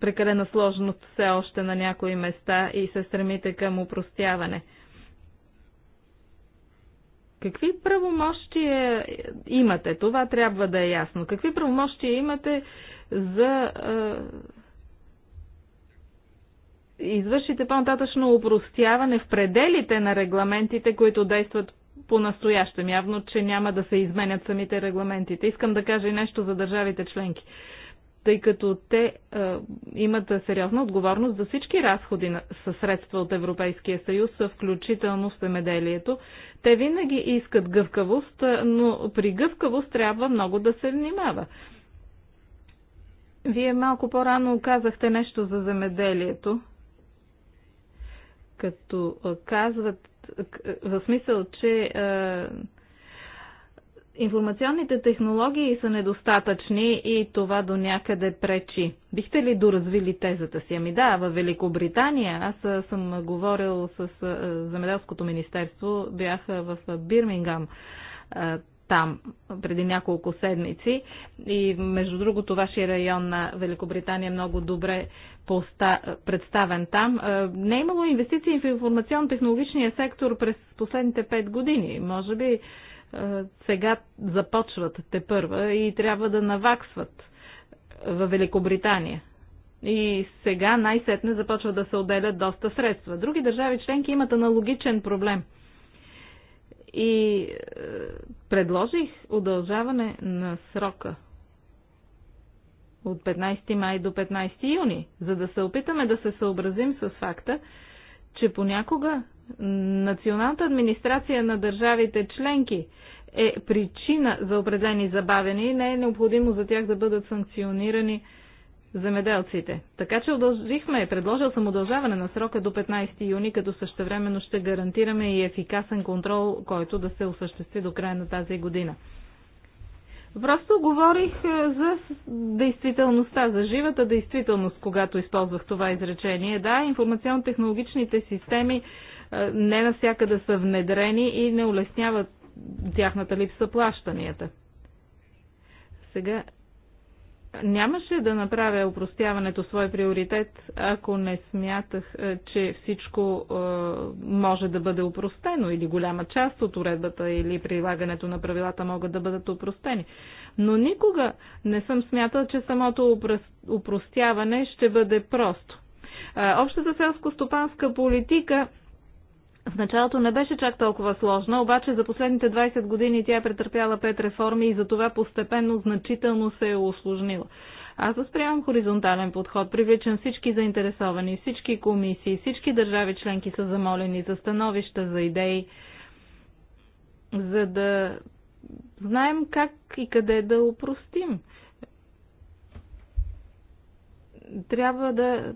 прекалена сложност все още на някои места и се стремите към упростяване. Какви правомощия имате? Това трябва да е ясно. Какви правомощия имате за извършите по-нататъчно упростяване в пределите на регламентите, които действат по-настоящем. Явно, че няма да се изменят самите регламентите. Искам да кажа и нещо за държавите членки, тъй като те е, имат сериозна отговорност за всички разходи на, със средства от Европейския съюз, включително в семеделието, Те винаги искат гъвкавост, но при гъвкавост трябва много да се внимава. Е, вие малко по-рано казахте нещо за земеделието, като казват в смисъл, че е, информационните технологии са недостатъчни и това до някъде пречи. Бихте ли доразвили тезата си? Ами да, в Великобритания, аз съм говорил с Земеделското министерство, бях в Бирмингам там преди няколко седмици. И между другото, вашия район на Великобритания е много добре представен там. Е, не е имало инвестиции в информационно-технологичния сектор през последните пет години. Може би е, сега започват те първа и трябва да наваксват в Великобритания. И сега най-сетне започва да се отделят доста средства. Други държави членки имат аналогичен проблем – и е, предложих удължаване на срока от 15 май до 15 юни, за да се опитаме да се съобразим с факта, че понякога националната администрация на държавите членки е причина за определени забавени и не е необходимо за тях да бъдат санкционирани земеделците. Така че удължихме, предложил съм удължаване на срока до 15 юни, като същевременно ще гарантираме и ефикасен контрол, който да се осъществи до края на тази година. Просто говорих е, за действителността, за живата действителност, когато използвах това изречение. Да, информационно-технологичните системи е, не навсякъде са внедрени и не улесняват тяхната липса плащанията. Сега нямаше да направя опростяването свой приоритет, ако не смятах, е, че всичко е, може да бъде опростено или голяма част от уредбата или прилагането на правилата могат да бъдат опростени. Но никога не съм смятал, че самото опростяване ще бъде просто. Е, общата селско-стопанска политика в началото не беше чак толкова сложна, обаче за последните 20 години тя е претърпяла пет реформи и за това постепенно значително се е осложнила. Аз възприемам хоризонтален подход, привличам всички заинтересовани, всички комисии, всички държави членки са замолени за становища, за идеи, за да знаем как и къде да упростим. Трябва да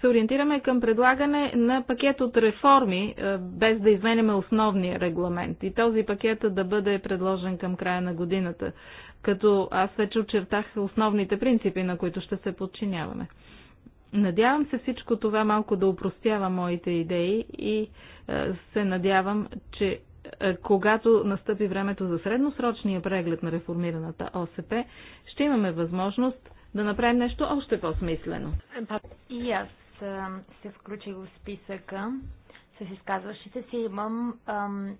се ориентираме към предлагане на пакет от реформи, е, без да изменяме основния регламент. И този пакет да бъде предложен към края на годината, като аз вече очертах основните принципи, на които ще се подчиняваме. Надявам се всичко това малко да упростява моите идеи и е, се надявам, че е, когато настъпи времето за средносрочния преглед на реформираната ОСП, ще имаме възможност да направим нещо още по-смислено. И аз се включих в списъка с изказващите си. Имам ам,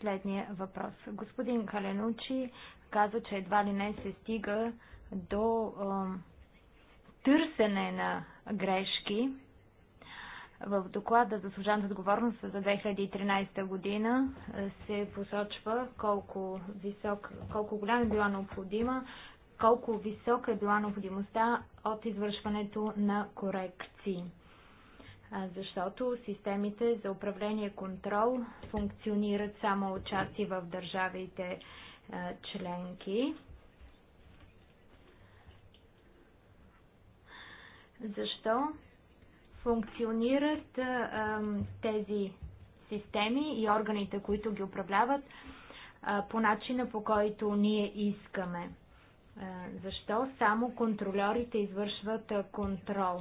следния въпрос. Господин Каленучи каза, че едва ли не се стига до ам, търсене на грешки. В доклада за служанта отговорност за 2013 година се посочва колко, висок, колко голям е била необходима колко висока е била необходимостта от извършването на корекции. Защото системите за управление и контрол функционират само отчасти в държавите членки. Защо функционират тези системи и органите, които ги управляват, по начина по който ние искаме. Защо само контролерите извършват контрол?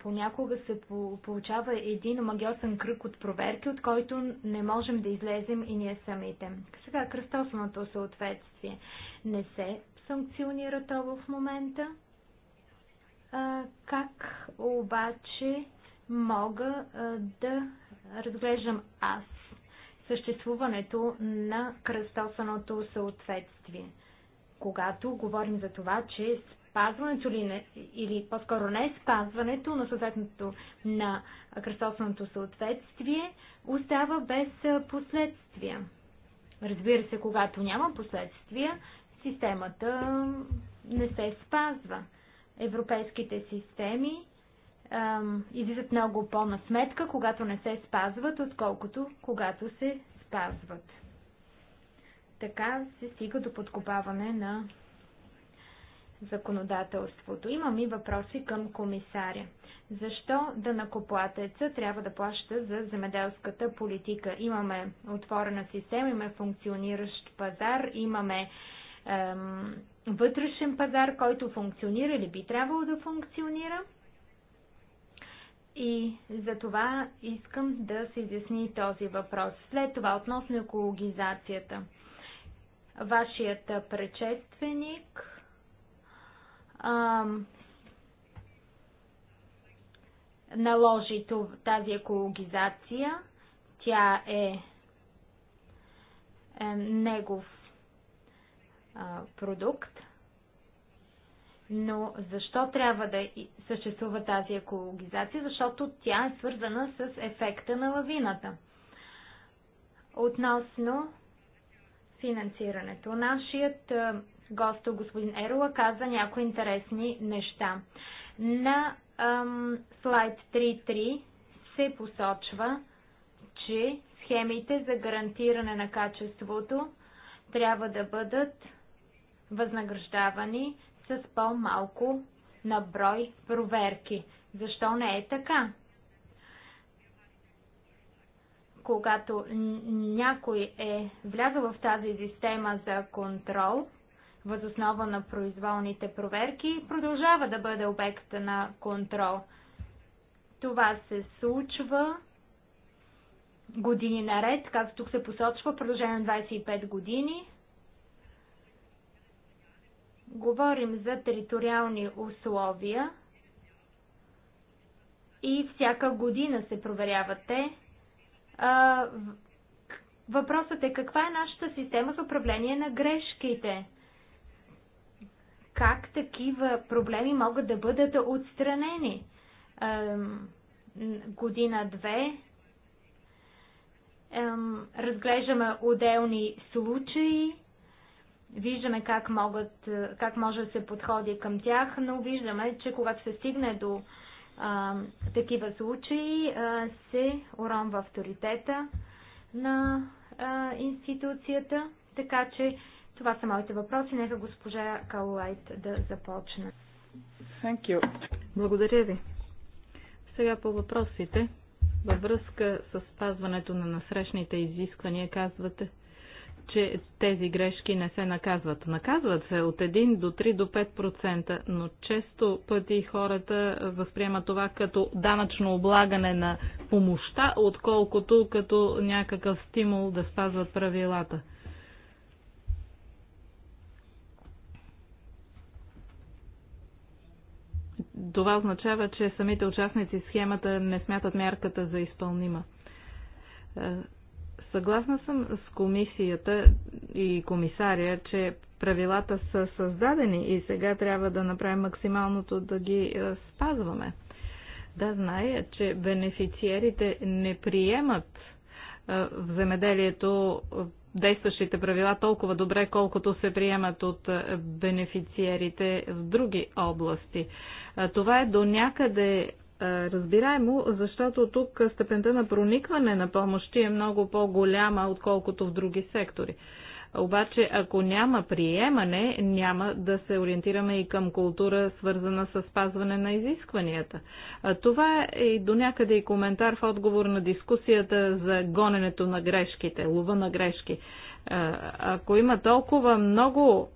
Понякога се получава един магиосен кръг от проверки, от който не можем да излезем и ние самите. Сега кръстосното съответствие. Не се санкционира то в момента. как обаче мога да разглеждам аз съществуването на кръстосаното съответствие. Когато говорим за това, че спазването или, не, или по-скоро не спазването на съответното на кръстосаното съответствие остава без последствия. Разбира се, когато няма последствия, системата не се спазва. Европейските системи излизат много по насметка сметка, когато не се спазват, отколкото когато се спазват. Така се стига до подкопаване на законодателството. Имам и въпроси към комисаря. Защо да накоплатеца трябва да плаща за земеделската политика? Имаме отворена система, имаме функциониращ пазар, имаме ем, вътрешен пазар, който функционира или би трябвало да функционира. И за това искам да се изясни този въпрос. След това относно екологизацията. Вашият предшественик ам, наложи тази екологизация. Тя е, е негов а, продукт. Но защо трябва да съществува тази екологизация? Защото тя е свързана с ефекта на лавината. Относно финансирането. Нашият е, гост, господин Ерола каза някои интересни неща. На ам, слайд 3.3 се посочва, че схемите за гарантиране на качеството трябва да бъдат възнаграждавани с по-малко наброй проверки. Защо не е така? Когато някой е влязъл в тази система за контрол, възоснова на произволните проверки, продължава да бъде обект на контрол. Това се случва години наред, както тук се посочва, продължение на 25 години. Говорим за териториални условия и всяка година се проверяват те. Въпросът е каква е нашата система за управление на грешките? Как такива проблеми могат да бъдат отстранени? Година-две разглеждаме отделни случаи виждаме как, могат, е, как може да се подходи към тях, но виждаме, че когато се стигне до а, такива случаи, а, се уронва авторитета на а, институцията. Така че това са моите въпроси. Нека госпожа Каулайт да започне. Thank you. Благодаря ви. Сега по въпросите. Във връзка с спазването на насрещните изисквания казвате, че тези грешки не се наказват. Наказват се от 1 до 3 до 5%, но често пъти хората възприемат това като данъчно облагане на помощта, отколкото като някакъв стимул да спазват правилата. Това означава, че самите участници в схемата не смятат мярката за изпълнима Съгласна съм с комисията и комисария, че правилата са създадени и сега трябва да направим максималното да ги е, спазваме. Да, зная, че бенефициерите не приемат е, в земеделието е, действащите правила толкова добре, колкото се приемат от бенефициерите в други области. Това е до някъде е, разбираемо, защото тук степента на проникване на помощи е много по-голяма, отколкото в други сектори. Обаче, ако няма приемане, няма да се ориентираме и към култура, свързана с спазване на изискванията. Това е и до някъде и коментар в отговор на дискусията за гоненето на грешките, лова на грешки. Ако има толкова много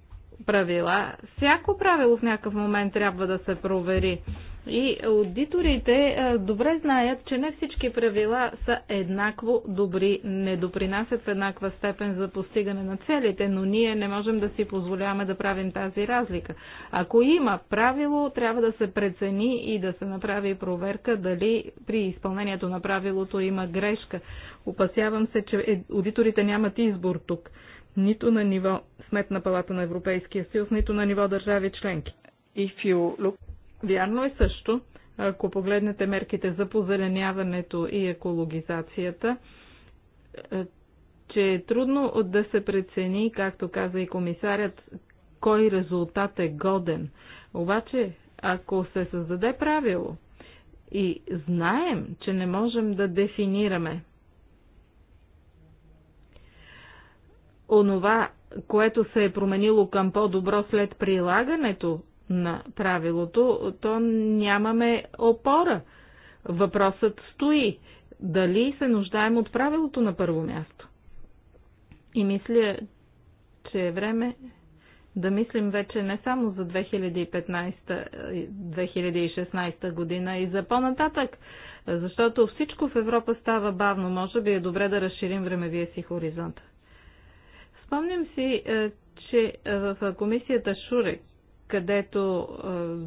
правила, всяко правило в някакъв момент трябва да се провери и аудиторите добре знаят, че не всички правила са еднакво добри, не допринасят в еднаква степен за постигане на целите, но ние не можем да си позволяваме да правим тази разлика. Ако има правило, трябва да се прецени и да се направи проверка дали при изпълнението на правилото има грешка. Опасявам се, че аудиторите нямат избор тук. Нито на ниво Сметна палата на Европейския съюз, нито на ниво държави членки. If you look Вярно е също, ако погледнете мерките за позеленяването и екологизацията, е, че е трудно да се прецени, както каза и комисарят, кой резултат е годен. Обаче, ако се създаде правило и знаем, че не можем да дефинираме онова, което се е променило към по-добро след прилагането на правилото, то нямаме опора. Въпросът стои. Дали се нуждаем от правилото на първо място? И мисля, че е време да мислим вече не само за 2015-2016 година и за по-нататък, защото всичко в Европа става бавно. Може би е добре да разширим времевия си хоризонт. Спомням си, е, че в комисията Шурек където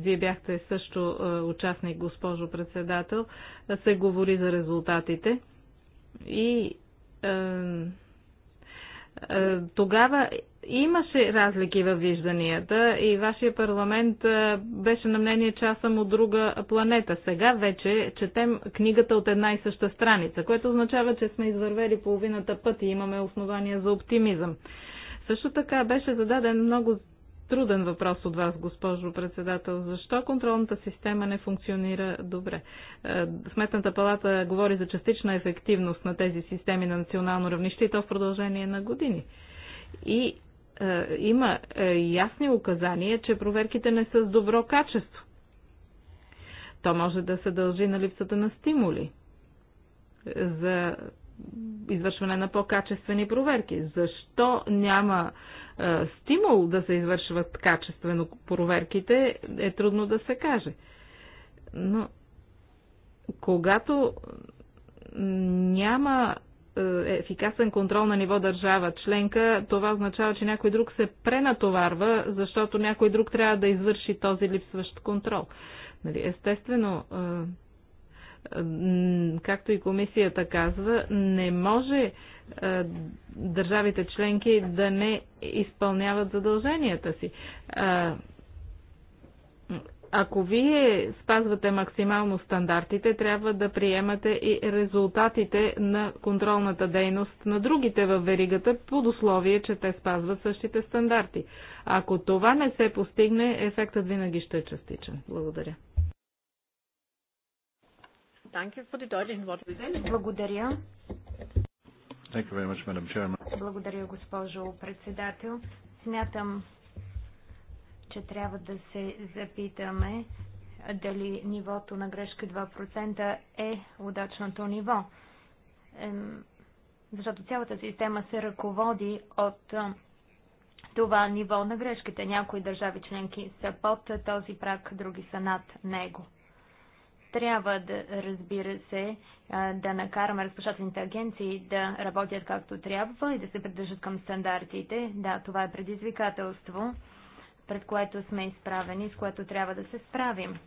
вие бяхте също участник, госпожо председател, се говори за резултатите. И тогава имаше разлики във вижданията и вашия парламент беше на мнение, че аз съм от друга планета. Сега вече четем книгата от една и съща страница, което означава, че сме извървели половината път и имаме основания за оптимизъм. Също така беше зададен много труден въпрос от вас, госпожо председател. Защо контролната система не функционира добре? Е, Сметната палата говори за частична ефективност на тези системи на национално равнище и то в продължение на години. И е, има е, ясни указания, че проверките не са с добро качество. То може да се дължи на липсата на стимули е, за извършване на по-качествени проверки. Защо няма е, стимул да се извършват качествено проверките, е трудно да се каже. Но когато няма е, ефикасен контрол на ниво държава членка, това означава, че някой друг се пренатоварва, защото някой друг трябва да извърши този липсващ контрол. Нали, естествено, е, както и комисията казва, не може е, държавите членки да не изпълняват задълженията си. Ако вие спазвате максимално стандартите, трябва да приемате и резултатите на контролната дейност на другите във веригата, под условие, че те спазват същите стандарти. Ако това не се постигне, ефектът винаги ще е частичен. Благодаря. Благодаря. Благодаря, госпожо председател. Смятам, че трябва да се запитаме дали нивото на грешка 2% е удачното ниво. Защото цялата система се ръководи от е, това ниво на грешките. Някои държави членки са под този прак, други са над него. Трябва да, разбира се, да накараме разпочатлените агенции да работят както трябва и да се придържат към стандартите. Да, това е предизвикателство, пред което сме изправени, с което трябва да се справим.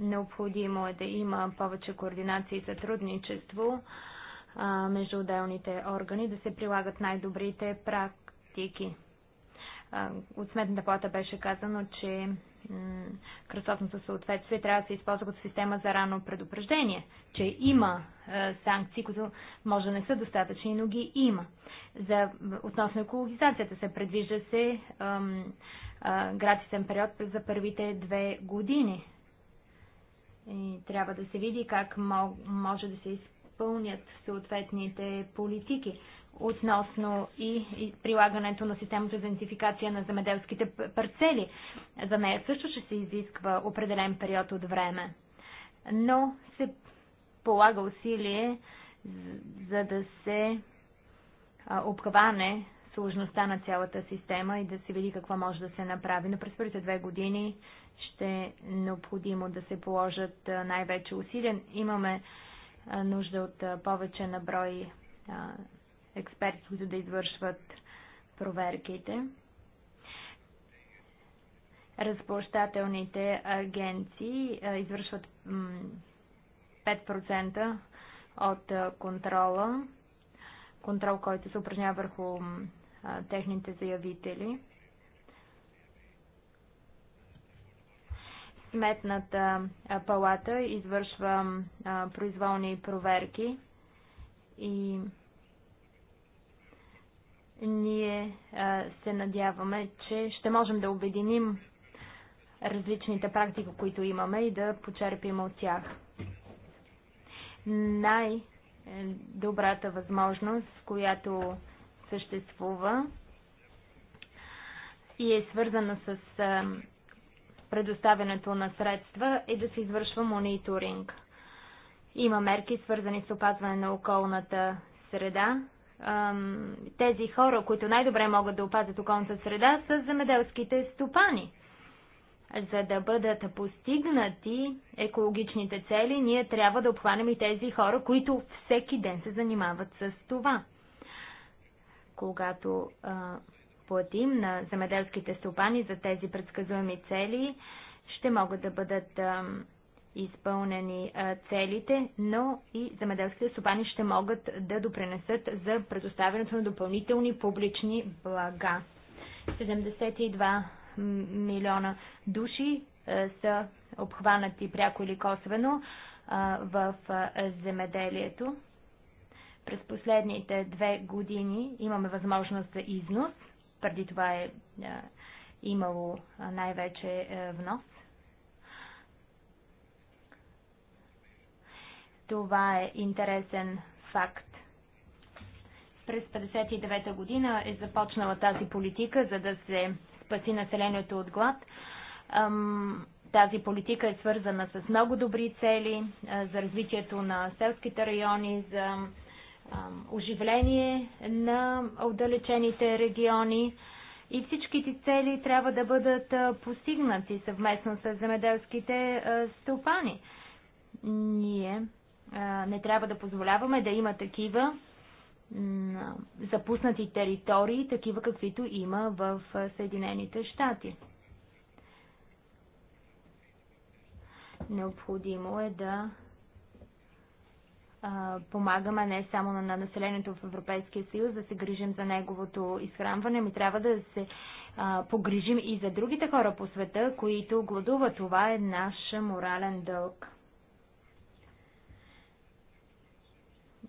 Необходимо е да има повече координация и сътрудничество между отделните органи, да се прилагат най-добрите практики. от сметната плата беше казано, че красотното съответствие трябва да се използва като система за рано предупреждение, че има е, санкции, които може да не са достатъчни, но ги има. За, относно екологизацията се предвижда се е, е, гратисен период за първите две години. И трябва да се види как мог, може да се изпълнят съответните политики относно и, прилагането на системата за идентификация на земеделските парцели. За нея също ще се изисква определен период от време. Но се полага усилие за да се обхване сложността на цялата система и да се види какво може да се направи. Но през първите две години ще е необходимо да се положат най-вече усилия. Имаме нужда от повече наброи експерти, които да извършват проверките. Разплащателните агенции извършват 5% от контрола, контрол, който се упражнява върху техните заявители. Сметната палата извършва произволни проверки и ние се надяваме, че ще можем да обединим различните практики, които имаме и да почерпим от тях. Най-добрата възможност, която съществува и е свързана с предоставянето на средства, е да се извършва мониторинг. Има мерки, свързани с опазване на околната среда, тези хора, които най-добре могат да опазят околната среда, са земеделските стопани. За да бъдат постигнати екологичните цели, ние трябва да обхванем и тези хора, които всеки ден се занимават с това. Когато а, платим на земеделските стопани за тези предсказуеми цели, ще могат да бъдат. А, изпълнени целите, но и земеделските стопани ще могат да допренесат за предоставянето на допълнителни публични блага. 72 милиона души са обхванати пряко или косвено в земеделието. През последните две години имаме възможност за износ. Преди това е имало най-вече внос. Това е интересен факт. През 1959 година е започнала тази политика, за да се спаси населението от глад. Тази политика е свързана с много добри цели за развитието на селските райони, за оживление на отдалечените региони и всичките цели трябва да бъдат постигнати съвместно с земеделските стопани. Ние не трябва да позволяваме да има такива запуснати територии, такива каквито има в Съединените щати. Необходимо е да помагаме не само на населението в Европейския съюз, да се грижим за неговото изхранване, ми трябва да се погрижим и за другите хора по света, които гладуват. Това е наш морален дълг.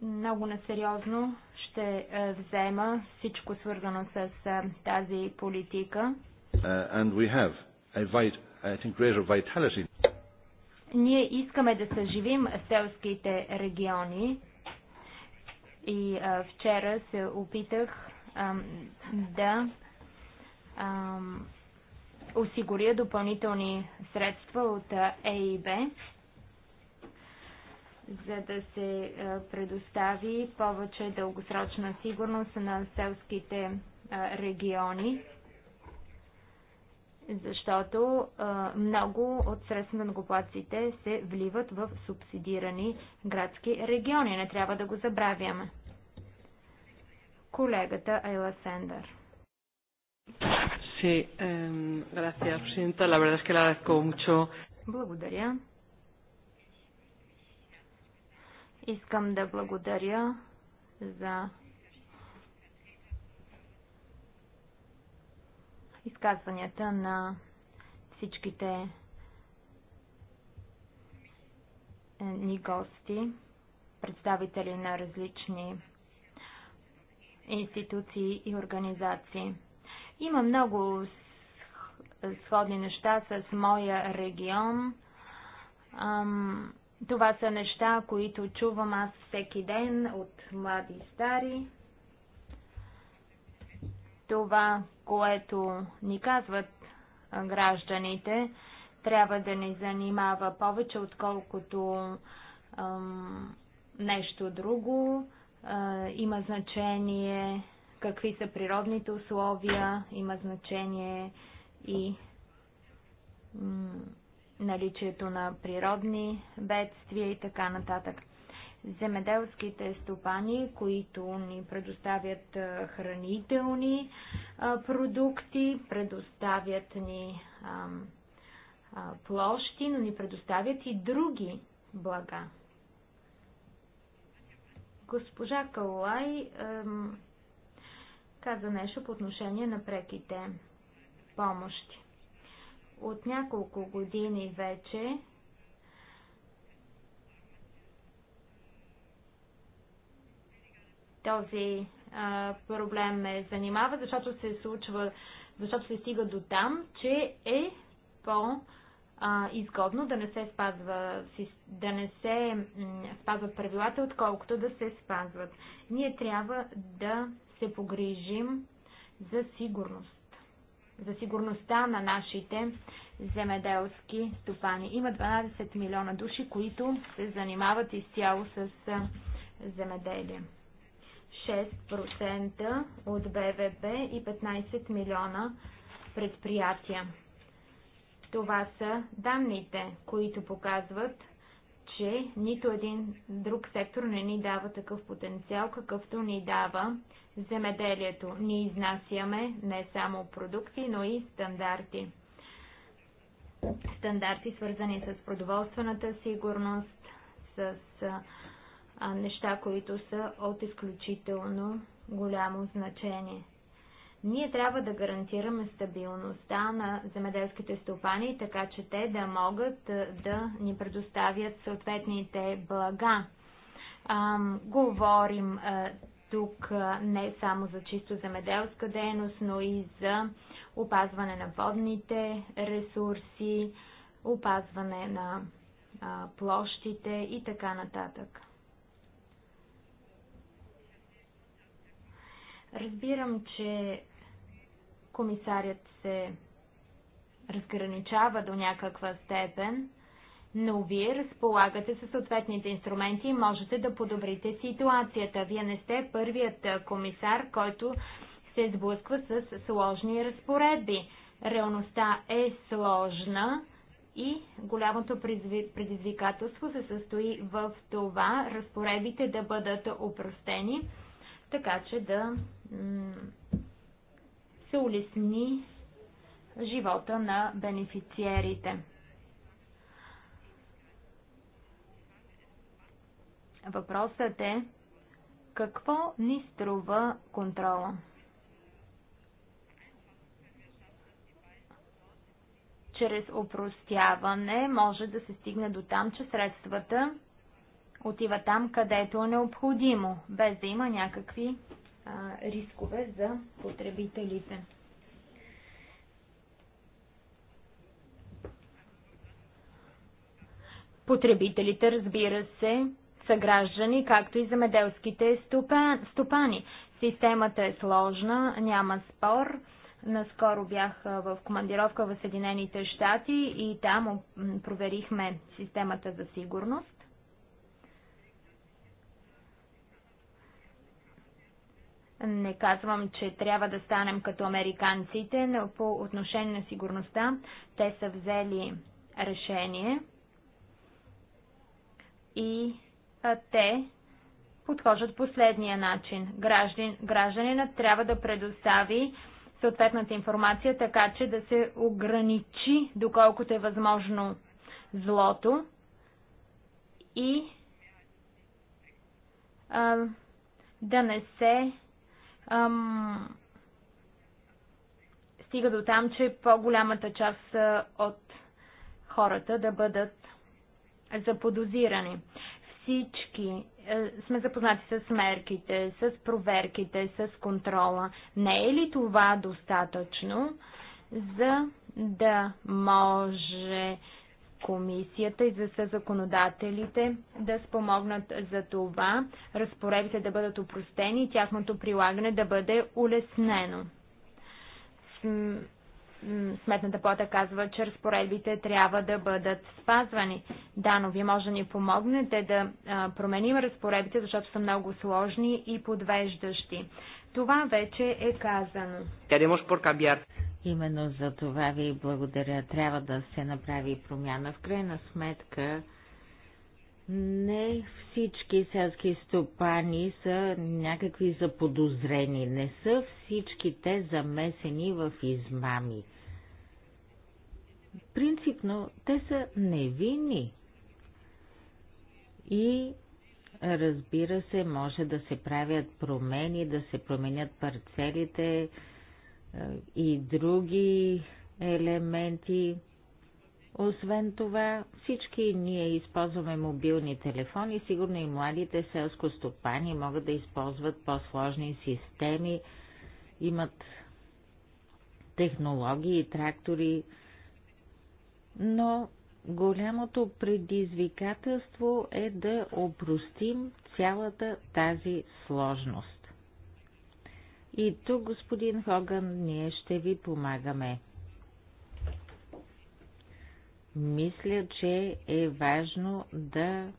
много насериозно ще е, взема всичко свързано с е, тази политика. Uh, and we have a vit, I think greater vitality. Ние искаме да съживим селските региони и е, вчера се опитах да осигуря допълнителни средства от ЕИБ за да се предостави повече дългосрочна сигурност на селските региони, защото много от средства на многоплаците се вливат в субсидирани градски региони. Не трябва да го забравяме. Колегата Айла Сендър. Sí, eh, gracias, Presidenta. La verdad es que le agradezco mucho. Благодаря. Искам да благодаря за изказванията на всичките е, ни гости, представители на различни институции и организации. Има много сходни неща с моя регион. Това са неща, които чувам аз всеки ден от млади и стари. Това, което ни казват гражданите, трябва да ни занимава повече, отколкото ам, нещо друго. А, има значение какви са природните условия, има значение и наличието на природни бедствия и така нататък. Земеделските стопани, които ни предоставят хранителни продукти, предоставят ни площи, но ни предоставят и други блага. Госпожа Калай каза нещо по отношение на преките помощи. От няколко години вече този а, проблем ме занимава, защото се случва, защото се стига до там, че е по- изгодно да не се спазва, да не се спазват правилата, отколкото да се спазват. Ние трябва да се погрижим за сигурност за сигурността на нашите земеделски стопани. Има 12 милиона души, които се занимават изцяло с земеделие. 6% от БВП и 15 милиона предприятия. Това са данните, които показват, че нито един друг сектор не ни дава такъв потенциал, какъвто ни дава земеделието. Ние изнасяме не само продукти, но и стандарти. Стандарти свързани с продоволствената сигурност, с а, неща, които са от изключително голямо значение. Ние трябва да гарантираме стабилността на земеделските стопани, така че те да могат да ни предоставят съответните блага. А, говорим а, тук не само за чисто земеделска дейност, но и за опазване на водните ресурси, опазване на площите и така нататък. Разбирам, че комисарят се разграничава до някаква степен но вие разполагате със съответните инструменти и можете да подобрите ситуацията. Вие не сте първият комисар, който се сблъсква с сложни разпоредби. Реалността е сложна и голямото предизвикателство се състои в това разпоредбите да бъдат упростени, така че да се улесни живота на бенефициерите. Въпросът е какво ни струва контрола? Чрез опростяване може да се стигне до там, че средствата отива там, където е необходимо, без да има някакви а, рискове за потребителите. Потребителите, разбира се, съграждани, както и замеделските стопани. Системата е сложна, няма спор. Наскоро бях в командировка в Съединените щати и там проверихме системата за сигурност. Не казвам, че трябва да станем като американците, но по отношение на сигурността те са взели решение и те подхождат последния начин. Граждан, гражданинът трябва да предостави съответната информация, така че да се ограничи доколкото е възможно злото и а, да не се ам, стига до там, че по-голямата част от хората да бъдат заподозирани всички е, сме запознати с мерките, с проверките, с контрола. Не е ли това достатъчно, за да може комисията и за законодателите да спомогнат за това разпоредите да бъдат упростени и тяхното прилагане да бъде улеснено? Сметната плата казва, че разпоредбите трябва да бъдат спазвани. Да, но вие може да ни помогнете да променим разпоредбите, защото са много сложни и подвеждащи. Това вече е казано. Именно за това ви благодаря. Трябва да се направи промяна. В крайна сметка не всички селски стопани са някакви заподозрени, не са всички те замесени в измами. Принципно те са невинни и разбира се, може да се правят промени, да се променят парцелите и други елементи. Освен това, всички ние използваме мобилни телефони, сигурно и младите селско-стопани могат да използват по-сложни системи, имат технологии и трактори, но голямото предизвикателство е да опростим цялата тази сложност. И тук, господин Хоган, ние ще ви помагаме мисля, че е важно да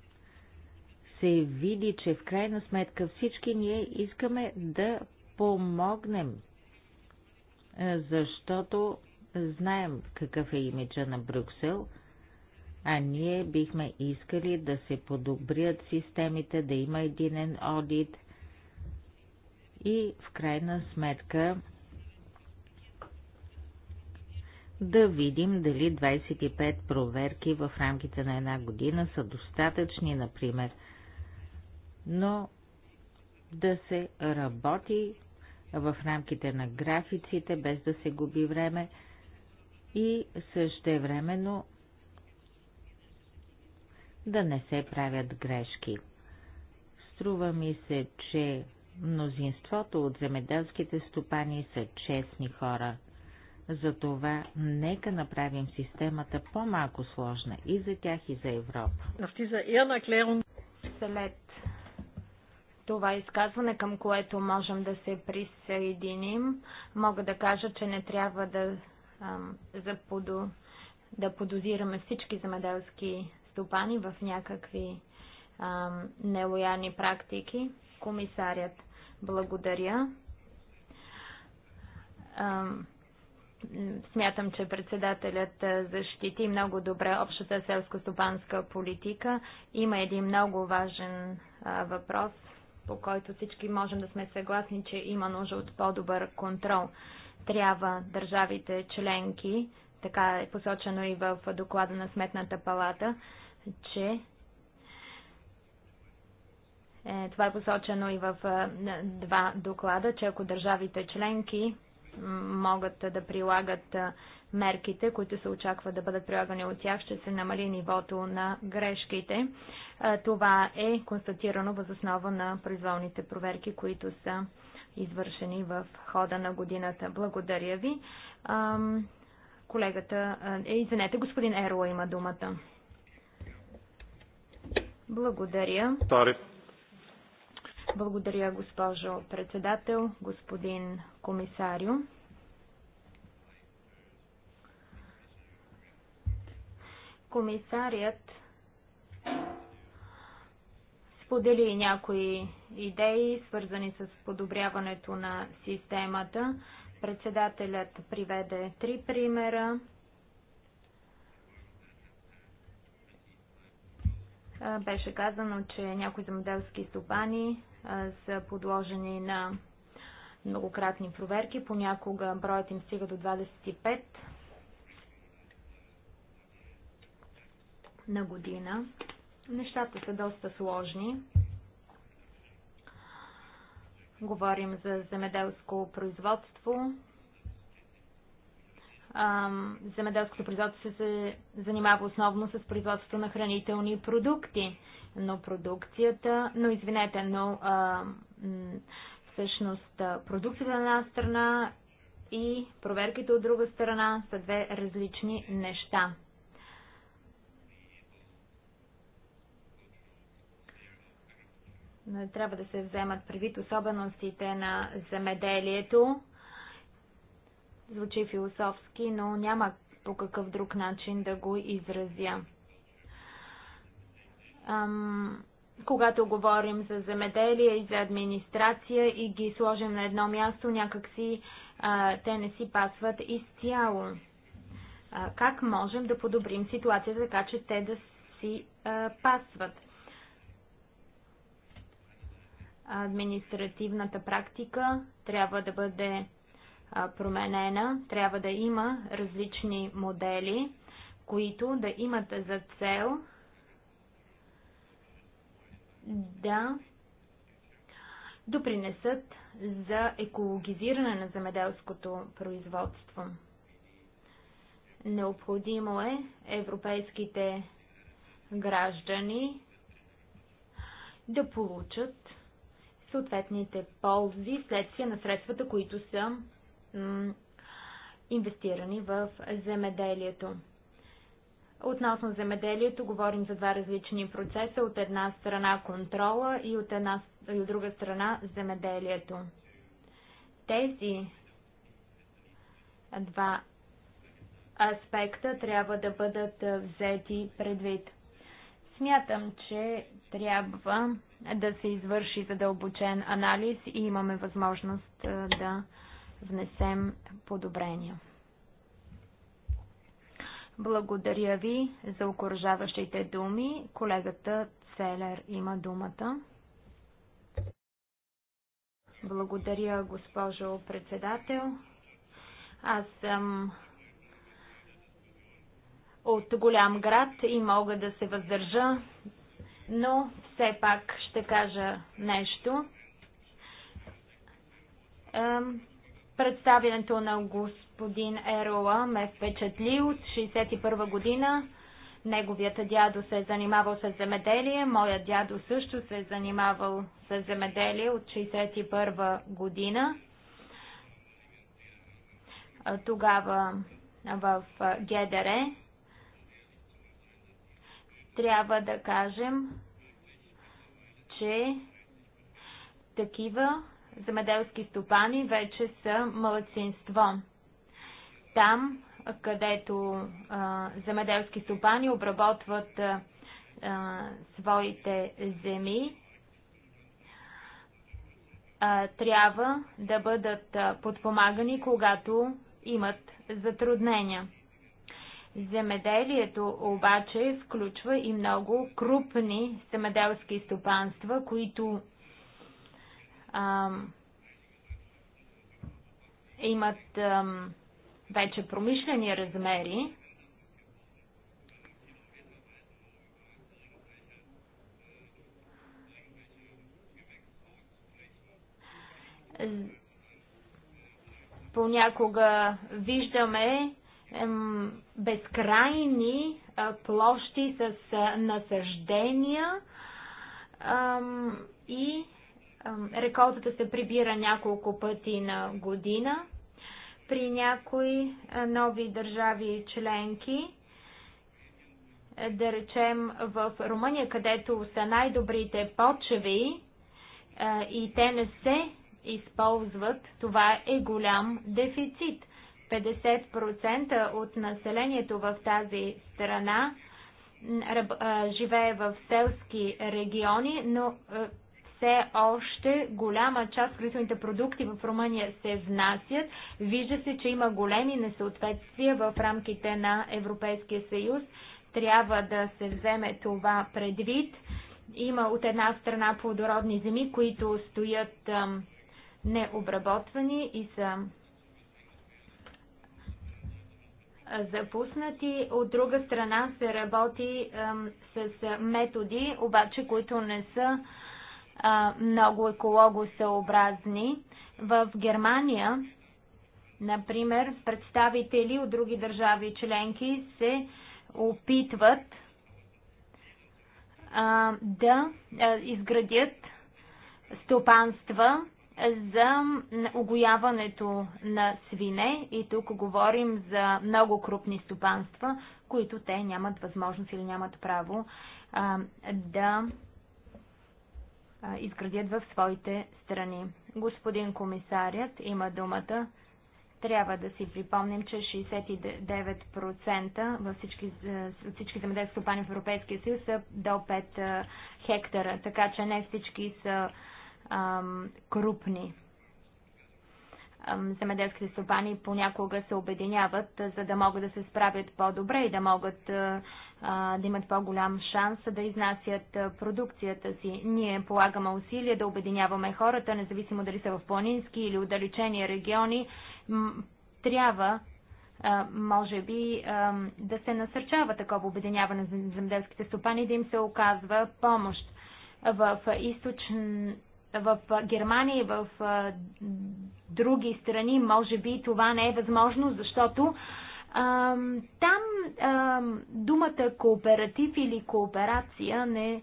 се види, че в крайна сметка всички ние искаме да помогнем, защото знаем какъв е имиджа на Брюксел, а ние бихме искали да се подобрят системите, да има единен одит и в крайна сметка да видим дали 25 проверки в рамките на една година са достатъчни, например, но да се работи в рамките на графиците, без да се губи време и същевременно да не се правят грешки. Струва ми се, че мнозинството от земеделските стопани са честни хора, затова нека направим системата по-малко сложна и за тях, и за Европа. След това изказване, към което можем да се присъединим, мога да кажа, че не трябва да, заподо, да подозираме всички замеделски стопани в някакви нелояни практики. Комисарят, благодаря. Смятам, че председателят защити много добре общата селско-стопанска политика. Има един много важен въпрос, по който всички можем да сме съгласни, че има нужда от по-добър контрол. Трябва държавите членки, така е посочено и в доклада на Сметната палата, че е, това е посочено и в е, два доклада, че ако държавите членки могат да прилагат мерките, които се очаква да бъдат прилагани от тях, ще се намали нивото на грешките. Това е констатирано възоснова на произволните проверки, които са извършени в хода на годината. Благодаря ви. Колегата, е, извинете, господин Ерла има думата. Благодаря. Тариф. Благодаря, госпожо председател, господин комисарио. Комисарият сподели някои идеи, свързани с подобряването на системата. Председателят приведе три примера. Беше казано, че някои земеделски стопани са подложени на многократни проверки. Понякога броят им стига до 25 на година. Нещата са доста сложни. Говорим за земеделско производство. Земеделското производство се занимава основно с производството на хранителни продукти но продукцията, но извинете, но а, всъщност продукцията на една страна и проверките от друга страна са две различни неща. Трябва да се вземат предвид особеностите на земеделието. Звучи философски, но няма по какъв друг начин да го изразя ам, когато говорим за земеделие и за администрация и ги сложим на едно място, някакси а, те не си пасват изцяло. А, как можем да подобрим ситуацията така, че те да си а, пасват? Административната практика трябва да бъде променена, трябва да има различни модели, които да имат за цел да допринесат за екологизиране на земеделското производство. Необходимо е европейските граждани да получат съответните ползи следствие на средствата, които са инвестирани в земеделието. Относно земеделието говорим за два различни процеса. От една страна контрола и от, една, и от друга страна земеделието. Тези два аспекта трябва да бъдат взети предвид. Смятам, че трябва да се извърши задълбочен анализ и имаме възможност да внесем подобрения. Благодаря ви за окоръжаващите думи. Колегата Целер има думата. Благодаря, госпожо председател. Аз съм от голям град и мога да се въздържа, но все пак ще кажа нещо. Представянето на господин господин Ерола ме впечатли от 61 година. Неговият дядо се е занимавал с земеделие, моят дядо също се е занимавал с земеделие от 61 година. Тогава в ГДР трябва да кажем, че такива земеделски стопани вече са младсинство там, където а, земеделски стопани обработват а, а, своите земи, а, трябва да бъдат подпомагани, когато имат затруднения. Земеделието обаче включва и много крупни земеделски стопанства, които а, имат. А, вече промишлени размери, понякога виждаме безкрайни площи с насъждения и реколтата се прибира няколко пъти на година при някои нови държави членки, е, да речем в Румъния, където са най-добрите почви е, и те не се използват, това е голям дефицит. 50% от населението в тази страна живее в селски региони, но е, все още голяма част от хранителните продукти в Румъния се внасят. Вижда се, че има големи несъответствия в рамките на Европейския съюз. Трябва да се вземе това предвид. Има от една страна плодородни земи, които стоят необработвани и са запуснати. От друга страна се работи с методи, обаче които не са а, много екологосъобразни. В Германия, например, представители от други държави членки се опитват а, да а, изградят стопанства за огояването на свине и тук говорим за много крупни стопанства, които те нямат възможност или нямат право а, да изградят в своите страни. Господин комисарят има думата. Трябва да си припомним, че 69% във всички, от всички земеделски стопани в Европейския съюз са до 5 хектара, така че не всички са ам, крупни. земеделските стопани понякога се обединяват, за да могат да се справят по-добре и да могат а, да имат по-голям шанс да изнасят продукцията си. Ние полагаме усилия да обединяваме хората, независимо дали са в планински или отдалечени региони. Трябва, може би, да се насърчава такова обединяване на земеделските стопани, да им се оказва помощ. В източен в Германия и в други страни, може би това не е възможно, защото там думата кооператив или кооперация не,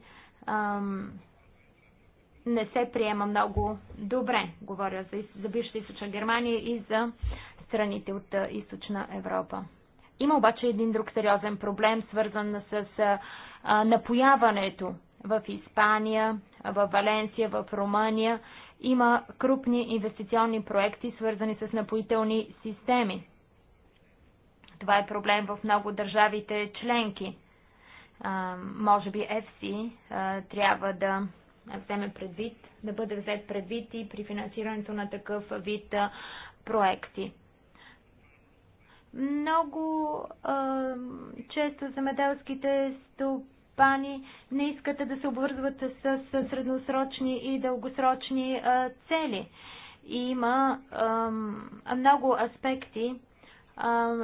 не се приема много добре. Говоря за, за бившата източна Германия и за страните от източна Европа. Има обаче един друг сериозен проблем, свързан с напояването в Испания, в Валенсия, в Румъния. Има крупни инвестиционни проекти, свързани с напоителни системи. Това е проблем в много държавите членки. Може би ЕФСИ трябва да вземе предвид, да бъде взет предвид и при финансирането на такъв вид проекти. Много а, често земеделските стопани не искат да се обвързват с, с средносрочни и дългосрочни а, цели. И има а, много аспекти,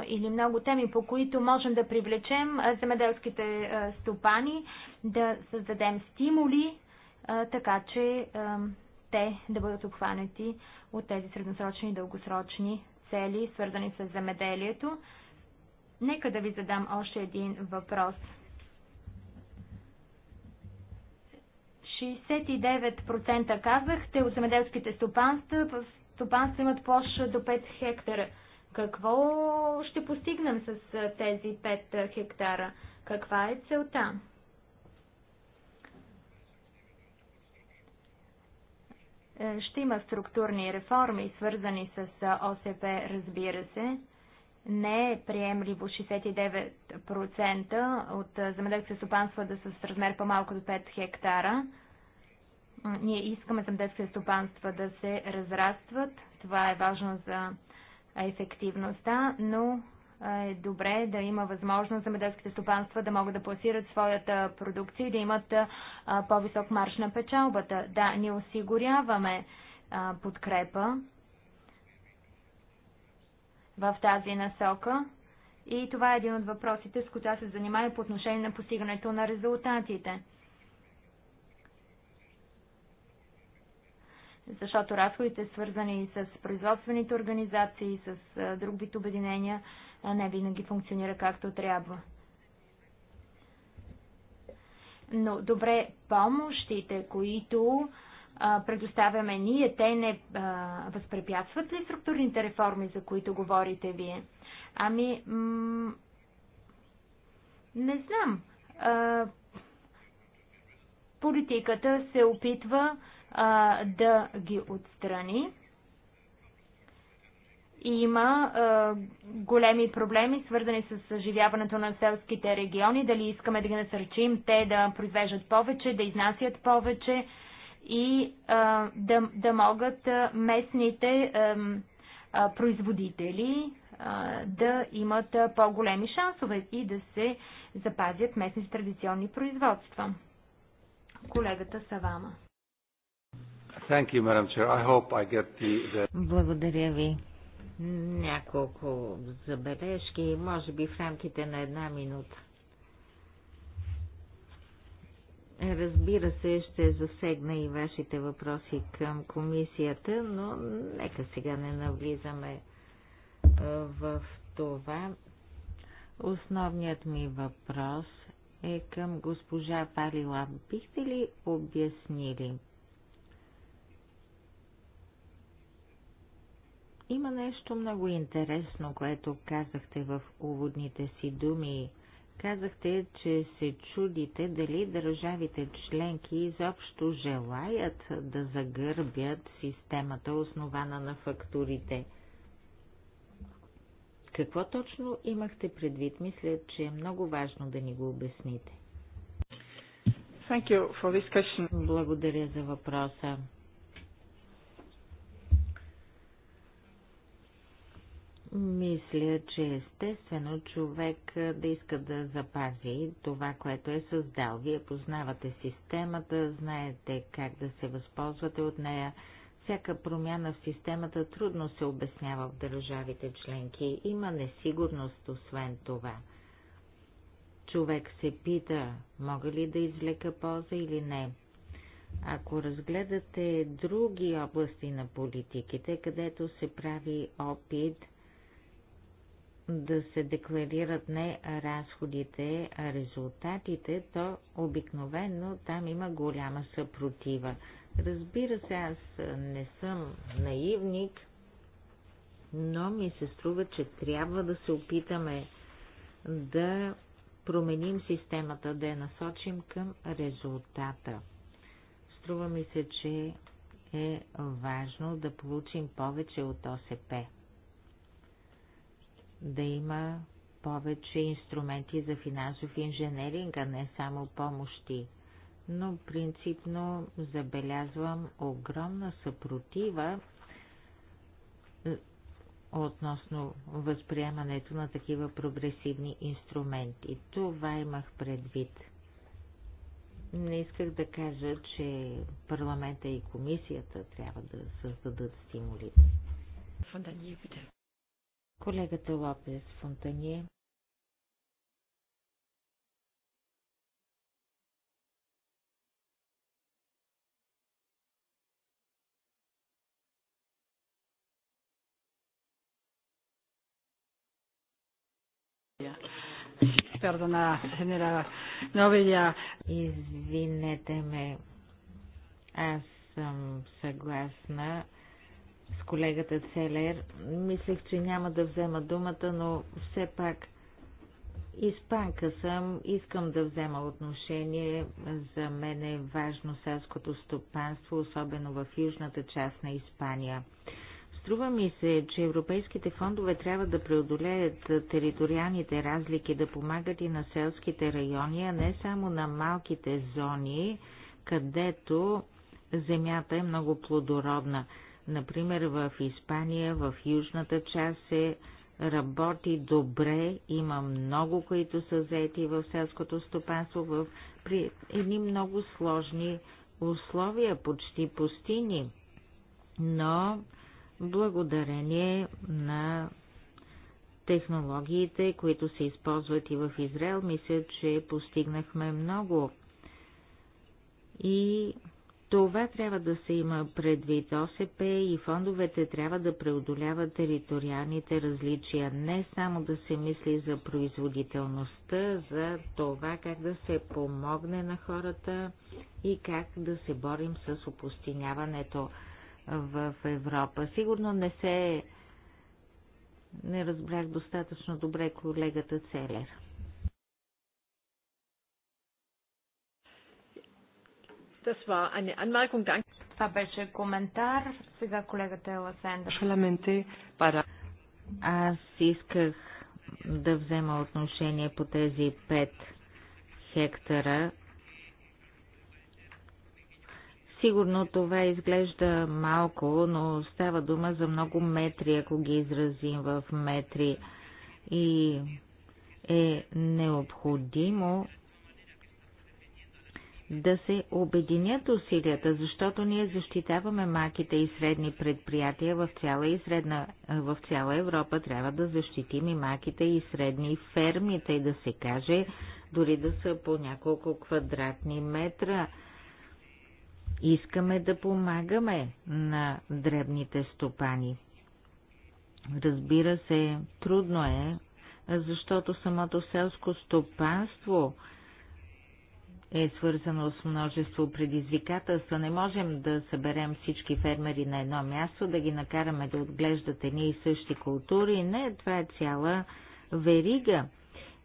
или много теми, по които можем да привлечем земеделските стопани, да създадем стимули, така че те да бъдат обхванати от тези средносрочни и дългосрочни цели, свързани с земеделието. Нека да ви задам още един въпрос. 69% казахте от земеделските стопанства, стопанства имат площ до 5 хектара. Какво ще постигнем с тези 5 хектара? Каква е целта? Е, ще има структурни реформи, свързани с ОСП, разбира се. Не е приемливо 69% от земеделските стопанства да са с размер по-малко от 5 хектара. Ние искаме земеделските стопанства да се разрастват. Това е важно за ефективността, но е добре да има възможност земеделските стопанства да могат да пласират своята продукция и да имат по-висок марш на печалбата. Да, ние осигуряваме подкрепа в тази насока. И това е един от въпросите, с които се занимава по отношение на постигането на резултатите. защото разходите, свързани с производствените организации, с друг вид обединения, не винаги функционира както трябва. Но добре, помощите, които предоставяме ние, те не а, възпрепятстват ли структурните реформи, за които говорите вие? Ами, не знам. А, политиката се опитва а, да ги отстрани. Има а, големи проблеми, свързани с съживяването на селските региони. Дали искаме да ги насърчим те да произвеждат повече, да изнасят повече и а, да, да могат местните а, а, производители а, да имат по-големи шансове и да се запазят местните традиционни производства. Колегата Савама. Благодаря ви. Няколко забележки, може би в рамките на една минута. Разбира се, ще засегна и вашите въпроси към комисията, но нека сега не навлизаме е, в това. Основният ми въпрос е към госпожа Парила. Бихте ли обяснили Има нещо много интересно, което казахте в уводните си думи. Казахте, че се чудите дали държавите членки изобщо желаят да загърбят системата, основана на фактурите. Какво точно имахте предвид? Мисля, че е много важно да ни го обясните. Thank you for this question. Благодаря за въпроса. Мисля, че естествено човек да иска да запази това, което е създал. Вие познавате системата, знаете как да се възползвате от нея. Всяка промяна в системата трудно се обяснява в държавите членки. Има несигурност освен това. Човек се пита, мога ли да извлека полза или не. Ако разгледате други области на политиките, където се прави опит – да се декларират не разходите, а резултатите, то обикновено там има голяма съпротива. Разбира се, аз не съм наивник, но ми се струва, че трябва да се опитаме да променим системата, да я насочим към резултата. Струва ми се, че е важно да получим повече от ОСП да има повече инструменти за финансов инженеринг, а не само помощи. Но принципно забелязвам огромна съпротива е, относно възприемането на такива прогресивни инструменти. Това имах предвид. Не исках да кажа, че парламента и комисията трябва да създадат стимулите. Колегата Лопес Фонтание. Perdona, señora Новия. Извинете ме. Аз съм съгласна с колегата Целер. Мислех, че няма да взема думата, но все пак испанка съм. Искам да взема отношение. За мен е важно селското стопанство, особено в южната част на Испания. Струва ми се, че европейските фондове трябва да преодолеят териториалните разлики, да помагат и на селските райони, а не само на малките зони, където земята е много плодородна. Например, в Испания, в южната част се работи добре, има много, които са заети в селското стопанство в, при едни много сложни условия, почти пустини, но благодарение на технологиите, които се използват и в Израел, мисля, че постигнахме много. И това трябва да се има предвид. ОСП и фондовете трябва да преодоляват териториалните различия, не само да се мисли за производителността, за това как да се помогне на хората и как да се борим с опустиняването в Европа. Сигурно не се не разбрах достатъчно добре колегата Целер. Das war eine Anmerkung. Danke. Това беше коментар. Сега колегата е Шаламенте, Аз исках да взема отношение по тези 5 хектара. Сигурно това изглежда малко, но става дума за много метри, ако ги изразим в метри. И е необходимо да се обединят усилията, защото ние защитаваме малките и средни предприятия в цяла, и средна, в цяла Европа. Трябва да защитим и малките и средни ферми, тъй да се каже, дори да са по няколко квадратни метра. Искаме да помагаме на дребните стопани. Разбира се, трудно е, защото самото селско стопанство – е свързано с множество предизвикателства. Не можем да съберем всички фермери на едно място, да ги накараме да отглеждат едни и същи култури. Не, това е цяла верига.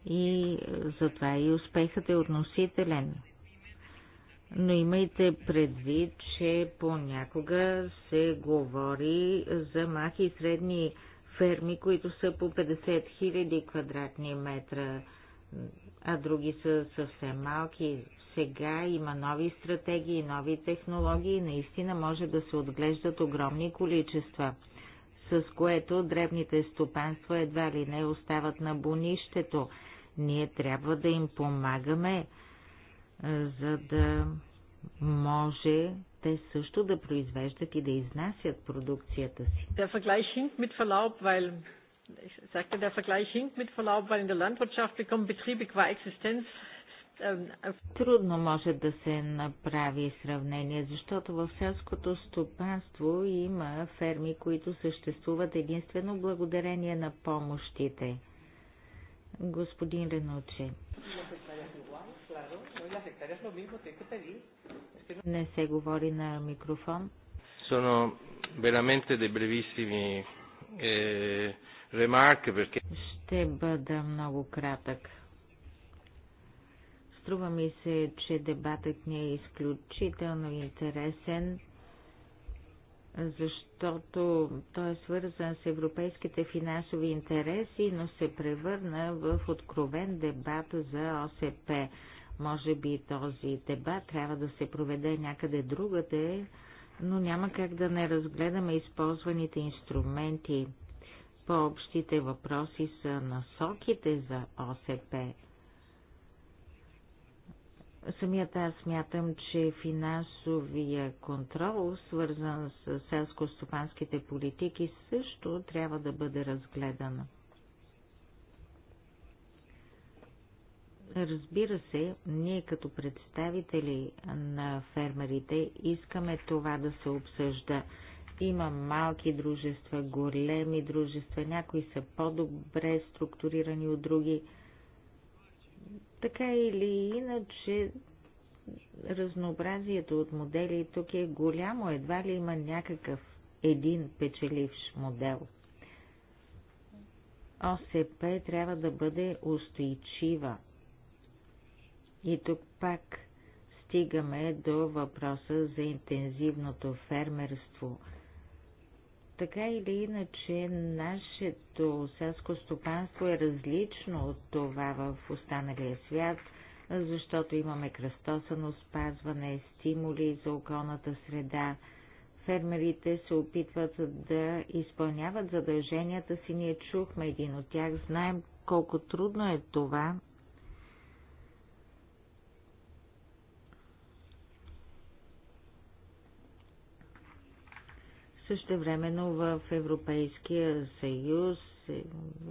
И е, затова и успехът е относителен. Но имайте предвид, че понякога се говори за махи и средни ферми, които са по 50 000 квадратни метра а други са съвсем малки. Сега има нови стратегии, нови технологии и наистина може да се отглеждат огромни количества, с което дребните стопанства едва ли не остават на бунището. Ние трябва да им помагаме, за да може те също да произвеждат и да изнасят продукцията си. Der Vergleich hinkt mit Verlaub, weil ich sagte, der Vergleich hinkt mit Verlaub, weil in der Landwirtschaft bekommen Betriebe qua Existenz ähm, äh, Трудно може да се направи сравнение, защото в селското стопанство има ферми, които съществуват единствено благодарение на помощите. Господин Ренуче. Не се говори на микрофон. Sono veramente dei brevissimi eh, ще бъда много кратък. Струва ми се, че дебатът ни е изключително интересен, защото той е свързан с европейските финансови интереси, но се превърна в откровен дебат за ОСП. Може би този дебат трябва да се проведе някъде другаде, но няма как да не разгледаме използваните инструменти – по-общите въпроси са насоките за ОСП. Самият аз смятам, че финансовия контрол, свързан с селско-стопанските политики, също трябва да бъде разгледан. Разбира се, ние като представители на фермерите искаме това да се обсъжда има малки дружества, големи дружества, някои са по-добре структурирани от други. Така или иначе, разнообразието от модели тук е голямо, едва ли има някакъв един печеливш модел. ОСП трябва да бъде устойчива. И тук пак стигаме до въпроса за интензивното фермерство. Така или иначе, нашето селско стопанство е различно от това в останалия свят, защото имаме кръстосано спазване, стимули за околната среда. Фермерите се опитват да изпълняват задълженията си. Ние чухме един от тях. Знаем колко трудно е това Същевременно в Европейския съюз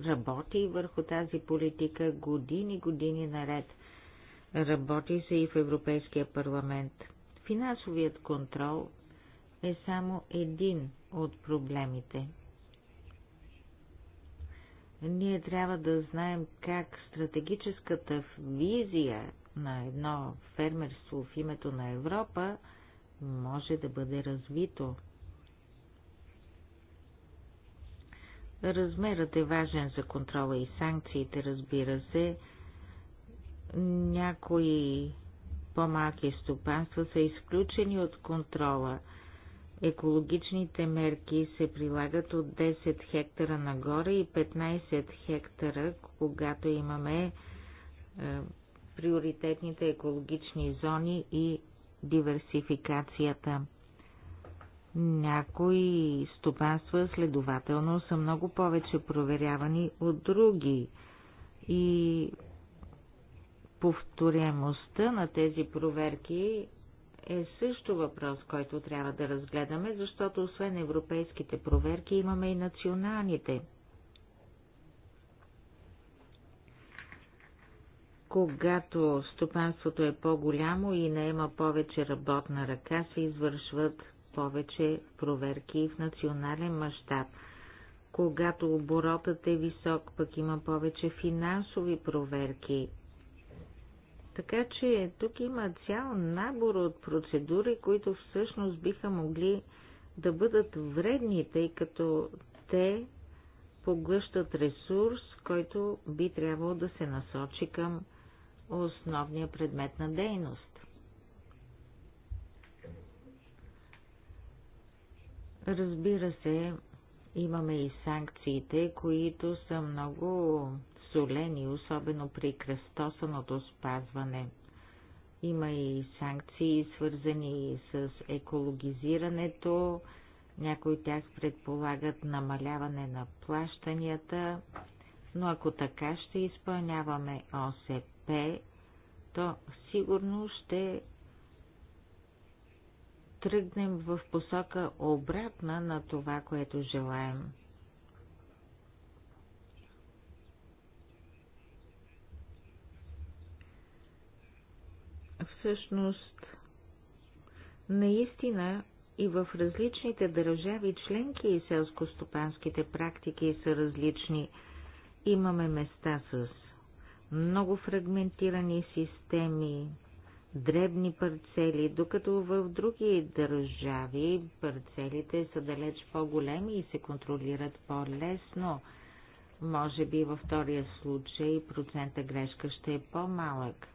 работи върху тази политика години, години наред. Работи се и в Европейския парламент. Финансовият контрол е само един от проблемите. Ние трябва да знаем как стратегическата визия на едно фермерство в името на Европа може да бъде развито. Размерът е важен за контрола и санкциите, разбира се. Някои по-малки стопанства са изключени от контрола. Екологичните мерки се прилагат от 10 хектара нагоре и 15 хектара, когато имаме е, приоритетните екологични зони и диверсификацията. Някои стопанства следователно са много повече проверявани от други и повторяемостта на тези проверки е също въпрос, който трябва да разгледаме, защото освен европейските проверки имаме и националните. Когато стопанството е по-голямо и не има повече работна ръка, се извършват повече проверки в национален мащаб. Когато оборотът е висок, пък има повече финансови проверки. Така че тук има цял набор от процедури, които всъщност биха могли да бъдат вредни, тъй като те поглъщат ресурс, който би трябвало да се насочи към основния предмет на дейност. Разбира се, имаме и санкциите, които са много солени, особено при кръстосаното спазване. Има и санкции, свързани с екологизирането. Някои от тях предполагат намаляване на плащанията, но ако така ще изпълняваме ОСП, то сигурно ще тръгнем в посока обратна на това, което желаем. Всъщност, наистина и в различните държави членки и селско-стопанските практики са различни. Имаме места с много фрагментирани системи, дребни парцели, докато в други държави парцелите са далеч по-големи и се контролират по-лесно. Може би във втория случай процента грешка ще е по-малък.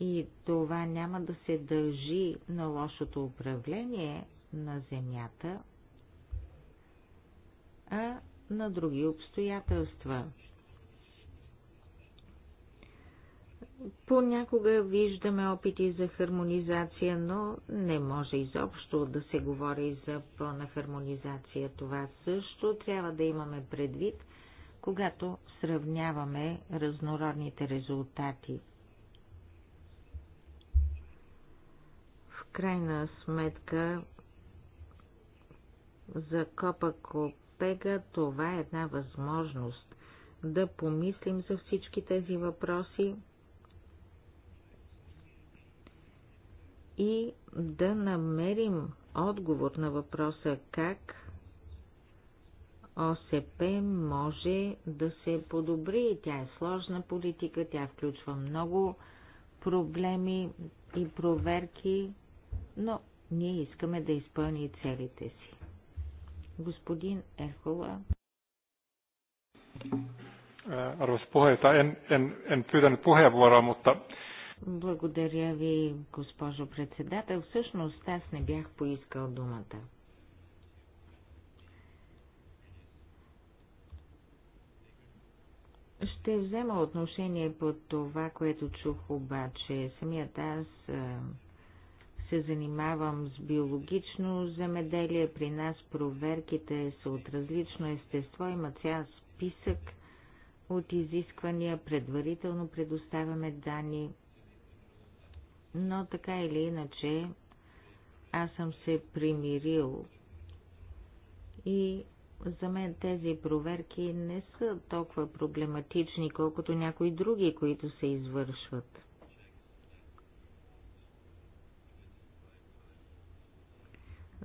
И това няма да се дължи на лошото управление на земята, а на други обстоятелства. Понякога виждаме опити за хармонизация, но не може изобщо да се говори за пълна хармонизация. Това също трябва да имаме предвид, когато сравняваме разнородните резултати. В крайна сметка за Копа Копега това е една възможност да помислим за всички тези въпроси, и да намерим отговор на въпроса как ОСП може да се подобри. Тя е сложна политика, тя включва много проблеми и проверки, но ние искаме да изпълни целите си. Господин Ехова. Е, Arvoisa puheenjohtaja, en, en, en pyytänyt puheenvuoroa, mutta благодаря ви, госпожо председател. Всъщност аз не бях поискал думата. Ще взема отношение по това, което чух обаче. Самият аз се занимавам с биологично земеделие. При нас проверките са от различно естество. Има цял списък от изисквания. Предварително предоставяме данни но така или иначе аз съм се примирил и за мен тези проверки не са толкова проблематични, колкото някои други, които се извършват.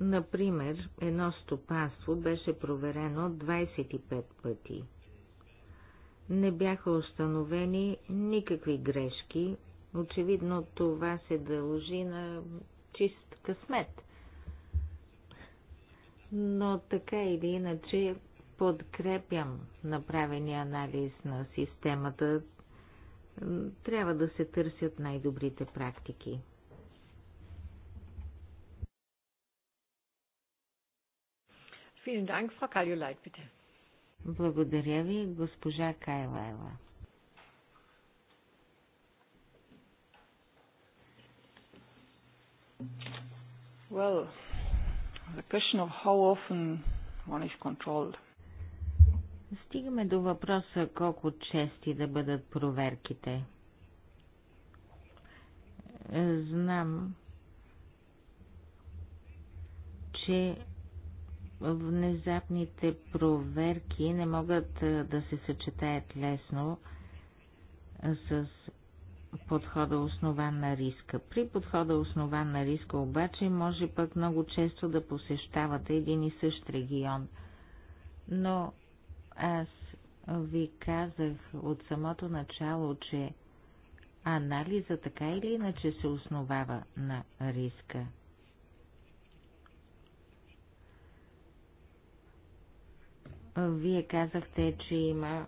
Например, едно стопанство беше проверено 25 пъти. Не бяха установени никакви грешки, Очевидно това се дължи на чист късмет. Но така или иначе подкрепям направения анализ на системата. Трябва да се търсят най-добрите практики. Благодаря ви, госпожа Кайлаева. Well, the question of how often one is controlled. Стигаме до въпроса колко чести да бъдат проверките. Е, знам, че внезапните проверки не могат е, да се съчетаят лесно с подхода основан на риска. При подхода основан на риска обаче може пък много често да посещавате един и същ регион. Но аз ви казах от самото начало, че анализа така или иначе се основава на риска. Вие казахте, че има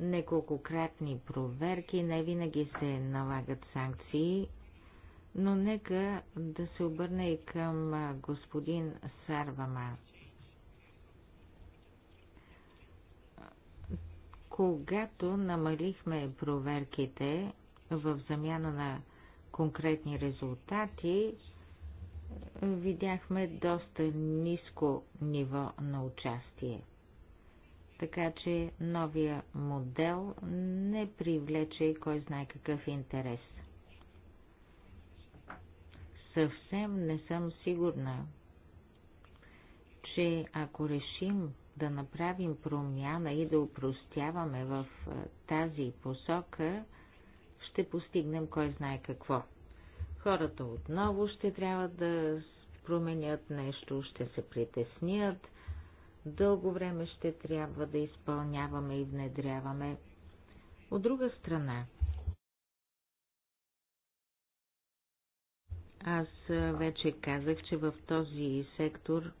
неколкократни проверки, не винаги се налагат санкции, но нека да се обърне и към господин Сарвама. Когато намалихме проверките в замяна на конкретни резултати, видяхме доста ниско ниво на участие така че новия модел не привлече кой знае какъв интерес. Съвсем не съм сигурна, че ако решим да направим промяна и да упростяваме в тази посока, ще постигнем кой знае какво. Хората отново ще трябва да променят нещо, ще се притеснят – дълго време ще трябва да изпълняваме и внедряваме. От друга страна, аз вече казах, че в този сектор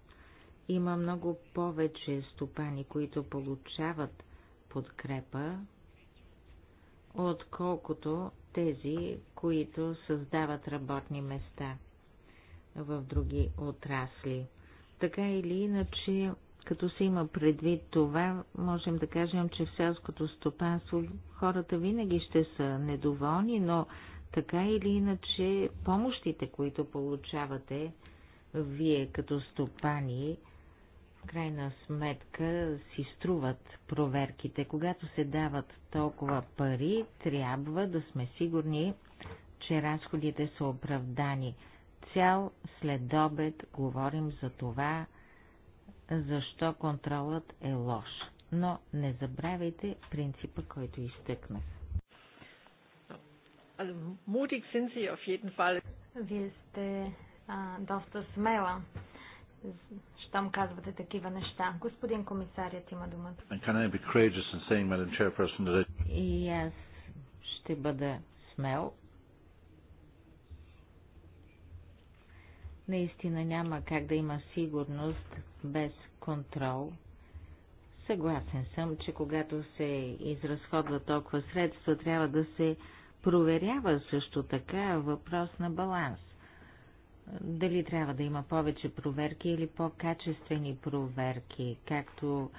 има много повече стопани, които получават подкрепа, отколкото тези, които създават работни места в други отрасли. Така или иначе, като се има предвид това, можем да кажем, че в селското стопанство хората винаги ще са недоволни, но така или иначе помощите, които получавате вие като стопани, в крайна сметка си струват проверките. Когато се дават толкова пари, трябва да сме сигурни, че разходите са оправдани. Цял следобед говорим за това, защо контролът е лош. Но не забравяйте принципа, който изтъкнах. Вие сте а, доста смела, щом казвате такива неща. Господин комисарят има думата. И аз ще бъда смел Наистина няма как да има сигурност без контрол. Съгласен съм, че когато се изразходва толкова средства, трябва да се проверява също така въпрос на баланс. Дали трябва да има повече проверки или по-качествени проверки, както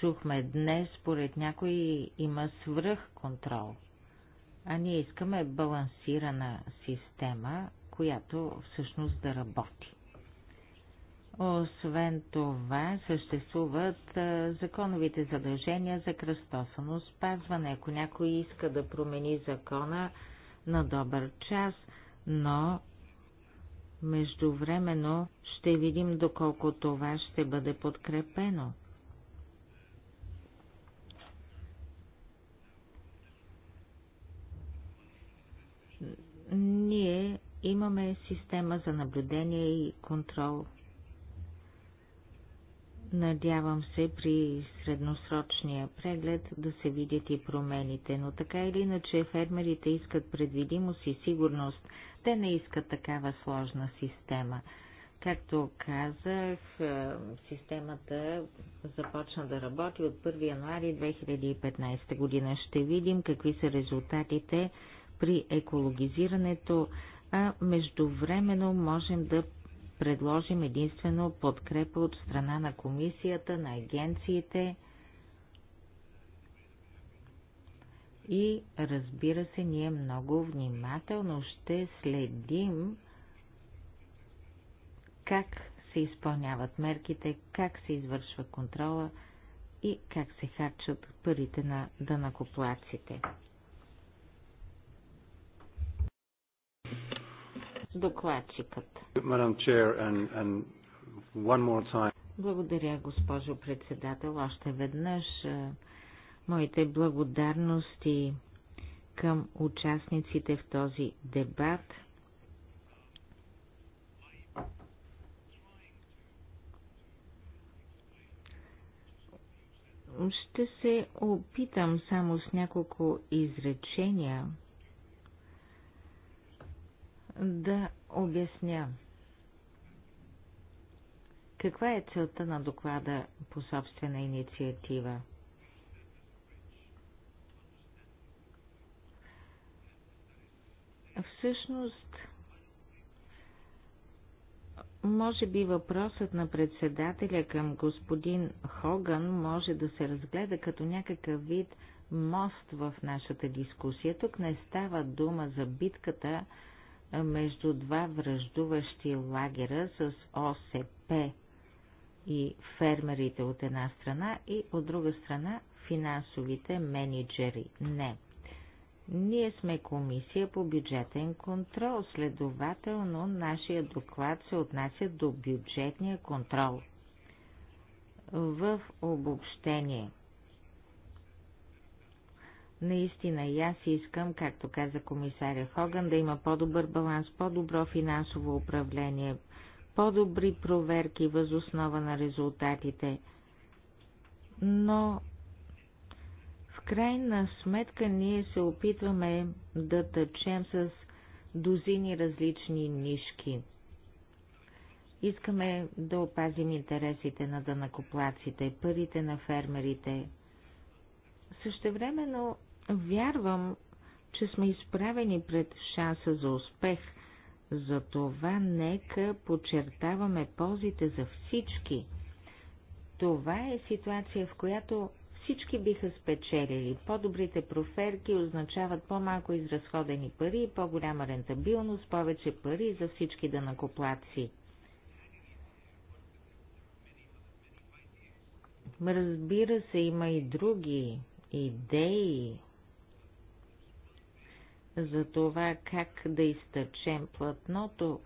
чухме днес, според някои има свръх контрол. А ние искаме балансирана система, която всъщност да работи. Освен това, съществуват законовите задължения за кръстосано спазване. Ако някой иска да промени закона на добър час, но междувременно ще видим доколко това ще бъде подкрепено. Ние имаме система за наблюдение и контрол. Надявам се при средносрочния преглед да се видят и промените, но така или иначе фермерите искат предвидимост и сигурност. Те не искат такава сложна система. Както казах, е, системата започна да работи от 1 януари 2015 година. Ще видим какви са резултатите при екологизирането, а междувременно можем да предложим единствено подкрепа от страна на комисията, на агенциите и разбира се, ние много внимателно ще следим как се изпълняват мерките, как се извършва контрола и как се харчат парите на дънакоплаците. докладчикът. Благодаря, госпожо председател. Още веднъж е, моите благодарности към участниците в този дебат. Ще се опитам само с няколко изречения да обясня. Каква е целта на доклада по собствена инициатива? Всъщност, може би въпросът на председателя към господин Хоган може да се разгледа като някакъв вид мост в нашата дискусия. Тук не става дума за битката между два връждуващи лагера с ОСП и фермерите от една страна и от друга страна финансовите менеджери. Не. Ние сме комисия по бюджетен контрол, следователно нашия доклад се отнася до бюджетния контрол. В обобщение – Наистина и аз искам, както каза комисаря Хоган, да има по-добър баланс, по-добро финансово управление, по-добри проверки възоснова на резултатите. Но в крайна сметка ние се опитваме да тъчем с дозини различни нишки. Искаме да опазим интересите на дънакоплаците, парите на фермерите. Същевременно Вярвам, че сме изправени пред шанса за успех, затова нека подчертаваме ползите за всички. Това е ситуация, в която всички биха спечелили. По-добрите проферки означават по-малко изразходени пари, по-голяма рентабилност, повече пари за всички данакоплаци. Разбира се, има и други идеи, за това как да изтъчем платното,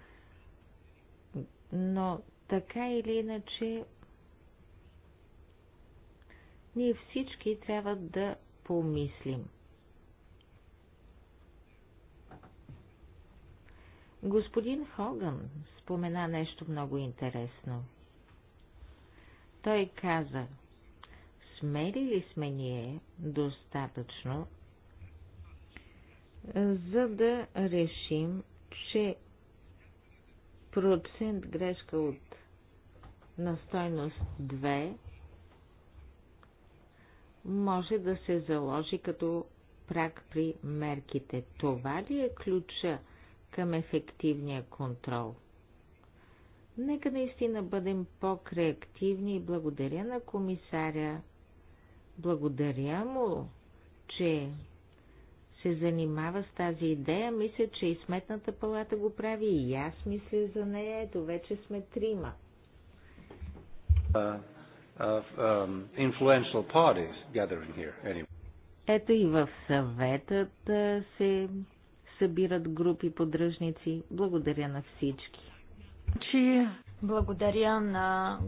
но така или иначе ние всички трябва да помислим. Господин Хоган спомена нещо много интересно. Той каза, смели ли сме ние достатъчно за да решим, че процент грешка от настойност 2 може да се заложи като прак при мерките. Това ли е ключа към ефективния контрол? Нека наистина бъдем по-креативни и благодаря на комисаря. Благодаря му, че се занимава с тази идея. Мисля, че и Сметната палата го прави, и аз мисля за нея. Ето вече сме трима. Uh, uh, um, anyway. Ето и в съветът се събират групи подръжници. Благодаря на всички. Благодаря на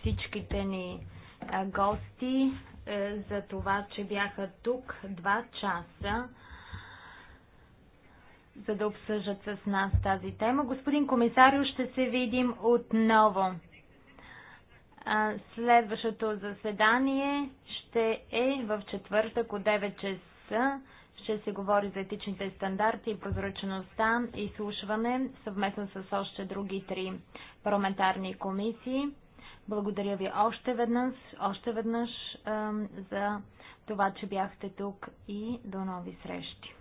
всичките ни гости. Е, за това, че бяха тук два часа, за да обсъждат с нас тази тема. Господин комисарио, ще се видим отново. Следващото заседание ще е в четвъртък от 9 часа. Ще се говори за етичните стандарти и прозрачността и слушване съвместно с още други три парламентарни комисии. Благодаря ви още веднъж, още веднъж за това, че бяхте тук и до нови срещи.